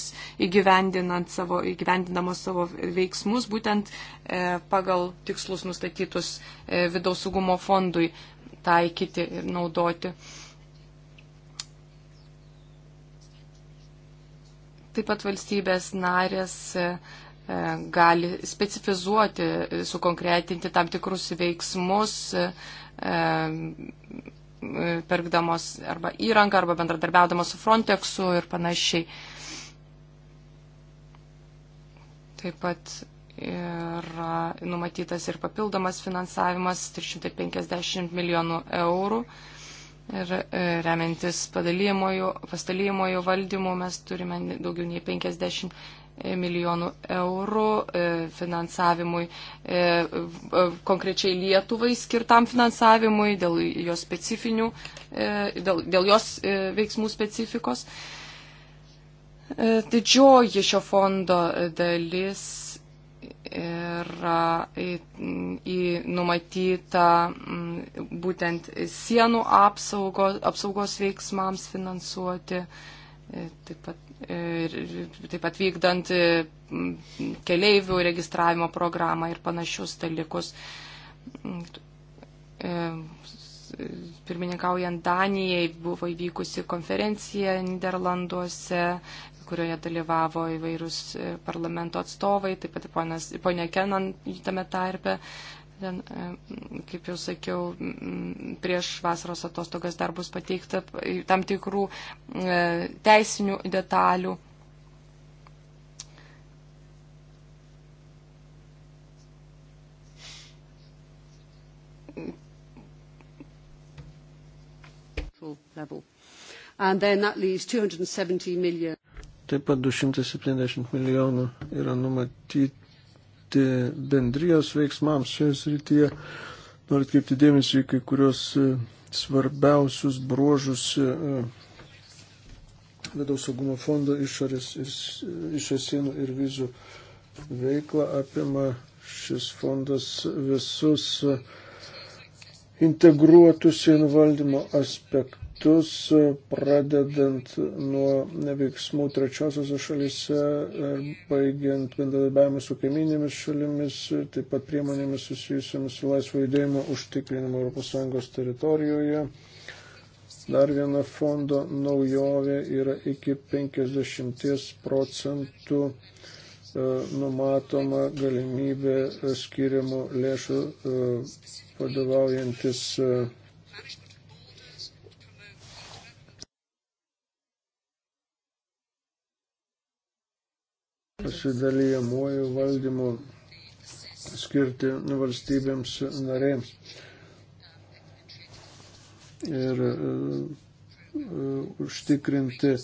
Speaker 3: įgyvendinant savo, įgyvendinamos savo veiksmus, būtent e, pagal tikslus nustatytus e, vidaus saugumo fondui taikyti ir naudoti. Taip pat valstybės narės gali specifizuoti, sukonkretinti tam tikrus veiksmus, E, pirkdamos arba įrangą, arba bendradarbiaudamos su Frontexu ir panašiai. Taip pat yra numatytas ir papildomas finansavimas 350 milijonų eurų. Ir e, remiantis padalyjimojų, pastalyjimojų valdymų mes turime daugiau nei 50 milijonų eurų e, finansavimui, e, e, konkrečiai Lietuvai skirtam finansavimui dėl jos, dėl, dėl jos veiksmų specifikos. Didžioji šio fondo dalis yra į, į numatyta būtent sienų apsaugos, apsaugos veiksmams finansuoti. E, E, taip pat, e, ir, taip pat vykdant e, keleivių registravimo programą ir panašius dalykus. Mm, pirmininkaujant Danijai buvo įvykusi konferencija Niderlanduose, kurioje dalyvavo įvairūs parlamento atstovai, taip pat ponia Kenan tame tarpe šiandien, e, kaip jau sakiau, prieš vasaros atostogas dar bus pateikta tam tikrų e, teisinių detalių.
Speaker 2: Level. And then that leaves 270 million.
Speaker 1: Taip pat 270 milijonų yra numatyti prilygti bendrijos veiksmams šioje srityje. Noriu atkreipti dėmesį į kai kurios e, svarbiausius bruožus e, e, vidaus saugumo fondo išorės, išorės sienų ir vizų veiklą apima šis fondas visus integruotus sienų valdymo aspektus kitus, e, pradedant nuo veiksmų trečiosiose šalise ir e, baigiant bendradarbiavimu su kaiminėmis šalimis, e, taip pat priemonėmis susijusiamis su laisvo judėjimo užtikrinimu ES teritorijoje. Dar viena fondo naujovė yra iki 50 procentų numatoma galimybė skiriamų lėšų vadovaujantis pasidalyjamuoju valdymu skirti valstybėms narėms. Ir uh, uh, užtikrinti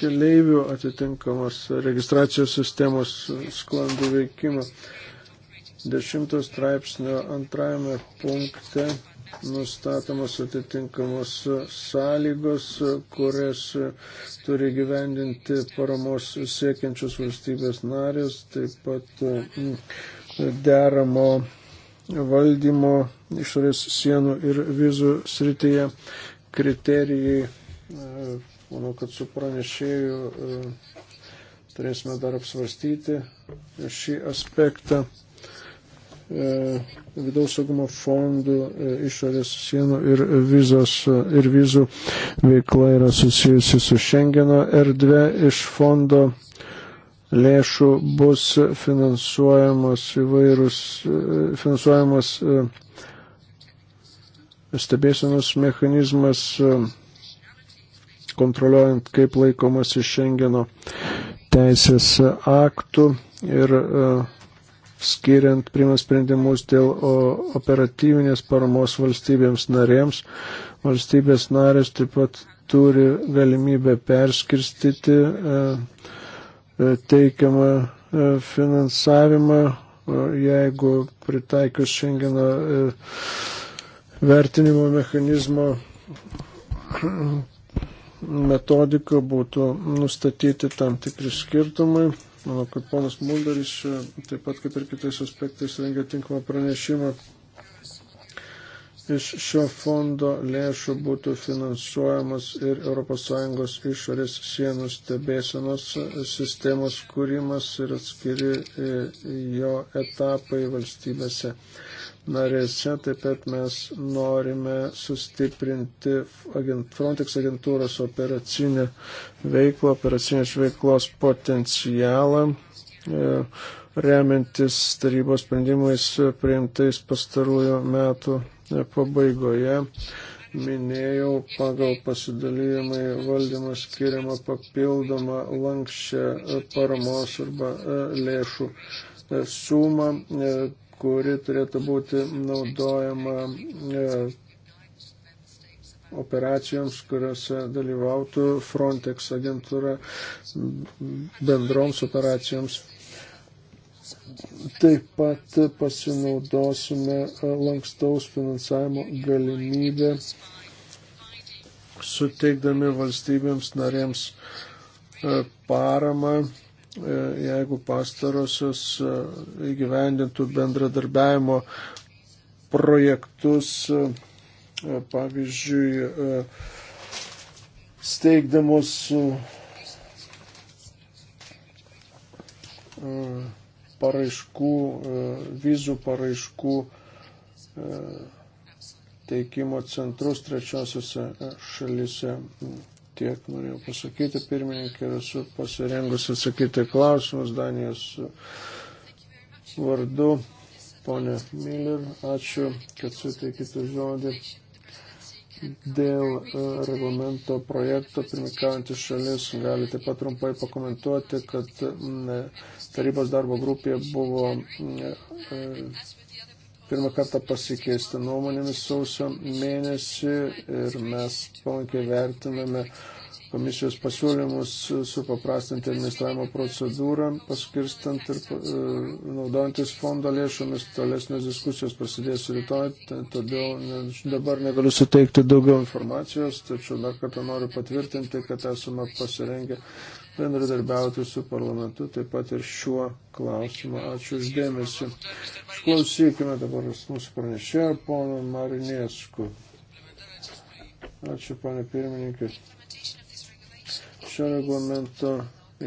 Speaker 1: keleivių atitinkamos registracijos sistemos sklandų veikimą. Dešimtos straipsnio antrajame punkte nustatomos atitinkamos sąlygos, kurias turi gyvendinti paramos siekiančios valstybės narės, taip pat mm, deramo valdymo išorės sienų ir vizų srityje kriterijai. E, manau, kad su pranešėju e, turėsime dar apsvarstyti šį aspektą. E, vidaus saugumo fondų e, išorės sienų ir, vizos, e, ir vizų veikla yra susijusi su Šengeno erdvė. Iš fondo lėšų bus finansuojamos įvairūs, finansuojamos stebėsenos mechanizmas kontroliuojant, kaip laikomasi Šengeno teisės aktų ir uh, skiriant, priimant sprendimus dėl operatyvinės paramos valstybėms narėms. Valstybės narės taip pat turi galimybę perskirstyti e, e, teikiamą e, finansavimą, jeigu pritaikius Šengeno vertinimo mechanizmo metodika būtų nustatyti tam tikri skirtumai Manau, kad ponas Mulderis e, taip pat kaip ir kitais aspektais rengia tinkamą pranešimą. Iš šio fondo lėšų būtų finansuojamas ir ES išorės sienų stebėsenos sistemos kūrimas ir atskiri e, jo etapai valstybėse narėse. Taip pat mes norime sustiprinti agent, Frontex agentūros operacinę veiklą, operacinės veiklos potencialą, e, remiantis tarybos sprendimais priimtais pastarųjų metų e, pabaigoje minėjau, pagal pasidalyjimai valdymą skiriamą papildomą lankščią paramos arba e, lėšų sumą kuri turėtų būti naudojama e, operacijoms, kuriuose dalyvautų Frontex agentūra bendroms operacijoms. Taip pat pasinaudosime e, lankstaus finansavimo galimybę, suteikdami valstybėms narėms e, paramą E, jeigu pastarosios e, įgyvendintų bendradarbiavimo projektus, e, pavyzdžiui, steigdamos paraiškų, vizų paraiškų teikimo centrus trečiosiuose šalise tiek norėjau pasakyti, pirmininkė, esu pasirengus atsakyti klausimus Danijos vardu. Pone Miller, ačiū, kad suteikite žodį. Dėl e, reglamento projekto pirmikaujantys šalis gali taip pat trumpai pakomentuoti, kad tarybos darbo grupėje buvo e, pirmą kartą pasikeisti nuomonėmis sausio mėnesį ir mes palankiai vertiname komisijos pasiūlymus supaprastinti administravimo procedūrą, paskirstant ir e, naudojantis fondo lėšomis. Tolesnės diskusijos prasidės rytoj, todėl dabar negaliu suteikti daugiau informacijos, tačiau dar kartą noriu patvirtinti, kad esame pasirengę bendradarbiauti su parlamentu, taip pat ir šiuo klausimu. Ačiū uždėmesi. Klausykime dabar mūsų pranešėjo, pono Marinėsku. Ačiū, pane pirmininkai. Šio reglamento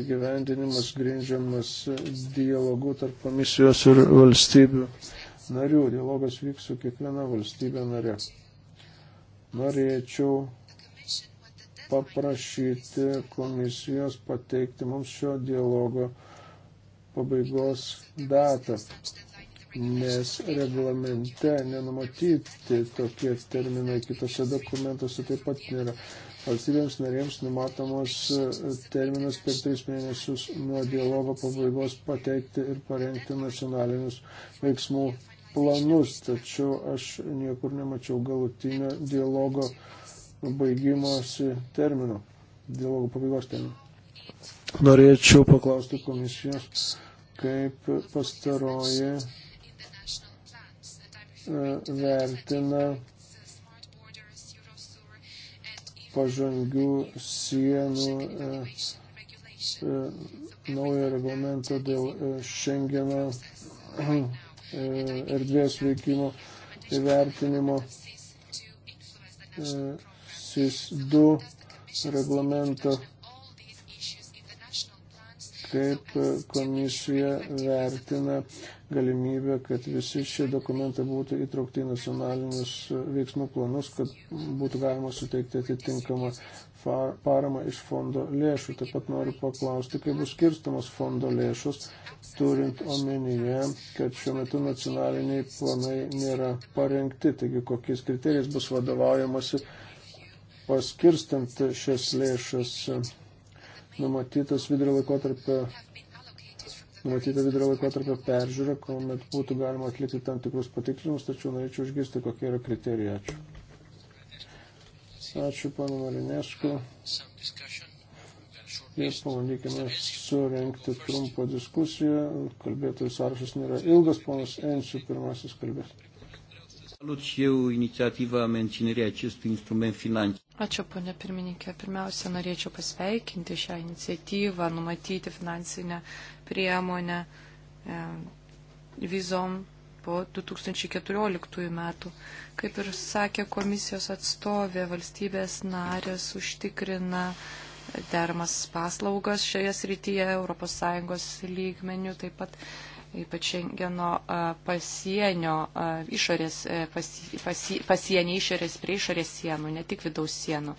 Speaker 1: įgyvendinimas grindžiamas dialogu tarp komisijos ir valstybių narių. Dialogas vyks su kiekviena valstybė nare. Norėčiau paprašyti komisijos pateikti mums šio dialogo pabaigos datą, nes reglamente nenumatyti tokie terminai, kitose dokumentuose taip pat nėra. Valstybėms narėms numatomos e, terminas per tris mėnesius nuo dialogo pabaigos pateikti ir parengti nacionalinius veiksmų planus, tačiau aš niekur nemačiau galutinio dialogo baigimosi termino, dialogų pabaigos termino. Norėčiau paklausti komisijos, kaip pastaroji e, vertina pažangių sienų e, e, naują reglamentą dėl Schengeno erdvės veikimo įvertinimo SIS2 reglamento, kaip komisija vertina galimybę, kad visi šie dokumentai būtų įtraukti į nacionalinius veiksmų planus, kad būtų galima suteikti atitinkamą paramą iš fondo lėšų. Taip pat noriu paklausti, kaip bus skirstamos fondo lėšos, turint omenyje, kad šiuo metu nacionaliniai planai nėra parengti, taigi kokiais kriterijais bus vadovaujamasi paskirstant šias lėšas numatytas vidurio laikotarpio numatyta vidurio laikotarpio peržiūra, kuomet būtų galima atlikti tam tikrus patikrinimus, tačiau norėčiau išgirsti, kokie yra kriterijai. Ačiū. Ačiū, panu Marinesku. Ir pabandykime surenkti trumpą diskusiją. Kalbėtojų sąrašas nėra ilgas, ponas Ensiu pirmasis kalbės. Salut și eu inițiativa menținerii acestui instrument financiar.
Speaker 3: Ačiū, ponė pirmininkė. Pirmiausia, norėčiau pasveikinti šią iniciatyvą, numatyti finansinę priemonę e, vizom po 2014 metų. Kaip ir sakė komisijos atstovė, valstybės narės užtikrina dermas paslaugas šioje srityje ES lygmenių, taip pat ypač Šengeno pasienio išorės, e, pasi, pasi, pasienio išorės prie išorės sienų, ne tik vidaus sienų.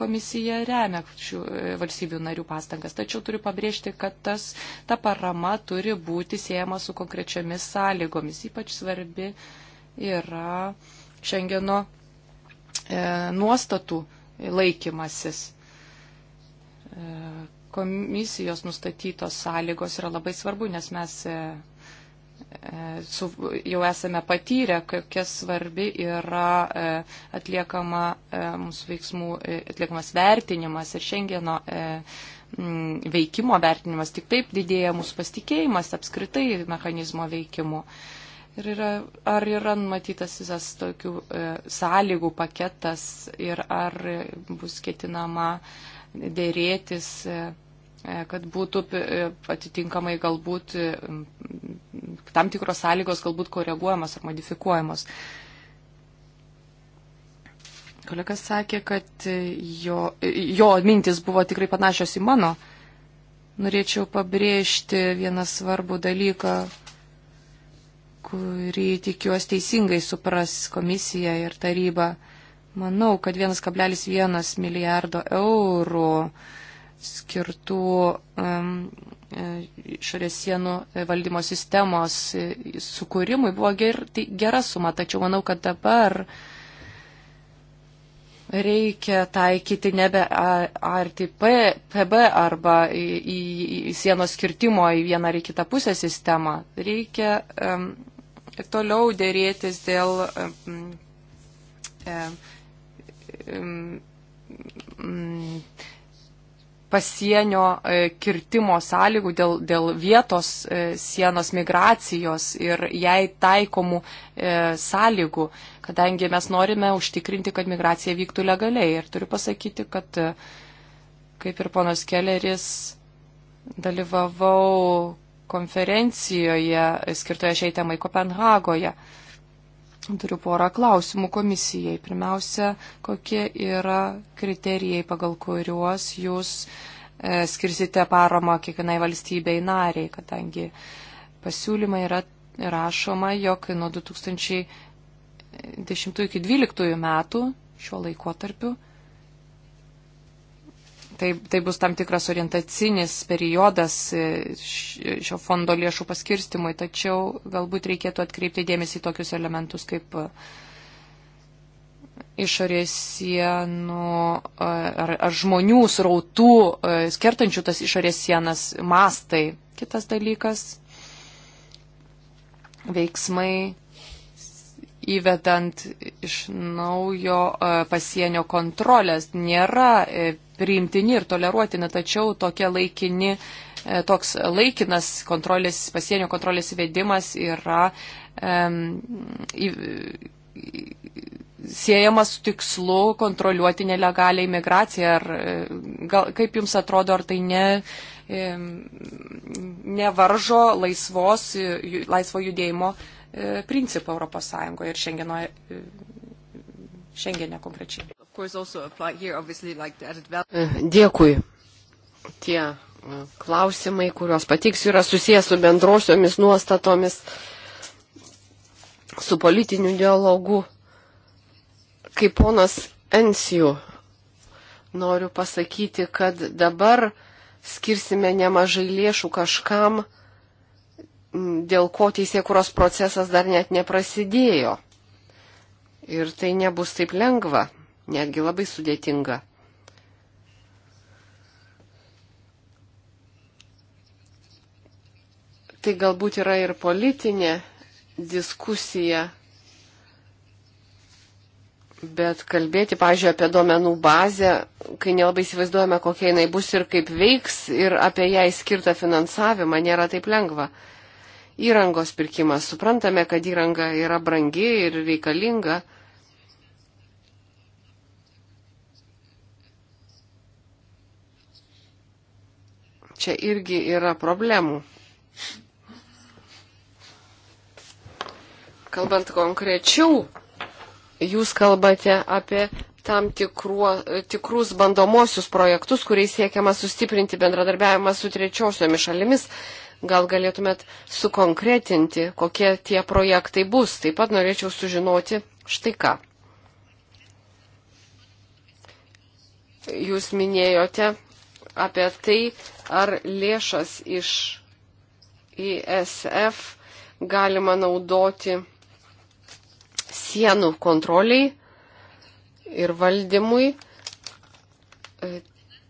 Speaker 3: Komisija remia šių e, valstybių narių pastangas, tačiau turiu pabrėžti, kad tas, ta parama turi būti siejama su konkrečiamis sąlygomis. Ypač svarbi yra Šengeno e, nuostatų laikymasis. E, komisijos nustatytos sąlygos yra labai svarbu, nes mes e, e, su, jau esame patyrę, kokia svarbi yra e, atliekama mūsų veiksmų, atliekamas vertinimas ir šiandieno veikimo vertinimas. Tik taip didėja mūsų pasitikėjimas apskritai mechanizmo veikimu. Ir yra, ar yra numatytas visas tokių e, sąlygų paketas ir ar bus ketinama e, dėrėtis, e, e, kad būtų e, atitinkamai galbūt tam tikros sąlygos galbūt koreguojamos ar modifikuojamos. Kolegas sakė, kad jo, jo mintis buvo tikrai panašios į mano. Norėčiau pabrėžti vieną svarbų dalyką, kurį tikiuosi teisingai supras komisija ir taryba. Manau, kad 1,1 milijardo eurų skirtų um, e, šalies sienų e, valdymo sistemos e, sukūrimui buvo ger, tai gera suma, tačiau manau, kad dabar reikia taikyti nebe RTP, PB arba į, į, į sienos skirtimo į vieną ar į kitą pusę sistemą. Reikia um, toliau dėrėtis dėl. Um, um, Mm, pasienio e, kirtimo sąlygų, dėl, dėl vietos e, sienos migracijos ir jai taikomų e, sąlygų, kadangi mes norime užtikrinti, kad migracija vyktų legaliai. Ir turiu pasakyti, kad kaip ir ponas Kelleris dalyvavau konferencijoje skirtoje šiai temai Kopenhagoje. Turiu porą klausimų komisijai. Pirmiausia, kokie yra kriterijai, pagal kuriuos jūs e, skirsite paramą kiekvienai valstybei nariai, kadangi pasiūlymai yra rašoma, jog nuo 2010 iki 2012 metų šiuo laikotarpiu Tai, tai bus tam tikras orientacinis periodas e, šio fondo lėšų paskirstimui, tačiau galbūt reikėtų atkreipti dėmesį į tokius elementus kaip e, išorės sienų e, ar, ar žmonių srautų, skertančių tas išorės sienas, mastai. Kitas dalykas - veiksmai įvedant iš naujo e, pasienio kontrolės nėra e, priimtini ir toleruotini, tačiau tokie laikini, e, toks laikinas kontrolės, pasienio kontrolės įvedimas yra siejamas su tikslu kontroliuoti nelegalią imigraciją. Ar, gal, kaip Jums atrodo, ar tai ne, nevaržo laisvos, laisvo judėjimo? E, principų ES ir Šengeno, e, Šengene konkrečiai. E,
Speaker 2: dėkui. Tie klausimai, kuriuos patiksiu, yra susijęs su bendrosiomis nuostatomis, su politiniu dialogu. Kaip ponas Ensijų noriu pasakyti, kad dabar skirsime nemažai lėšų kažkam, dėl ko teisėkuros procesas dar net neprasidėjo. Ir tai nebus taip lengva, netgi labai sudėtinga. Tai galbūt yra ir politinė diskusija, bet kalbėti, pažiūrėjau, apie duomenų bazę, kai nelabai įsivaizduojame, kokia jinai bus ir kaip veiks, ir apie ją įskirtą finansavimą nėra taip lengva įrangos pirkimas. Suprantame, kad įranga yra brangi ir reikalinga. Čia irgi yra problemų. Kalbant konkrečiau, jūs kalbate apie tam tikruo, tikrus bandomosius projektus, kuriais siekiama sustiprinti bendradarbiavimą su trečiosiomis šalimis. Gal galėtumėt sukonkretinti, kokie tie projektai bus. Taip pat norėčiau sužinoti štai ką. Jūs minėjote apie tai, ar lėšas iš ISF galima naudoti sienų kontroliai ir valdymui,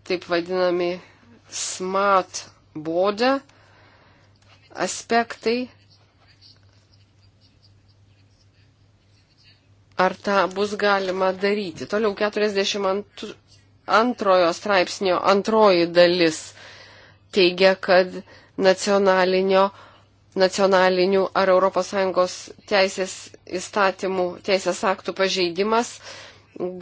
Speaker 2: taip vadinami smart border aspektai, ar tą bus galima daryti. Toliau 42 straipsnio antroji dalis teigia, kad nacionalinio nacionalinių ar ES teisės įstatymų, teisės aktų pažeidimas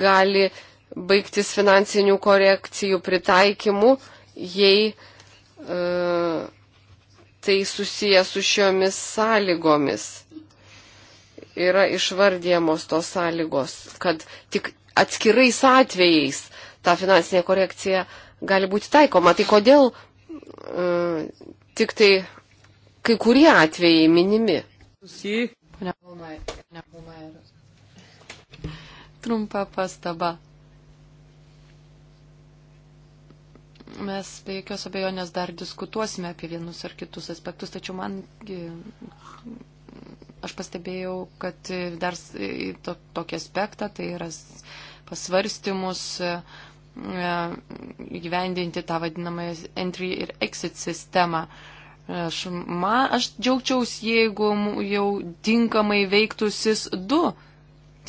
Speaker 2: gali baigtis finansinių korekcijų pritaikymu, jei e, tai susiję su šiomis sąlygomis. Yra išvardyjamos tos sąlygos, kad tik atskirais atvejais ta finansinė korekcija gali būti taikoma. Tai kodėl uh, tik tai kai kurie atvejai minimi?
Speaker 3: Trumpa pastaba. mes be jokios abejonės dar diskutuosime apie vienus ar kitus aspektus, tačiau man aš pastebėjau, kad dar to, tokį aspektą, tai yra pasvarstymus e, įgyvendinti tą vadinamą entry ir exit sistemą. Aš, man, aš džiaugčiaus, jeigu jau tinkamai veiktų SIS 2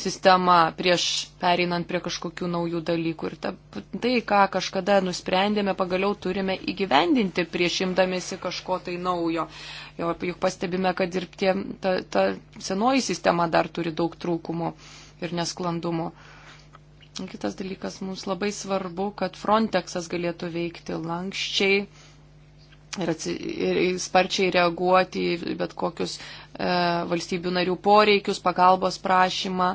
Speaker 3: sistema prieš pereinant prie kažkokių naujų dalykų. Ir ta, tai, ką kažkada nusprendėme, pagaliau turime įgyvendinti prieš imdamėsi kažko tai naujo. Jo, juk pastebime, kad ir tie, ta, ta senoji sistema dar turi daug trūkumų ir nesklandumų. Kitas dalykas, mums labai svarbu, kad Frontexas galėtų veikti lankščiai ir, atsi, ir sparčiai reaguoti į bet kokius e, valstybių narių poreikius, pagalbos prašymą.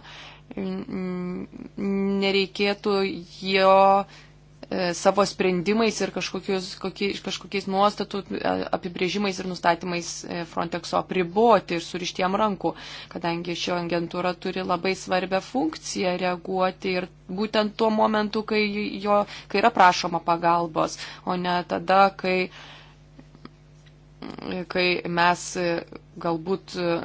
Speaker 3: Nereikėtų jo e, savo sprendimais ir kažkokius, kokie, kažkokiais nuostatų e, apibrėžimais ir nustatymais e, Frontexo apriboti ir surištiem rankų, kadangi šio agentūra turi labai svarbę funkciją reaguoti ir būtent tuo momentu, kai, jo, kai yra prašoma pagalbos, o ne tada, kai uh, kai mes e, galbūt e,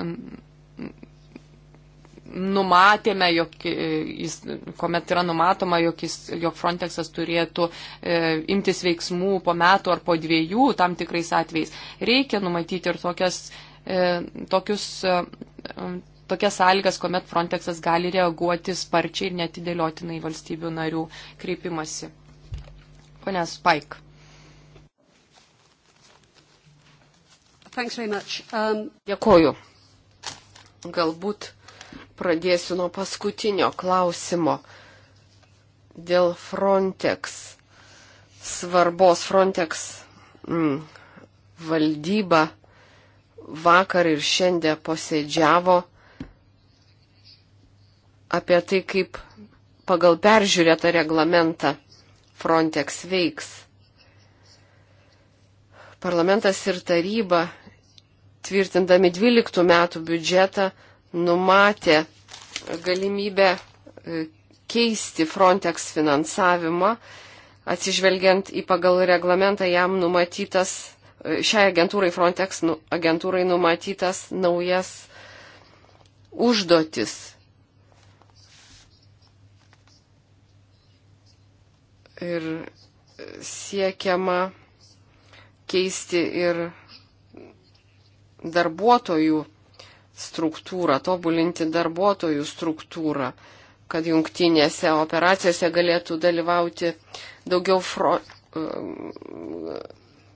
Speaker 3: numatėme, jog e, jis, kuomet yra numatoma, jog, jis, jog Frontexas turėtų e, imtis veiksmų po metų ar po dviejų tam tikrais atvejais. Reikia numatyti ir tokias, e, tokius, e, tokias sąlygas, kuomet Frontexas gali reaguoti sparčiai ir netidėliotinai valstybių narių kreipimasi. Pone Spaik.
Speaker 2: Um... Dėkoju. Galbūt pradėsiu nuo paskutinio klausimo dėl Frontex svarbos. Frontex mm, valdyba vakar ir šiandien posėdžiavo apie tai, kaip pagal peržiūrėtą reglamentą Frontex veiks. Parlamentas ir taryba tvirtindami 12 metų biudžetą, numatė galimybę e, keisti Frontex finansavimą, atsižvelgiant į pagal reglamentą jam numatytas, e, šiai agentūrai Frontex nu, agentūrai numatytas naujas užduotis. Ir siekiama keisti ir darbuotojų struktūrą, tobulinti darbuotojų struktūrą, kad jungtinėse operacijose galėtų dalyvauti daugiau fro, um,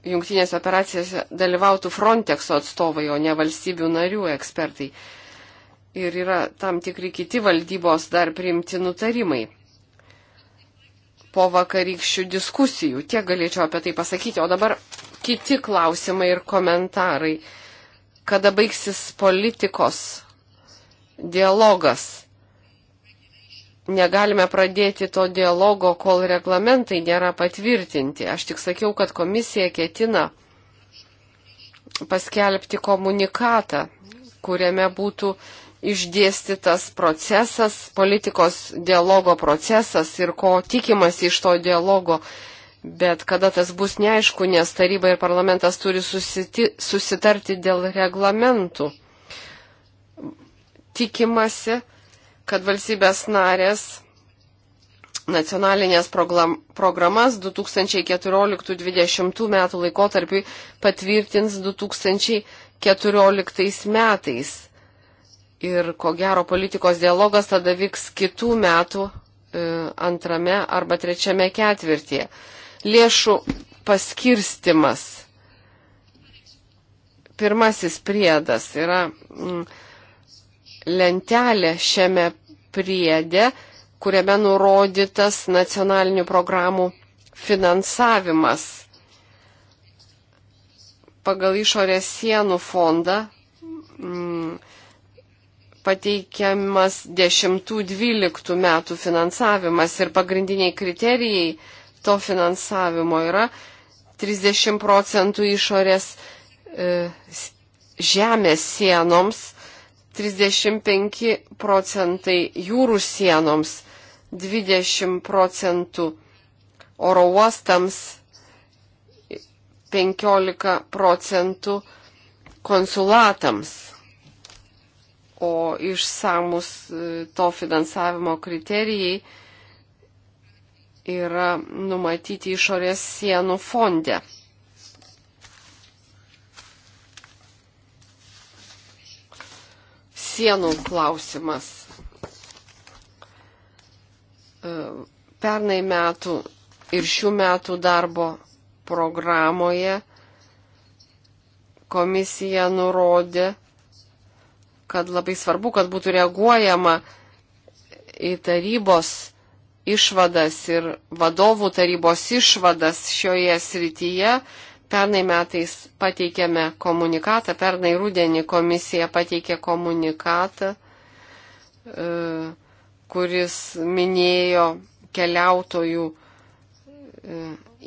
Speaker 2: jungtinėse operacijose dalyvautų Frontexo atstovai, o ne valstybių narių ekspertai. Ir yra tam tikri kiti valdybos dar priimti nutarimai. Po vakarykščių diskusijų tiek galėčiau apie tai pasakyti, o dabar kiti klausimai ir komentarai kada baigsis politikos dialogas. Negalime pradėti to dialogo, kol reglamentai nėra patvirtinti. Aš tik sakiau, kad komisija ketina paskelbti komunikatą, kuriame būtų išdėstytas procesas, politikos dialogo procesas ir ko tikimasi iš to dialogo Bet kada tas bus neaišku, nes taryba ir parlamentas turi susiti, susitarti dėl reglamentų. Tikimasi, kad valstybės narės nacionalinės programas 2014-2020 metų laikotarpiui patvirtins 2014 metais. Ir ko gero politikos dialogas tada vyks kitų metų e, antrame arba trečiame ketvirtyje lėšų paskirstimas. Pirmasis priedas yra mm, lentelė šiame priede, kuriame nurodytas nacionalinių programų finansavimas. Pagal išorės sienų fondą mm, pateikiamas 10-12 metų finansavimas ir pagrindiniai kriterijai to finansavimo yra 30 procentų išorės e, žemės sienoms, 35 procentai jūrų sienoms, 20 procentų oro uostams, 15 procentų konsulatams. O išsamus e, to finansavimo kriterijai yra numatyti išorės sienų fonde. Sienų klausimas. E, pernai metų ir šių metų darbo programoje komisija nurodė, kad labai svarbu, kad būtų reaguojama į tarybos išvadas ir vadovų tarybos išvadas šioje srityje. Pernai metais pateikėme komunikatą, pernai rūdienį komisija pateikė komunikatą, e, kuris minėjo keliautojų e,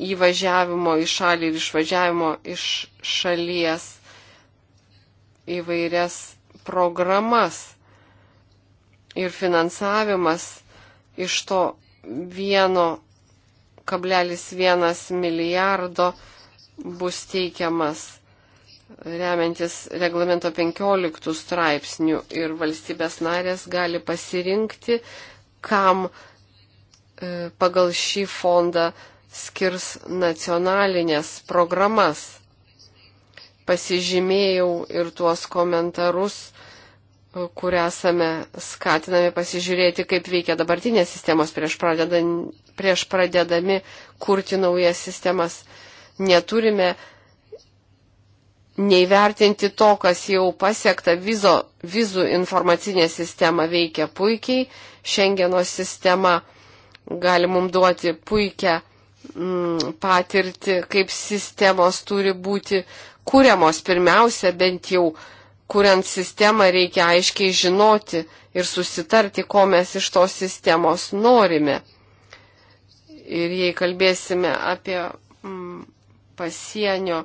Speaker 2: įvažiavimo į šalį ir išvažiavimo iš šalies įvairias programas ir finansavimas iš to 1,1 milijardo bus teikiamas remiantis reglamento 15 straipsnių ir valstybės narės gali pasirinkti, kam e, pagal šį fondą skirs nacionalinės programas. Pasižymėjau ir tuos komentarus, kur esame skatinami pasižiūrėti, kaip veikia dabartinės sistemos prieš, pradedan, prieš pradedami kurti naujas sistemas. Neturime neįvertinti to, kas jau pasiekta vizo, vizų informacinė sistema veikia puikiai, Šengeno sistema gali mums duoti puikią mm, patirtį, kaip sistemos turi būti kūriamos pirmiausia bent jau uh, kuriant sistemą reikia aiškiai žinoti ir susitarti, ko mes iš tos sistemos norime. Ir jei kalbėsime apie mm, pasienio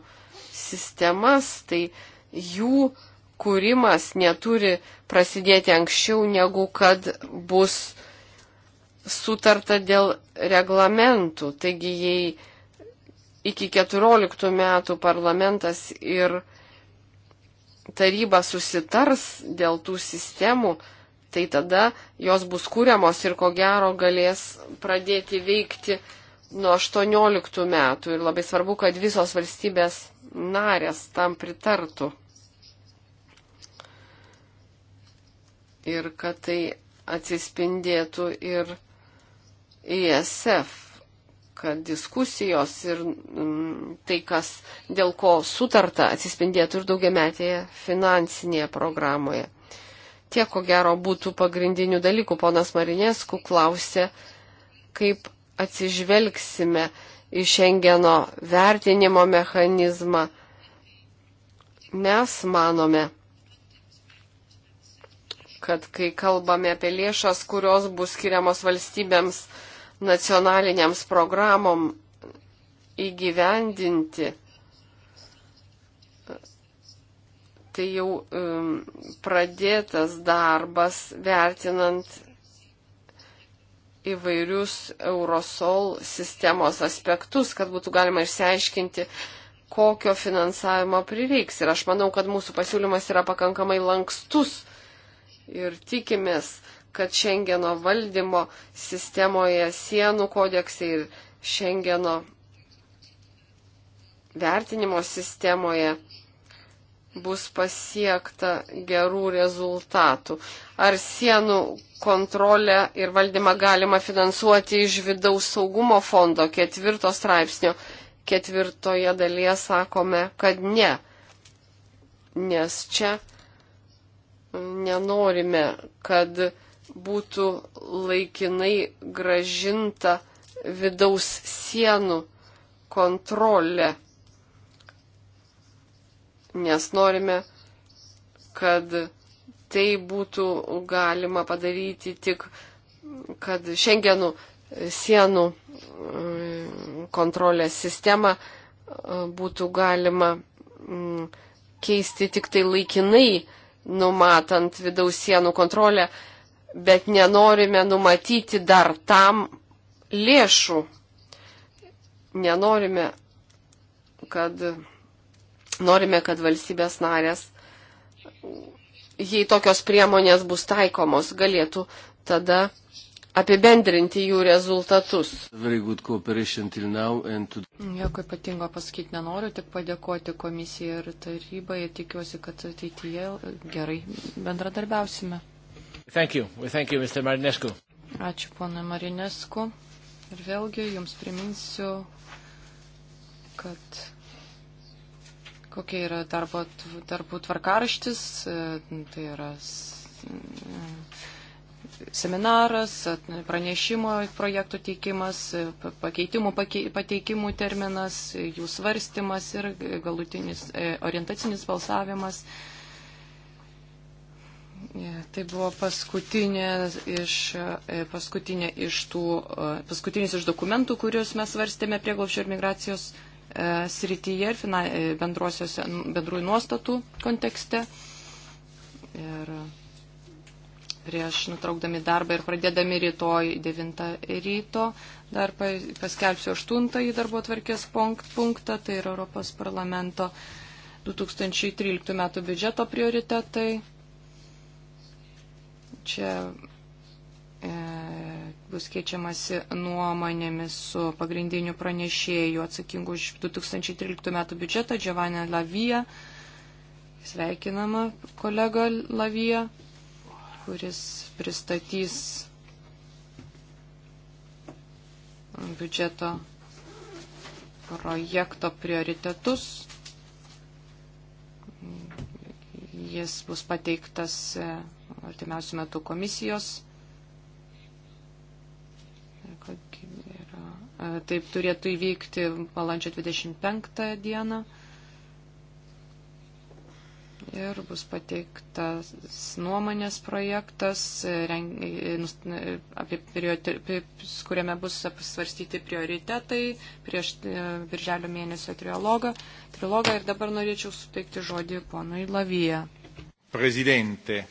Speaker 2: sistemas, tai jų kūrimas neturi prasidėti anksčiau, negu kad bus sutarta dėl reglamentų. Taigi, jei iki 14 metų parlamentas ir taryba susitars dėl tų sistemų, tai tada jos bus kūriamos ir ko gero galės pradėti veikti nuo 18 metų. Ir labai svarbu, kad visos valstybės narės tam pritartų. Ir kad tai atsispindėtų ir ISF kad diskusijos ir mm, tai, kas dėl ko sutarta, atsispindėtų ir daugiametėje finansinėje programoje. Tie, ko gero, būtų pagrindinių dalykų. Ponas Marinėsku klausė, kaip atsižvelgsime į Šengeno vertinimo mechanizmą. Mes manome, kad kai kalbame apie lėšas, kurios bus skiriamos valstybėms, nacionaliniams programom įgyvendinti, tai jau um, pradėtas darbas vertinant įvairius Eurosol sistemos aspektus, kad būtų galima išsiaiškinti, kokio finansavimo prireiks. Ir aš manau, kad mūsų pasiūlymas yra pakankamai lankstus ir tikimės, kad Šengeno valdymo sistemoje sienų kodeksai ir Šengeno vertinimo sistemoje bus pasiekta gerų rezultatų. Ar sienų kontrolę ir valdymą galima finansuoti iš vidaus saugumo fondo ketvirto straipsnio? Ketvirtoje dalyje sakome, kad ne. Nes čia nenorime, kad būtų laikinai gražinta vidaus sienų kontrolė, nes norime, kad tai būtų galima padaryti tik, kad šiandienų sienų mm, kontrolės sistemą e, būtų galima mm, keisti tik tai laikinai, numatant vidaus sienų kontrolę bet nenorime numatyti dar tam lėšų. Nenorime, kad, norime, kad valstybės narės, jei tokios priemonės bus taikomos, galėtų tada apibendrinti jų rezultatus.
Speaker 1: To...
Speaker 3: Nieko ypatingo pasakyti nenoriu, tik padėkoti komisijai ir tarybai ir tikiuosi, kad ateityje gerai bendradarbiausime.
Speaker 2: Thank you. We thank you, Mr. Marinescu.
Speaker 3: Ačiū, ponai Marinescu. Ir vėlgi jums priminsiu, kad kokia yra darbo, darbų tvarkaraštis. E, tai yra e, seminaras, pranešimo projektų teikimas, e, pakeitimų pateikimų terminas, jų svarstymas ir galutinis orientacinis balsavimas Tai buvo paskutinė iš, e, paskutinė iš tų, e, paskutinis iš dokumentų, kuriuos mes svarstėme prieglopščio ir migracijos e, srityje ir fina, bendrųjų nuostatų kontekste. Ir prieš nutraukdami darbą ir pradėdami rytoj 9 ryto, dar paskelbsiu 8 darbo tvarkės punktą, tai yra Europos parlamento 2013 m. biudžeto prioritetai. Čia e, bus keičiamasi nuomonėmis su pagrindiniu pranešėju atsakingu už 2013 metų biudžetą Giovanni Lavija. Sveikinama kolega Lavija, kuris pristatys biudžeto projekto prioritetus. Jis bus pateiktas e, artimiausių metų komisijos. E, taip turėtų įvykti balandžio 25 dieną. Ir bus pateiktas nuomonės projektas, e, e, apie, kuriame bus apsvarstyti prioritetai prieš birželio mėnesio trilogą. trilogą. Ir dabar norėčiau suteikti žodį ponui Lavyje.
Speaker 1: Prezidentė.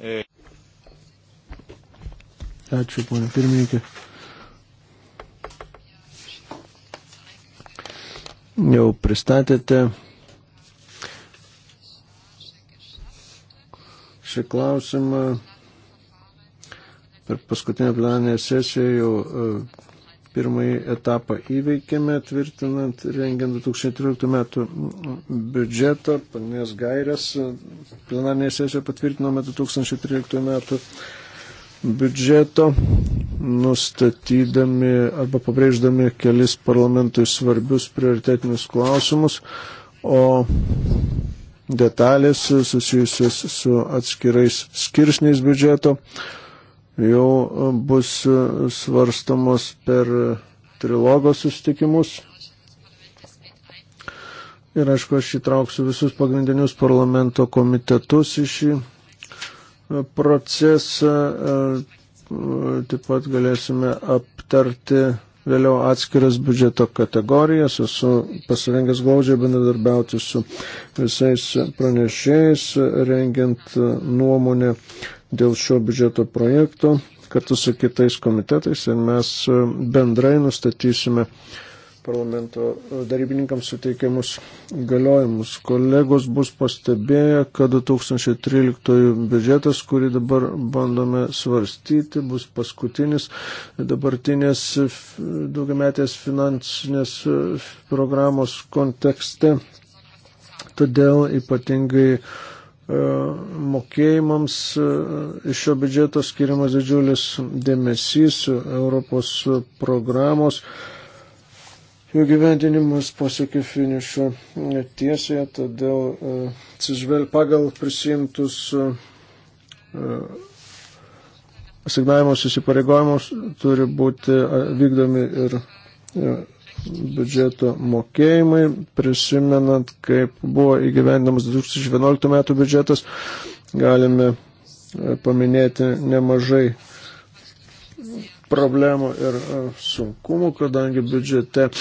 Speaker 1: Ačiū, ponė pirmininkė. Jau pristatėte šį klausimą. Per paskutinę plenarinę sesiją jau Pirmąjį etapą įveikėme, tvirtinant, rengiant 2013 metų biudžetą, pagrindinės gairias, plenarinėje sesijoje patvirtinome 2013 metų biudžeto, nustatydami arba pabrėždami kelis parlamentui svarbius prioritetinius klausimus, o detalės susijusios su atskirais skirsniais biudžeto jau bus svarstamos per trilogo sustikimus. Ir aišku, aš įtrauksiu visus pagrindinius parlamento komitetus į šį procesą. Taip pat galėsime aptarti vėliau atskiras biudžeto kategorijas. Esu pasirengęs glaudžiai bendradarbiauti su visais pranešėjais, rengiant nuomonę dėl šio biudžeto projekto kartu su kitais komitetais ir mes e, bendrai nustatysime parlamento darybininkams suteikiamus galiojimus. Kolegos bus pastebėję, kad 2013 biudžetas, kurį dabar bandome svarstyti, bus paskutinis dabartinės daugiametės finansinės e, programos kontekste. Todėl ypatingai uh, E, mokėjimams e, iš šio biudžeto skiriamas didžiulis dėmesys e, Europos programos. Jų gyvendinimas pasiekė finišo tiesėje, todėl atsižvel pagal prisimtus asignavimus įsipareigojimus turi būti vykdomi ir biudžeto mokėjimai, prisimenant, kaip buvo įgyvendinamas 2011 metų biudžetas, galime e, paminėti nemažai problemų ir e, sunkumų, kadangi biudžete, e,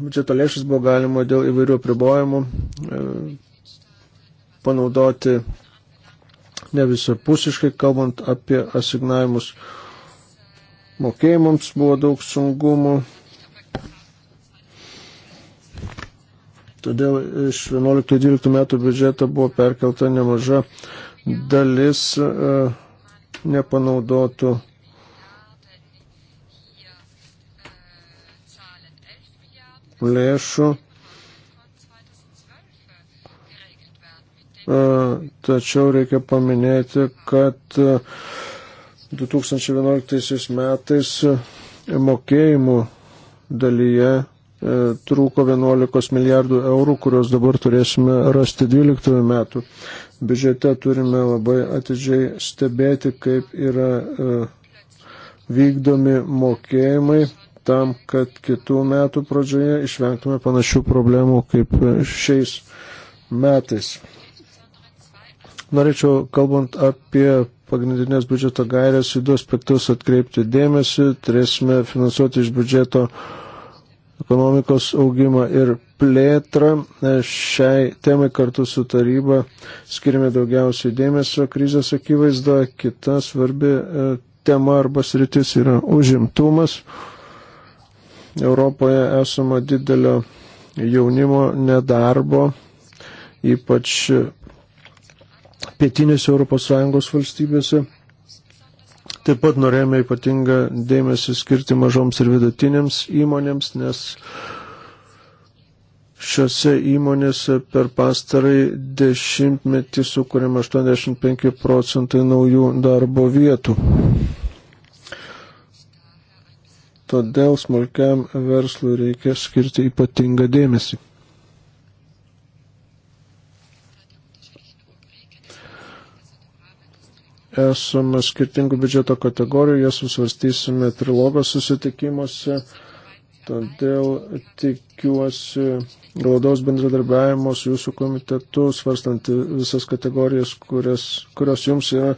Speaker 1: biudžeto lėšas buvo galima dėl įvairių pribojimų panaudoti ne visapusiškai, kalbant apie asignavimus mokėjimams buvo daug sungumų, Todėl iš 11-12 metų biudžeto buvo perkelta nemaža dalis e, nepanaudotų lėšų. E, tačiau reikia paminėti, kad 2011 e, metais mokėjimų dalyje E, trūko 11 milijardų eurų, kurios dabar turėsime rasti 12 metų. Biudžete turime labai atidžiai stebėti, kaip yra e, vykdomi mokėjimai tam, kad kitų metų pradžioje išvengtume panašių problemų kaip šiais metais. Norėčiau, kalbant apie pagrindinės biudžeto gairės, į du aspektus atkreipti dėmesį. Turėsime finansuoti iš biudžeto uh, ekonomikos augimą ir plėtrą. E, šiai temai kartu su taryba skirime daugiausiai dėmesio krizės akivaizda. Kita svarbi e, tema arba sritis yra užimtumas. Europoje esama didelio jaunimo nedarbo, ypač pietinėse ES valstybėse. Taip pat norėjome ypatingą dėmesį skirti mažoms ir vidutinėms įmonėms, nes šiuose įmonėse per pastarai dešimtmetį sukūrėm 85 procentai naujų darbo vietų. Todėl smulkiam verslui reikia skirti ypatingą dėmesį. esame skirtingų biudžeto kategorijų, jas susvarstysime trilogo susitikimuose. Todėl tikiuosi glaudaus bendradarbiavimo su jūsų komitetu, svarstant visas kategorijas, kurias, kurios jums yra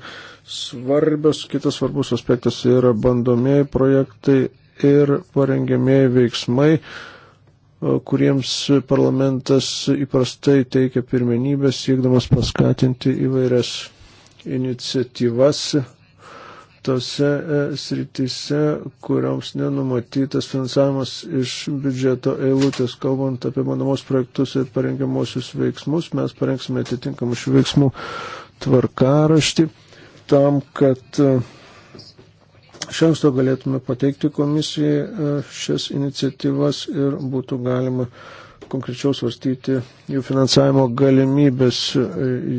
Speaker 1: svarbios. Kitas svarbus aspektas yra bandomieji projektai ir parengėmėjai veiksmai, kuriems parlamentas įprastai teikia pirmenybės, siekdamas paskatinti įvairias iniciatyvas tose e, sritise, kuriams nenumatytas finansavimas iš biudžeto eilutės. Kalbant apie bandomus projektus ir parengiamosius veiksmus, mes parengsime atitinkamų šių veiksmų tvarkaraštį tam, kad e, šiandien galėtume pateikti komisijai e, šias iniciatyvas ir būtų galima uh, konkrečiau svarstyti jų finansavimo galimybės, e,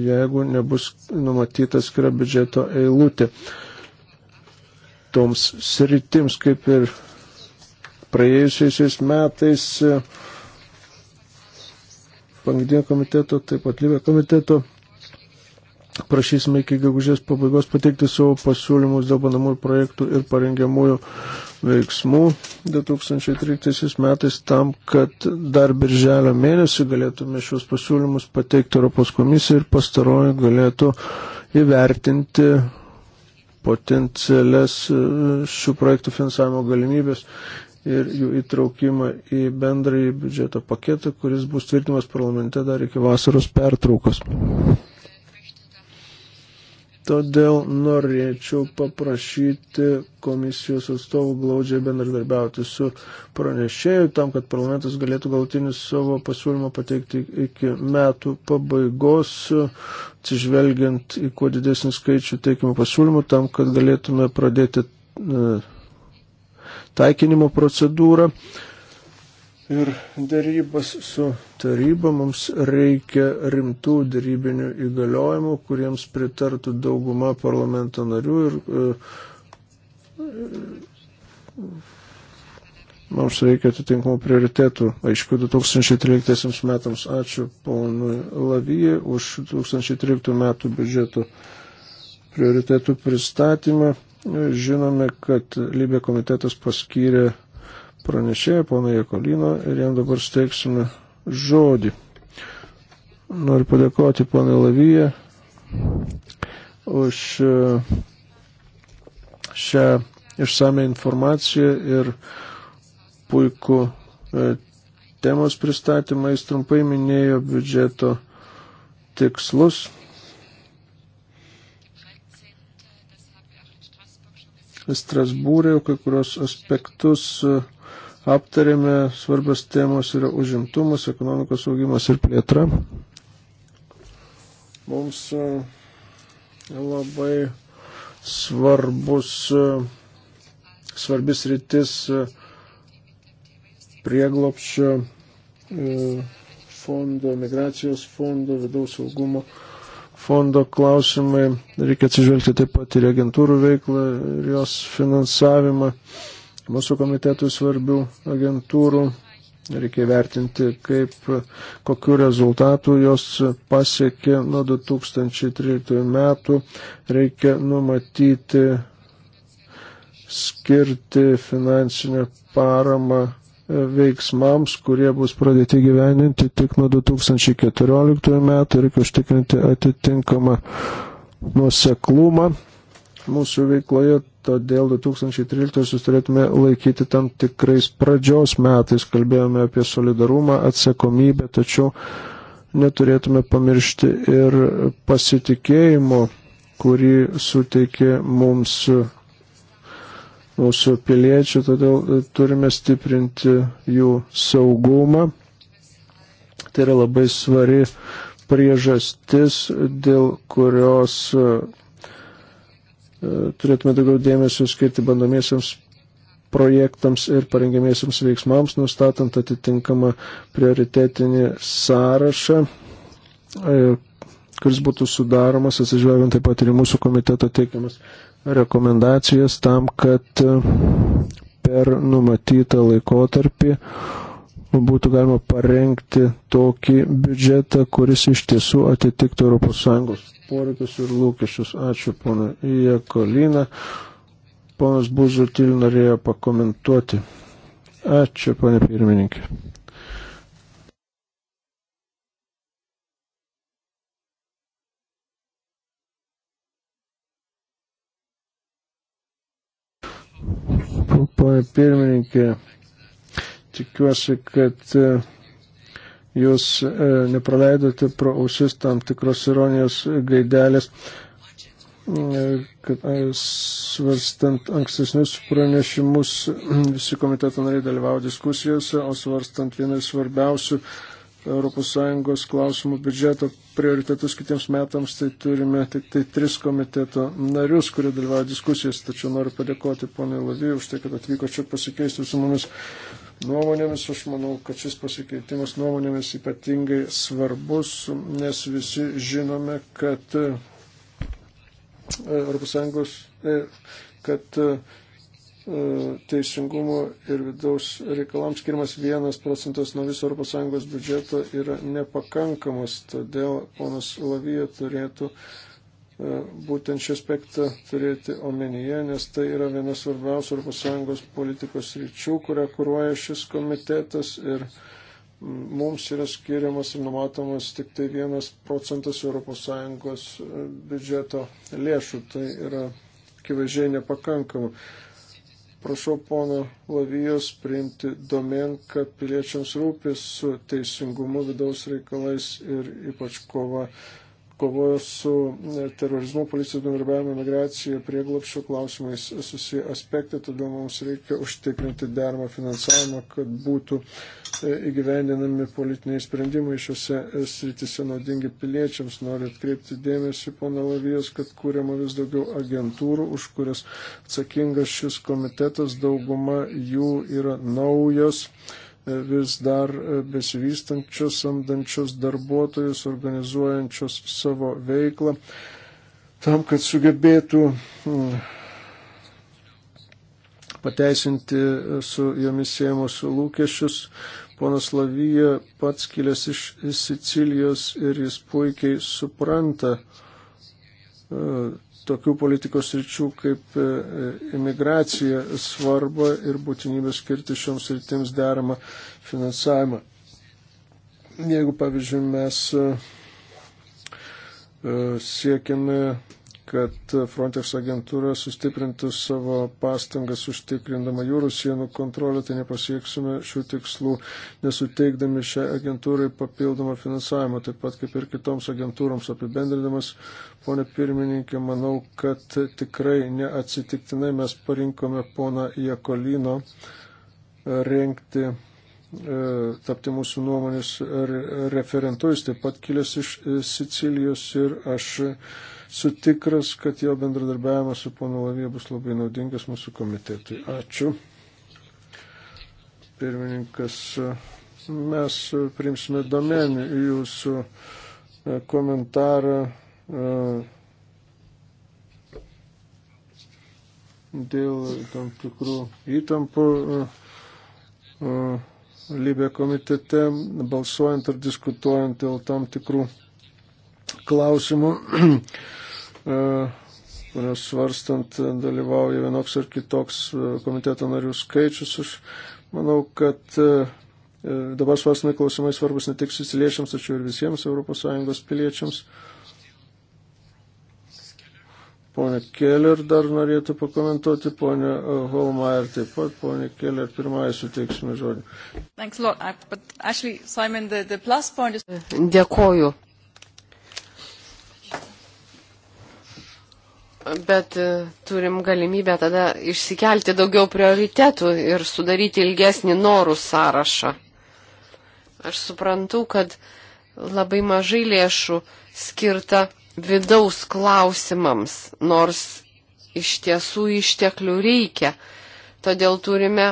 Speaker 1: jeigu nebus numatytas skiria biudžeto eilutė. Toms sritims, kaip ir praėjusiais metais, e, pagrindinio komiteto, taip pat lygio komiteto prašysime iki gegužės pabaigos pateikti savo pasiūlymus dėl bandomųjų projektų ir parengiamųjų veiksmų 2013 metais tam, kad dar birželio mėnesį galėtume šios pasiūlymus pateikti Europos komisijai ir pastaroji galėtų įvertinti potencialias e, šių projektų finansavimo galimybės ir jų įtraukimą į bendrąjį biudžeto paketą, kuris bus tvirtinamas parlamente dar iki vasaros pertraukos. Todėl norėčiau paprašyti komisijos atstovų glaudžiai bendradarbiauti su pranešėju tam, kad parlamentas galėtų galtinį savo pasiūlymą pateikti iki metų pabaigos, atsižvelgiant į kuo didesnį skaičių teikimo pasiūlymų, tam, kad galėtume pradėti e, taikinimo procedūrą. Uh, ir darybas su taryba mums reikia rimtų darybinių įgaliojimų, kuriems pritartų dauguma parlamento narių ir e, e, mums reikia atitinkamų prioritėtų. Aišku, 2013 metams ačiū ponui Lavijai už 2013 metų biudžeto prioritėtų pristatymą. Žinome, kad Libė komitetas paskyrė pranešėją, poną Jekolino, ir jam dabar steiksime žodį. Noriu padėkoti ponai Lavyje už e, šią išsame informaciją ir puikų e, temos pristatymą. Jis trumpai minėjo biudžeto tikslus. Strasbūrė kai kurios aspektus uh, aptarėme, svarbios temos yra užimtumas, ekonomikos augimas ir plėtra. Mums e, labai svarbus, e, svarbis rytis e, prieglopščio fondo, migracijos fondo, vidaus saugumo fondo klausimai. Reikia atsižvelgti taip pat ir agentūrų veiklą ir jos finansavimą mūsų komitetų svarbių agentūrų. Reikia vertinti, kaip, kokiu rezultatu jos pasiekė nuo 2013 metų. Reikia numatyti, skirti finansinę paramą veiksmams, kurie bus pradėti gyveninti tik nuo 2014 metų, reikia užtikrinti atitinkamą nuoseklumą mūsų veikloje todėl 2013 turėtume laikyti tam tikrais pradžios metais. Kalbėjome apie solidarumą, atsakomybę, tačiau neturėtume pamiršti ir pasitikėjimo, kurį suteikė mums mūsų piliečių, todėl turime stiprinti jų saugumą. Tai yra labai svari priežastis, dėl kurios turėtume daugiau dėmesio skirti bandomiesiams projektams ir parengiamiesiams veiksmams, nustatant atitinkamą prioritetinį sąrašą, e, kuris būtų sudaromas, atsižvelgiant taip pat ir mūsų komiteto teikiamas rekomendacijas tam, kad e, per numatytą laikotarpį būtų galima parengti tokį biudžetą, kuris iš tiesų atitiktų ES poreikius ir lūkesčius. Ačiū ponui Jekolina. Ponas Buzutil norėjo pakomentuoti. Ačiū, ponė pirmininkė. Pane pirmininkė, tikiuosi, kad jūs e, nepraleidote pro ausis tam tikros ironijos gaidelės, e, kad e, svarstant ankstesnius pranešimus visi komiteto nariai dalyvavo diskusijose, o svarstant vieną iš svarbiausių ES klausimų biudžeto prioritetus kitiems metams, tai turime tik tai tris komiteto narius, kurie dalyvavo diskusijose. Tačiau noriu padėkoti ponui Lavijui už tai, kad atvyko čia pasikeisti su mumis nuomonėmis. Aš manau, kad šis pasikeitimas nuomonėmis ypatingai svarbus, nes visi žinome, kad ES, e, kad e, teisingumo ir vidaus reikalams skirimas vienas procentas nuo viso ES biudžeto yra nepakankamas, todėl ponas Lavija turėtų uh, E, būtent šį aspektą turėti omenyje, nes tai yra viena svarbiausių ES politikos ryčių, kurią kūruoja šis komitetas ir mums yra skiriamas ir numatomas tik tai vienas procentas ES e, biudžeto lėšų. Tai yra akivaizdžiai nepakankama. Prašau pono Lavijos priimti domen, kad piliečiams rūpės su teisingumu vidaus reikalais ir ypač kova kovos su e, terorizmu, policijos bendradarbiavimo, migracija, prieglapšio klausimais susiję aspektai, todėl mums reikia užtikrinti dermą finansavimą, kad būtų e, įgyvendinami politiniai sprendimai šiuose sritise naudingi piliečiams. Noriu atkreipti dėmesį, pana Lavijas, kad kūriama vis daugiau agentūrų, už kurias atsakingas šis komitetas, dauguma jų yra naujos. E, vis dar e, besivystančius, samdančius darbuotojus, organizuojančius savo veiklą, tam, kad sugebėtų mm, pateisinti e, su jomis siejamus lūkesčius. Ponas Lavija pats kilęs iš Sicilijos ir jis puikiai supranta tokių politikos ryčių kaip e, e, imigracija svarba ir būtinybė skirti šioms rytims deramą finansavimą. Jeigu, pavyzdžiui, mes e, siekiame kad Frontex agentūra sustiprintų savo pastangas užtikrindama jūrų sienų kontrolę, tai nepasieksime šių tikslų, nesuteikdami šią agentūrai papildomą finansavimą, taip pat kaip ir kitoms agentūroms apibendrinamas. Pone pirmininkė, manau, kad tikrai neatsitiktinai mes parinkome poną Jekolino rengti e, tapti mūsų nuomonės referentu, jis taip pat kilęs iš Sicilijos ir aš sutikras, kad jo bendradarbiavimas su pono Lavija bus labai naudingas mūsų komitetui. Ačiū. Pirmininkas, mes priimsime domenį jūsų e, komentarą e, dėl tam tikrų įtampų. E, Libė komitete, balsuojant ar diskutuojant dėl tam tikrų klausimų, kurios e, e, svarstant dalyvauja vienoks ar kitoks e, komiteto narių skaičius. Aš manau, kad dabar svarstami klausimai svarbus ne tik siciliečiams, tačiau ir visiems ES piliečiams. Pone Keller dar norėtų pakomentuoti, pone Holmeier taip pat, pone Keller pirmąjį suteiksime žodį.
Speaker 2: Lot, but actually, Simon, the, the is...
Speaker 1: Dėkoju.
Speaker 2: bet e, turim galimybę tada išsikelti daugiau prioritetų ir sudaryti ilgesnį norų sąrašą. Aš suprantu, kad labai mažai lėšų skirta vidaus klausimams, nors iš tiesų išteklių reikia. Todėl turime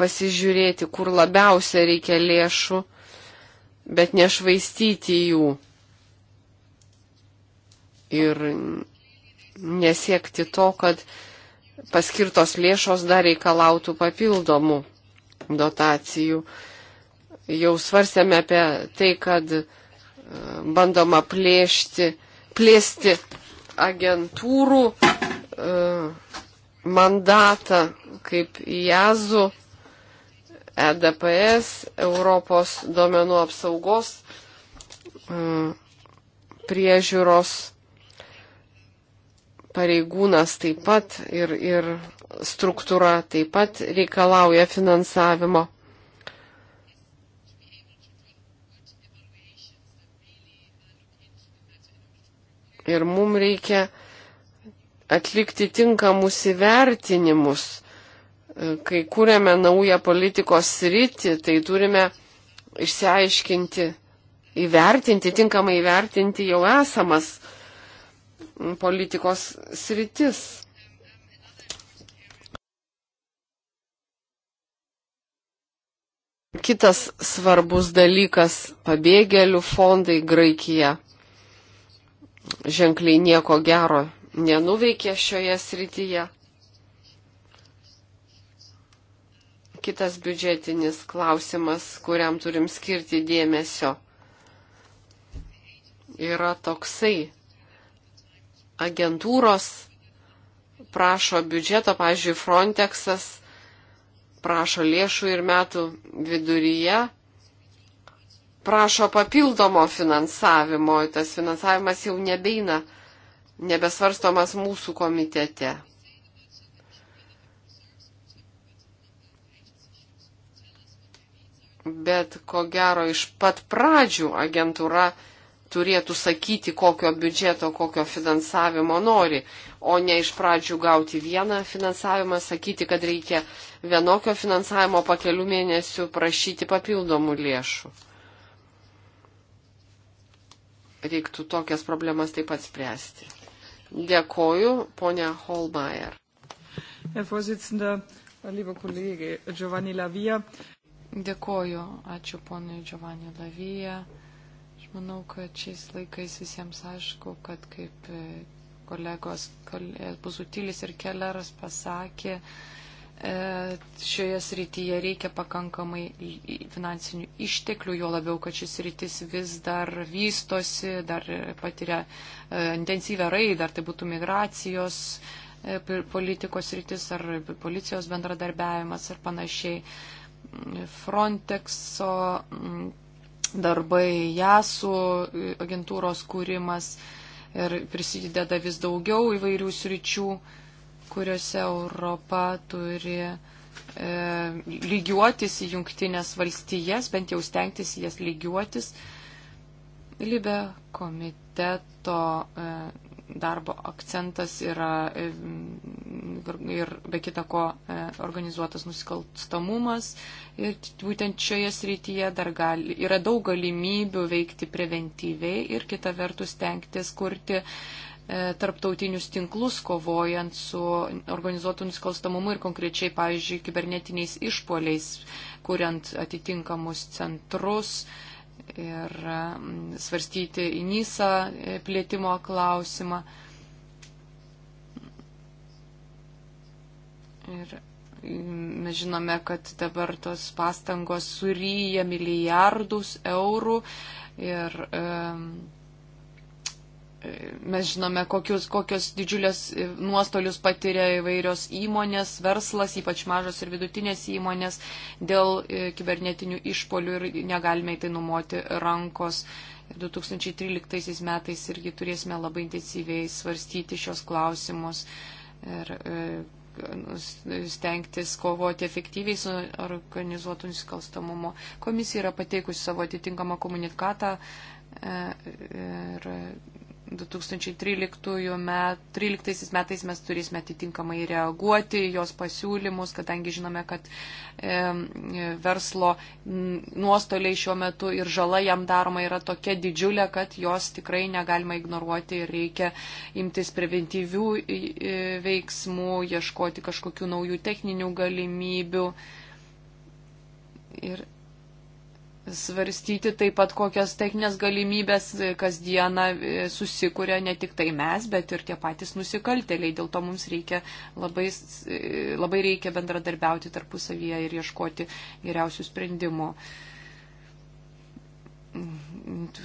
Speaker 2: pasižiūrėti, kur labiausia reikia lėšų, bet nešvaistyti jų ir nesiekti to, kad paskirtos lėšos dar reikalautų papildomų dotacijų. Jau svarstėme apie tai, kad e, bandoma plėšti, plėsti agentūrų e, mandatą kaip JAZU, EDPS, Europos duomenų apsaugos e, priežiūros pareigūnas taip pat ir, ir struktūra taip pat reikalauja finansavimo. Ir mums reikia atlikti tinkamus įvertinimus. Kai kūrėme naują politikos sritį, tai turime išsiaiškinti, įvertinti, tinkamai įvertinti jau esamas uh, politikos sritis. Kitas svarbus dalykas - pabėgėlių fondai Graikija. Ženkliai nieko gero nenuveikė šioje srityje. Kitas biudžetinis klausimas, kuriam turim skirti dėmesio, yra toksai agentūros prašo biudžeto, pavyzdžiui, Frontexas prašo lėšų ir metų viduryje, prašo papildomo finansavimo, tas finansavimas jau nebeina, nebesvarstomas mūsų komitete. Bet ko gero iš pat pradžių agentūra turėtų sakyti, kokio biudžeto, kokio finansavimo nori, o ne iš pradžių gauti vieną finansavimą, sakyti, kad reikia vienokio finansavimo po kelių mėnesių prašyti papildomų lėšų. Reiktų tokias problemas taip pat spręsti. Dėkoju, ponia Holmeier.
Speaker 3: Dėkoju, ačiū ponui Giovanni Lavija Manau, kad šiais laikais visiems aišku, kad kaip e, kolegos e, Buzutylis ir Kelleras pasakė, e, šioje srityje reikia pakankamai finansinių išteklių, jo labiau, kad šis rytis vis dar vystosi, dar patiria intensyvę raidą, ar tai būtų migracijos politikos rytis, ar policijos bendradarbiavimas ar panašiai. Frontexo darbai, JASU agentūros kūrimas ir prisideda vis daugiau įvairių sričių, kuriuose Europa turi e, lygiuotis į jungtinės valstijas, bent jau stengtis į jas lygiuotis. Libe komiteto e, darbo akcentas yra e, ir be kita ko e, organizuotas nusikalstamumas. Ir būtent šioje srityje dar gali, yra daug galimybių veikti preventyviai ir kita vertus tenktis kurti e, tarptautinius tinklus, kovojant su organizuotų nusikalstamumu ir konkrečiai, pavyzdžiui, kibernetiniais išpoliais, kuriant atitinkamus centrus, uh, ir mm, svarstyti į Nysą e, plėtimo klausimą. Ir mm, mes žinome, kad dabar tos pastangos suryja milijardus eurų ir um, e, Mes žinome, kokius, kokios didžiulės e, nuostolius patiria įvairios įmonės, verslas, ypač mažos ir vidutinės įmonės dėl e, kibernetinių išpolių ir negalime į tai numoti rankos. 2013 metais irgi turėsime labai intensyviai svarstyti šios klausimus ir e, stengtis kovoti efektyviai su organizuotų nusikalstamumu. Komisija yra pateikusi savo atitinkamą komunikatą ir 2013 met, 13 metais mes turėsime atitinkamai reaguoti jos pasiūlymus, kadangi žinome, kad e, verslo nuostoliai šiuo metu ir žala jam daroma yra tokia didžiulė, kad jos tikrai negalima ignoruoti ir reikia imtis preventyvių veiksmų, ieškoti kažkokių naujų techninių galimybių. Ir svarstyti taip pat, kokias techninės galimybės kasdieną e, susikuria ne tik tai mes, bet ir tie patys nusikalteliai. Dėl to mums reikia labai, e, labai reikia bendradarbiauti tarpusavyje ir ieškoti geriausių sprendimų.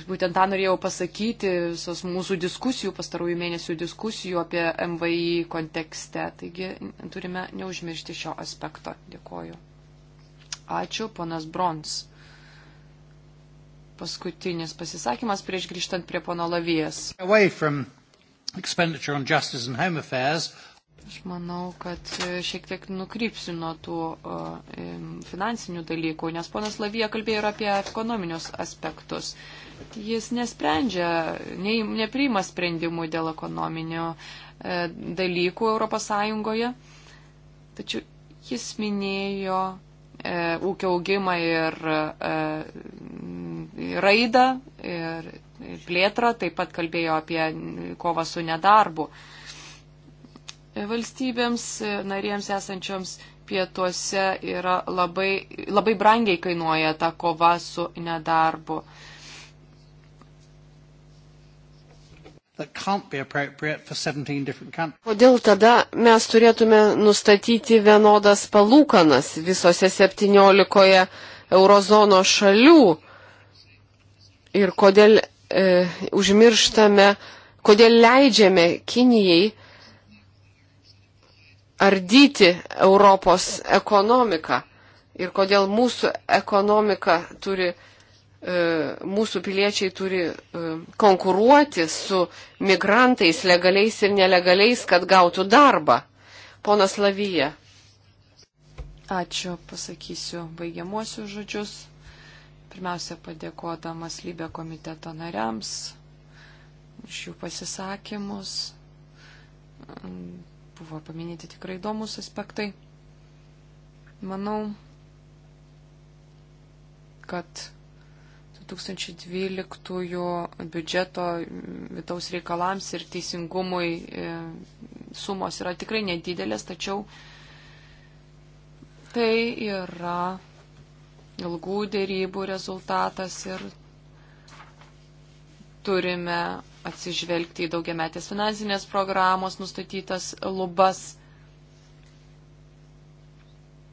Speaker 3: Būtent tą norėjau pasakyti visos mūsų diskusijų, pastarųjų mėnesių diskusijų apie MVI kontekste. Taigi turime neužmiršti šio aspekto. Dėkoju. Ačiū, ponas Brons paskutinis pasisakymas prieš grįžtant prie pono Lavijas. Aš manau, kad e, šiek tiek nukrypsiu nuo tų e, finansinių dalykų, nes ponas Lavija kalbėjo ir apie ekonominius aspektus. Jis nesprendžia, ne, nepriima sprendimų dėl ekonominių e, dalykų ES, tačiau jis minėjo E, ūkio augimą ir e, raidą ir plėtrą, taip pat kalbėjo apie kovą su nedarbu. Valstybėms e, narėms esančioms pietuose yra labai, labai brangiai kainuoja ta kova su nedarbu. Uh,
Speaker 2: Kodėl tada mes turėtume nustatyti vienodas palūkanas visose 17 eurozono šalių? Ir kodėl e, užmirštame, kodėl leidžiame Kinijai ardyti Europos ekonomiką? Ir kodėl mūsų ekonomika turi E, mūsų piliečiai turi e, konkuruoti su migrantais legaliais ir nelegaliais, kad gautų darbą. Ponas Lavyje.
Speaker 3: Ačiū, pasakysiu baigiamuosius žodžius. Pirmiausia, padėkodamas Lybė komiteto nariams už jų pasisakymus. Buvo paminėti tikrai įdomus aspektai. Manau, kad 2012 biudžeto vidaus reikalams ir teisingumui e, sumos yra tikrai nedidelės, tačiau tai yra ilgų dėrybų rezultatas ir turime atsižvelgti į daugiametės finansinės programos nustatytas lubas.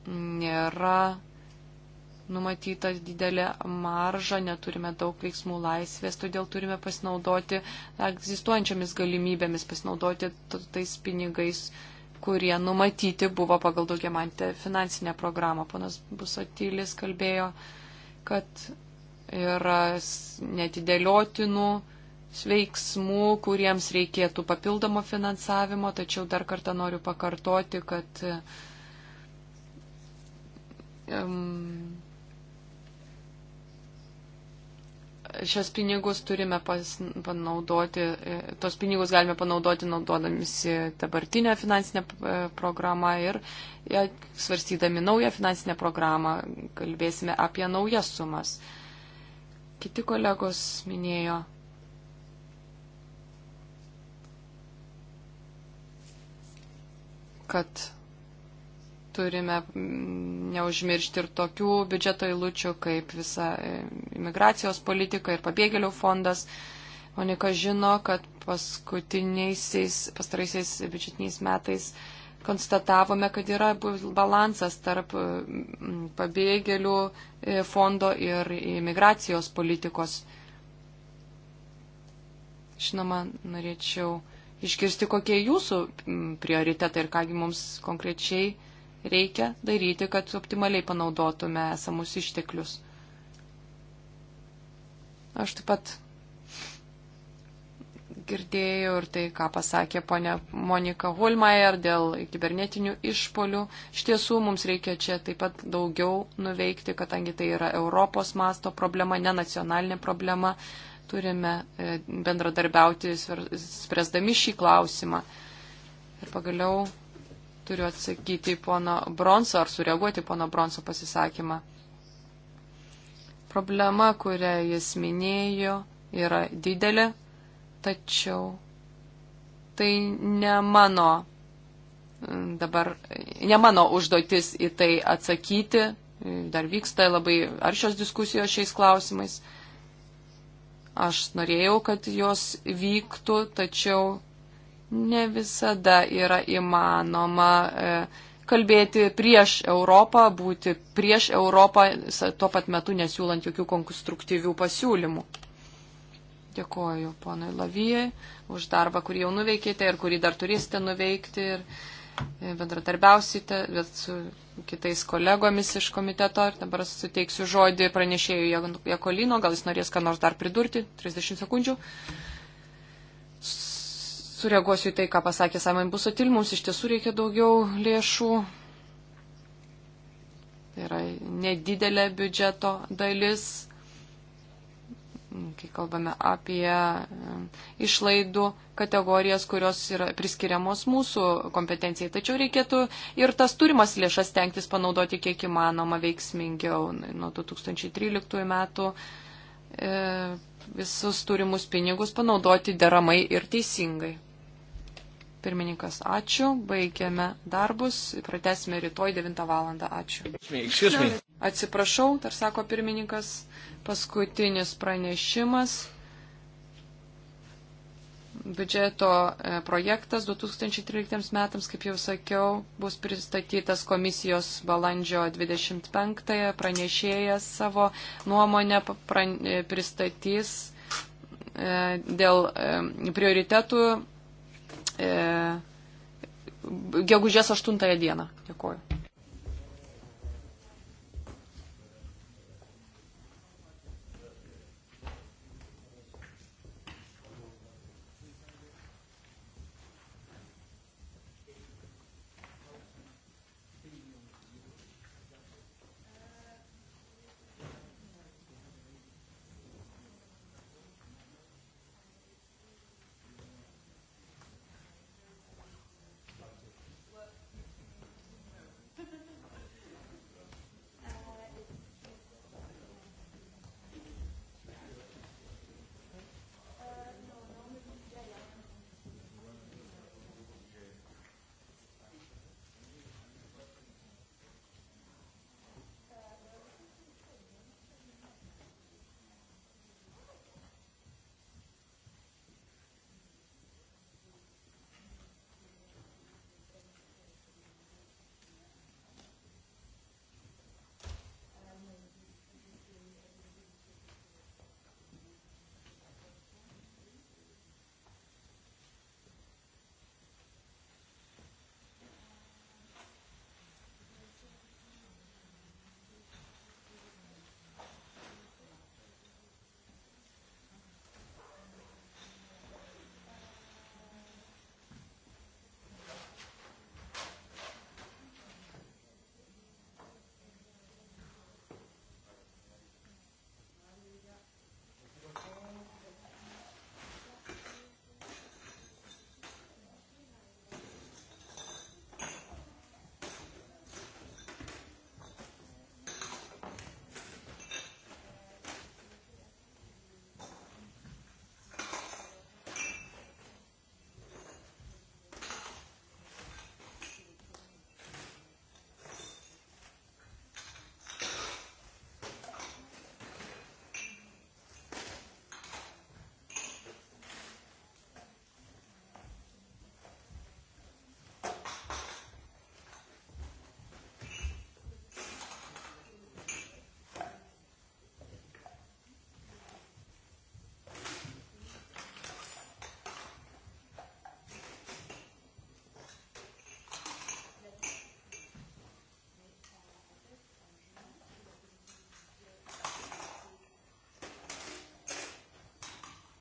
Speaker 3: Nėra numatyta didelė marža, neturime daug veiksmų laisvės, todėl turime pasinaudoti egzistuojančiamis galimybėmis, pasinaudoti tais pinigais, kurie numatyti buvo pagal daugiamantę finansinę programą. Ponas Busatylis kalbėjo, kad yra netidėliotinų veiksmų, kuriems reikėtų papildomo finansavimo, tačiau dar kartą noriu pakartoti, kad um, šios pinigus turime pas, panaudoti, e, tos pinigus galime panaudoti naudodamisi dabartinę finansinę e, programą ir e, svarstydami naują finansinę programą kalbėsime apie naujas sumas. Kiti kolegos minėjo kad turime mm, neužmiršti ir tokių biudžeto įlučių, kaip visa e, imigracijos politika ir pabėgėlių fondas. Monika žino, kad paskutiniaisiais, pastaraisiais biudžetiniais metais konstatavome, kad yra balansas tarp e, pabėgėlių e, fondo ir imigracijos politikos. Žinoma, norėčiau išgirsti, kokie jūsų prioritetai ir kągi mums konkrečiai reikia daryti, kad optimaliai panaudotume esamus išteklius. Aš taip pat girdėjau ir tai, ką pasakė ponia Monika Holmeier dėl kibernetinių išpolių. Iš tiesų, mums reikia čia taip pat daugiau nuveikti, kadangi tai yra Europos masto problema, ne nacionalinė problema. Turime e, bendradarbiauti, spręsdami šį klausimą. Ir pagaliau Turiu atsakyti į pono Bronso ar sureaguoti į pono Bronso pasisakymą. Problema, kurią jis minėjo, yra didelė, tačiau tai ne mano mm, dabar, ne mano užduotis į tai atsakyti. Dar vyksta labai aršios diskusijos šiais klausimais. Aš norėjau, kad jos vyktų, tačiau ne visada yra įmanoma e, kalbėti prieš Europą, būti prieš Europą, tuo pat metu nesiūlant jokių konstruktyvių pasiūlymų. Dėkoju ponui Lavijai už darbą, kurį jau nuveikėte ir kurį dar turėsite nuveikti ir e, bendradarbiausite su kitais kolegomis iš komiteto. Ir dabar suteiksiu žodį pranešėjui Jekolino, gal jis norės ką nors dar pridurti, 30 sekundžių sureaguosiu į tai, ką pasakė Simon Busatil, mums iš tiesų reikia daugiau lėšų. Tai yra nedidelė biudžeto dalis, kai kalbame apie e, išlaidų kategorijas, kurios yra priskiriamos mūsų kompetencijai. Tačiau reikėtų ir tas turimas lėšas tenktis panaudoti kiek įmanoma veiksmingiau. Nuo 2013 metų e, visus turimus pinigus panaudoti deramai ir teisingai. Pirmininkas, ačiū. Baigiame darbus. Pratesime rytoj 9 val. Ačiū. Atsiprašau, dar sako pirmininkas. Paskutinis pranešimas. Biudžeto e, projektas 2013 metams, kaip jau sakiau, bus pristatytas komisijos balandžio 25-ąją. Pranešėjas savo nuomonę e, pristatys e, dėl prioritetų E, gegužės 8 dieną. Dėkuoju.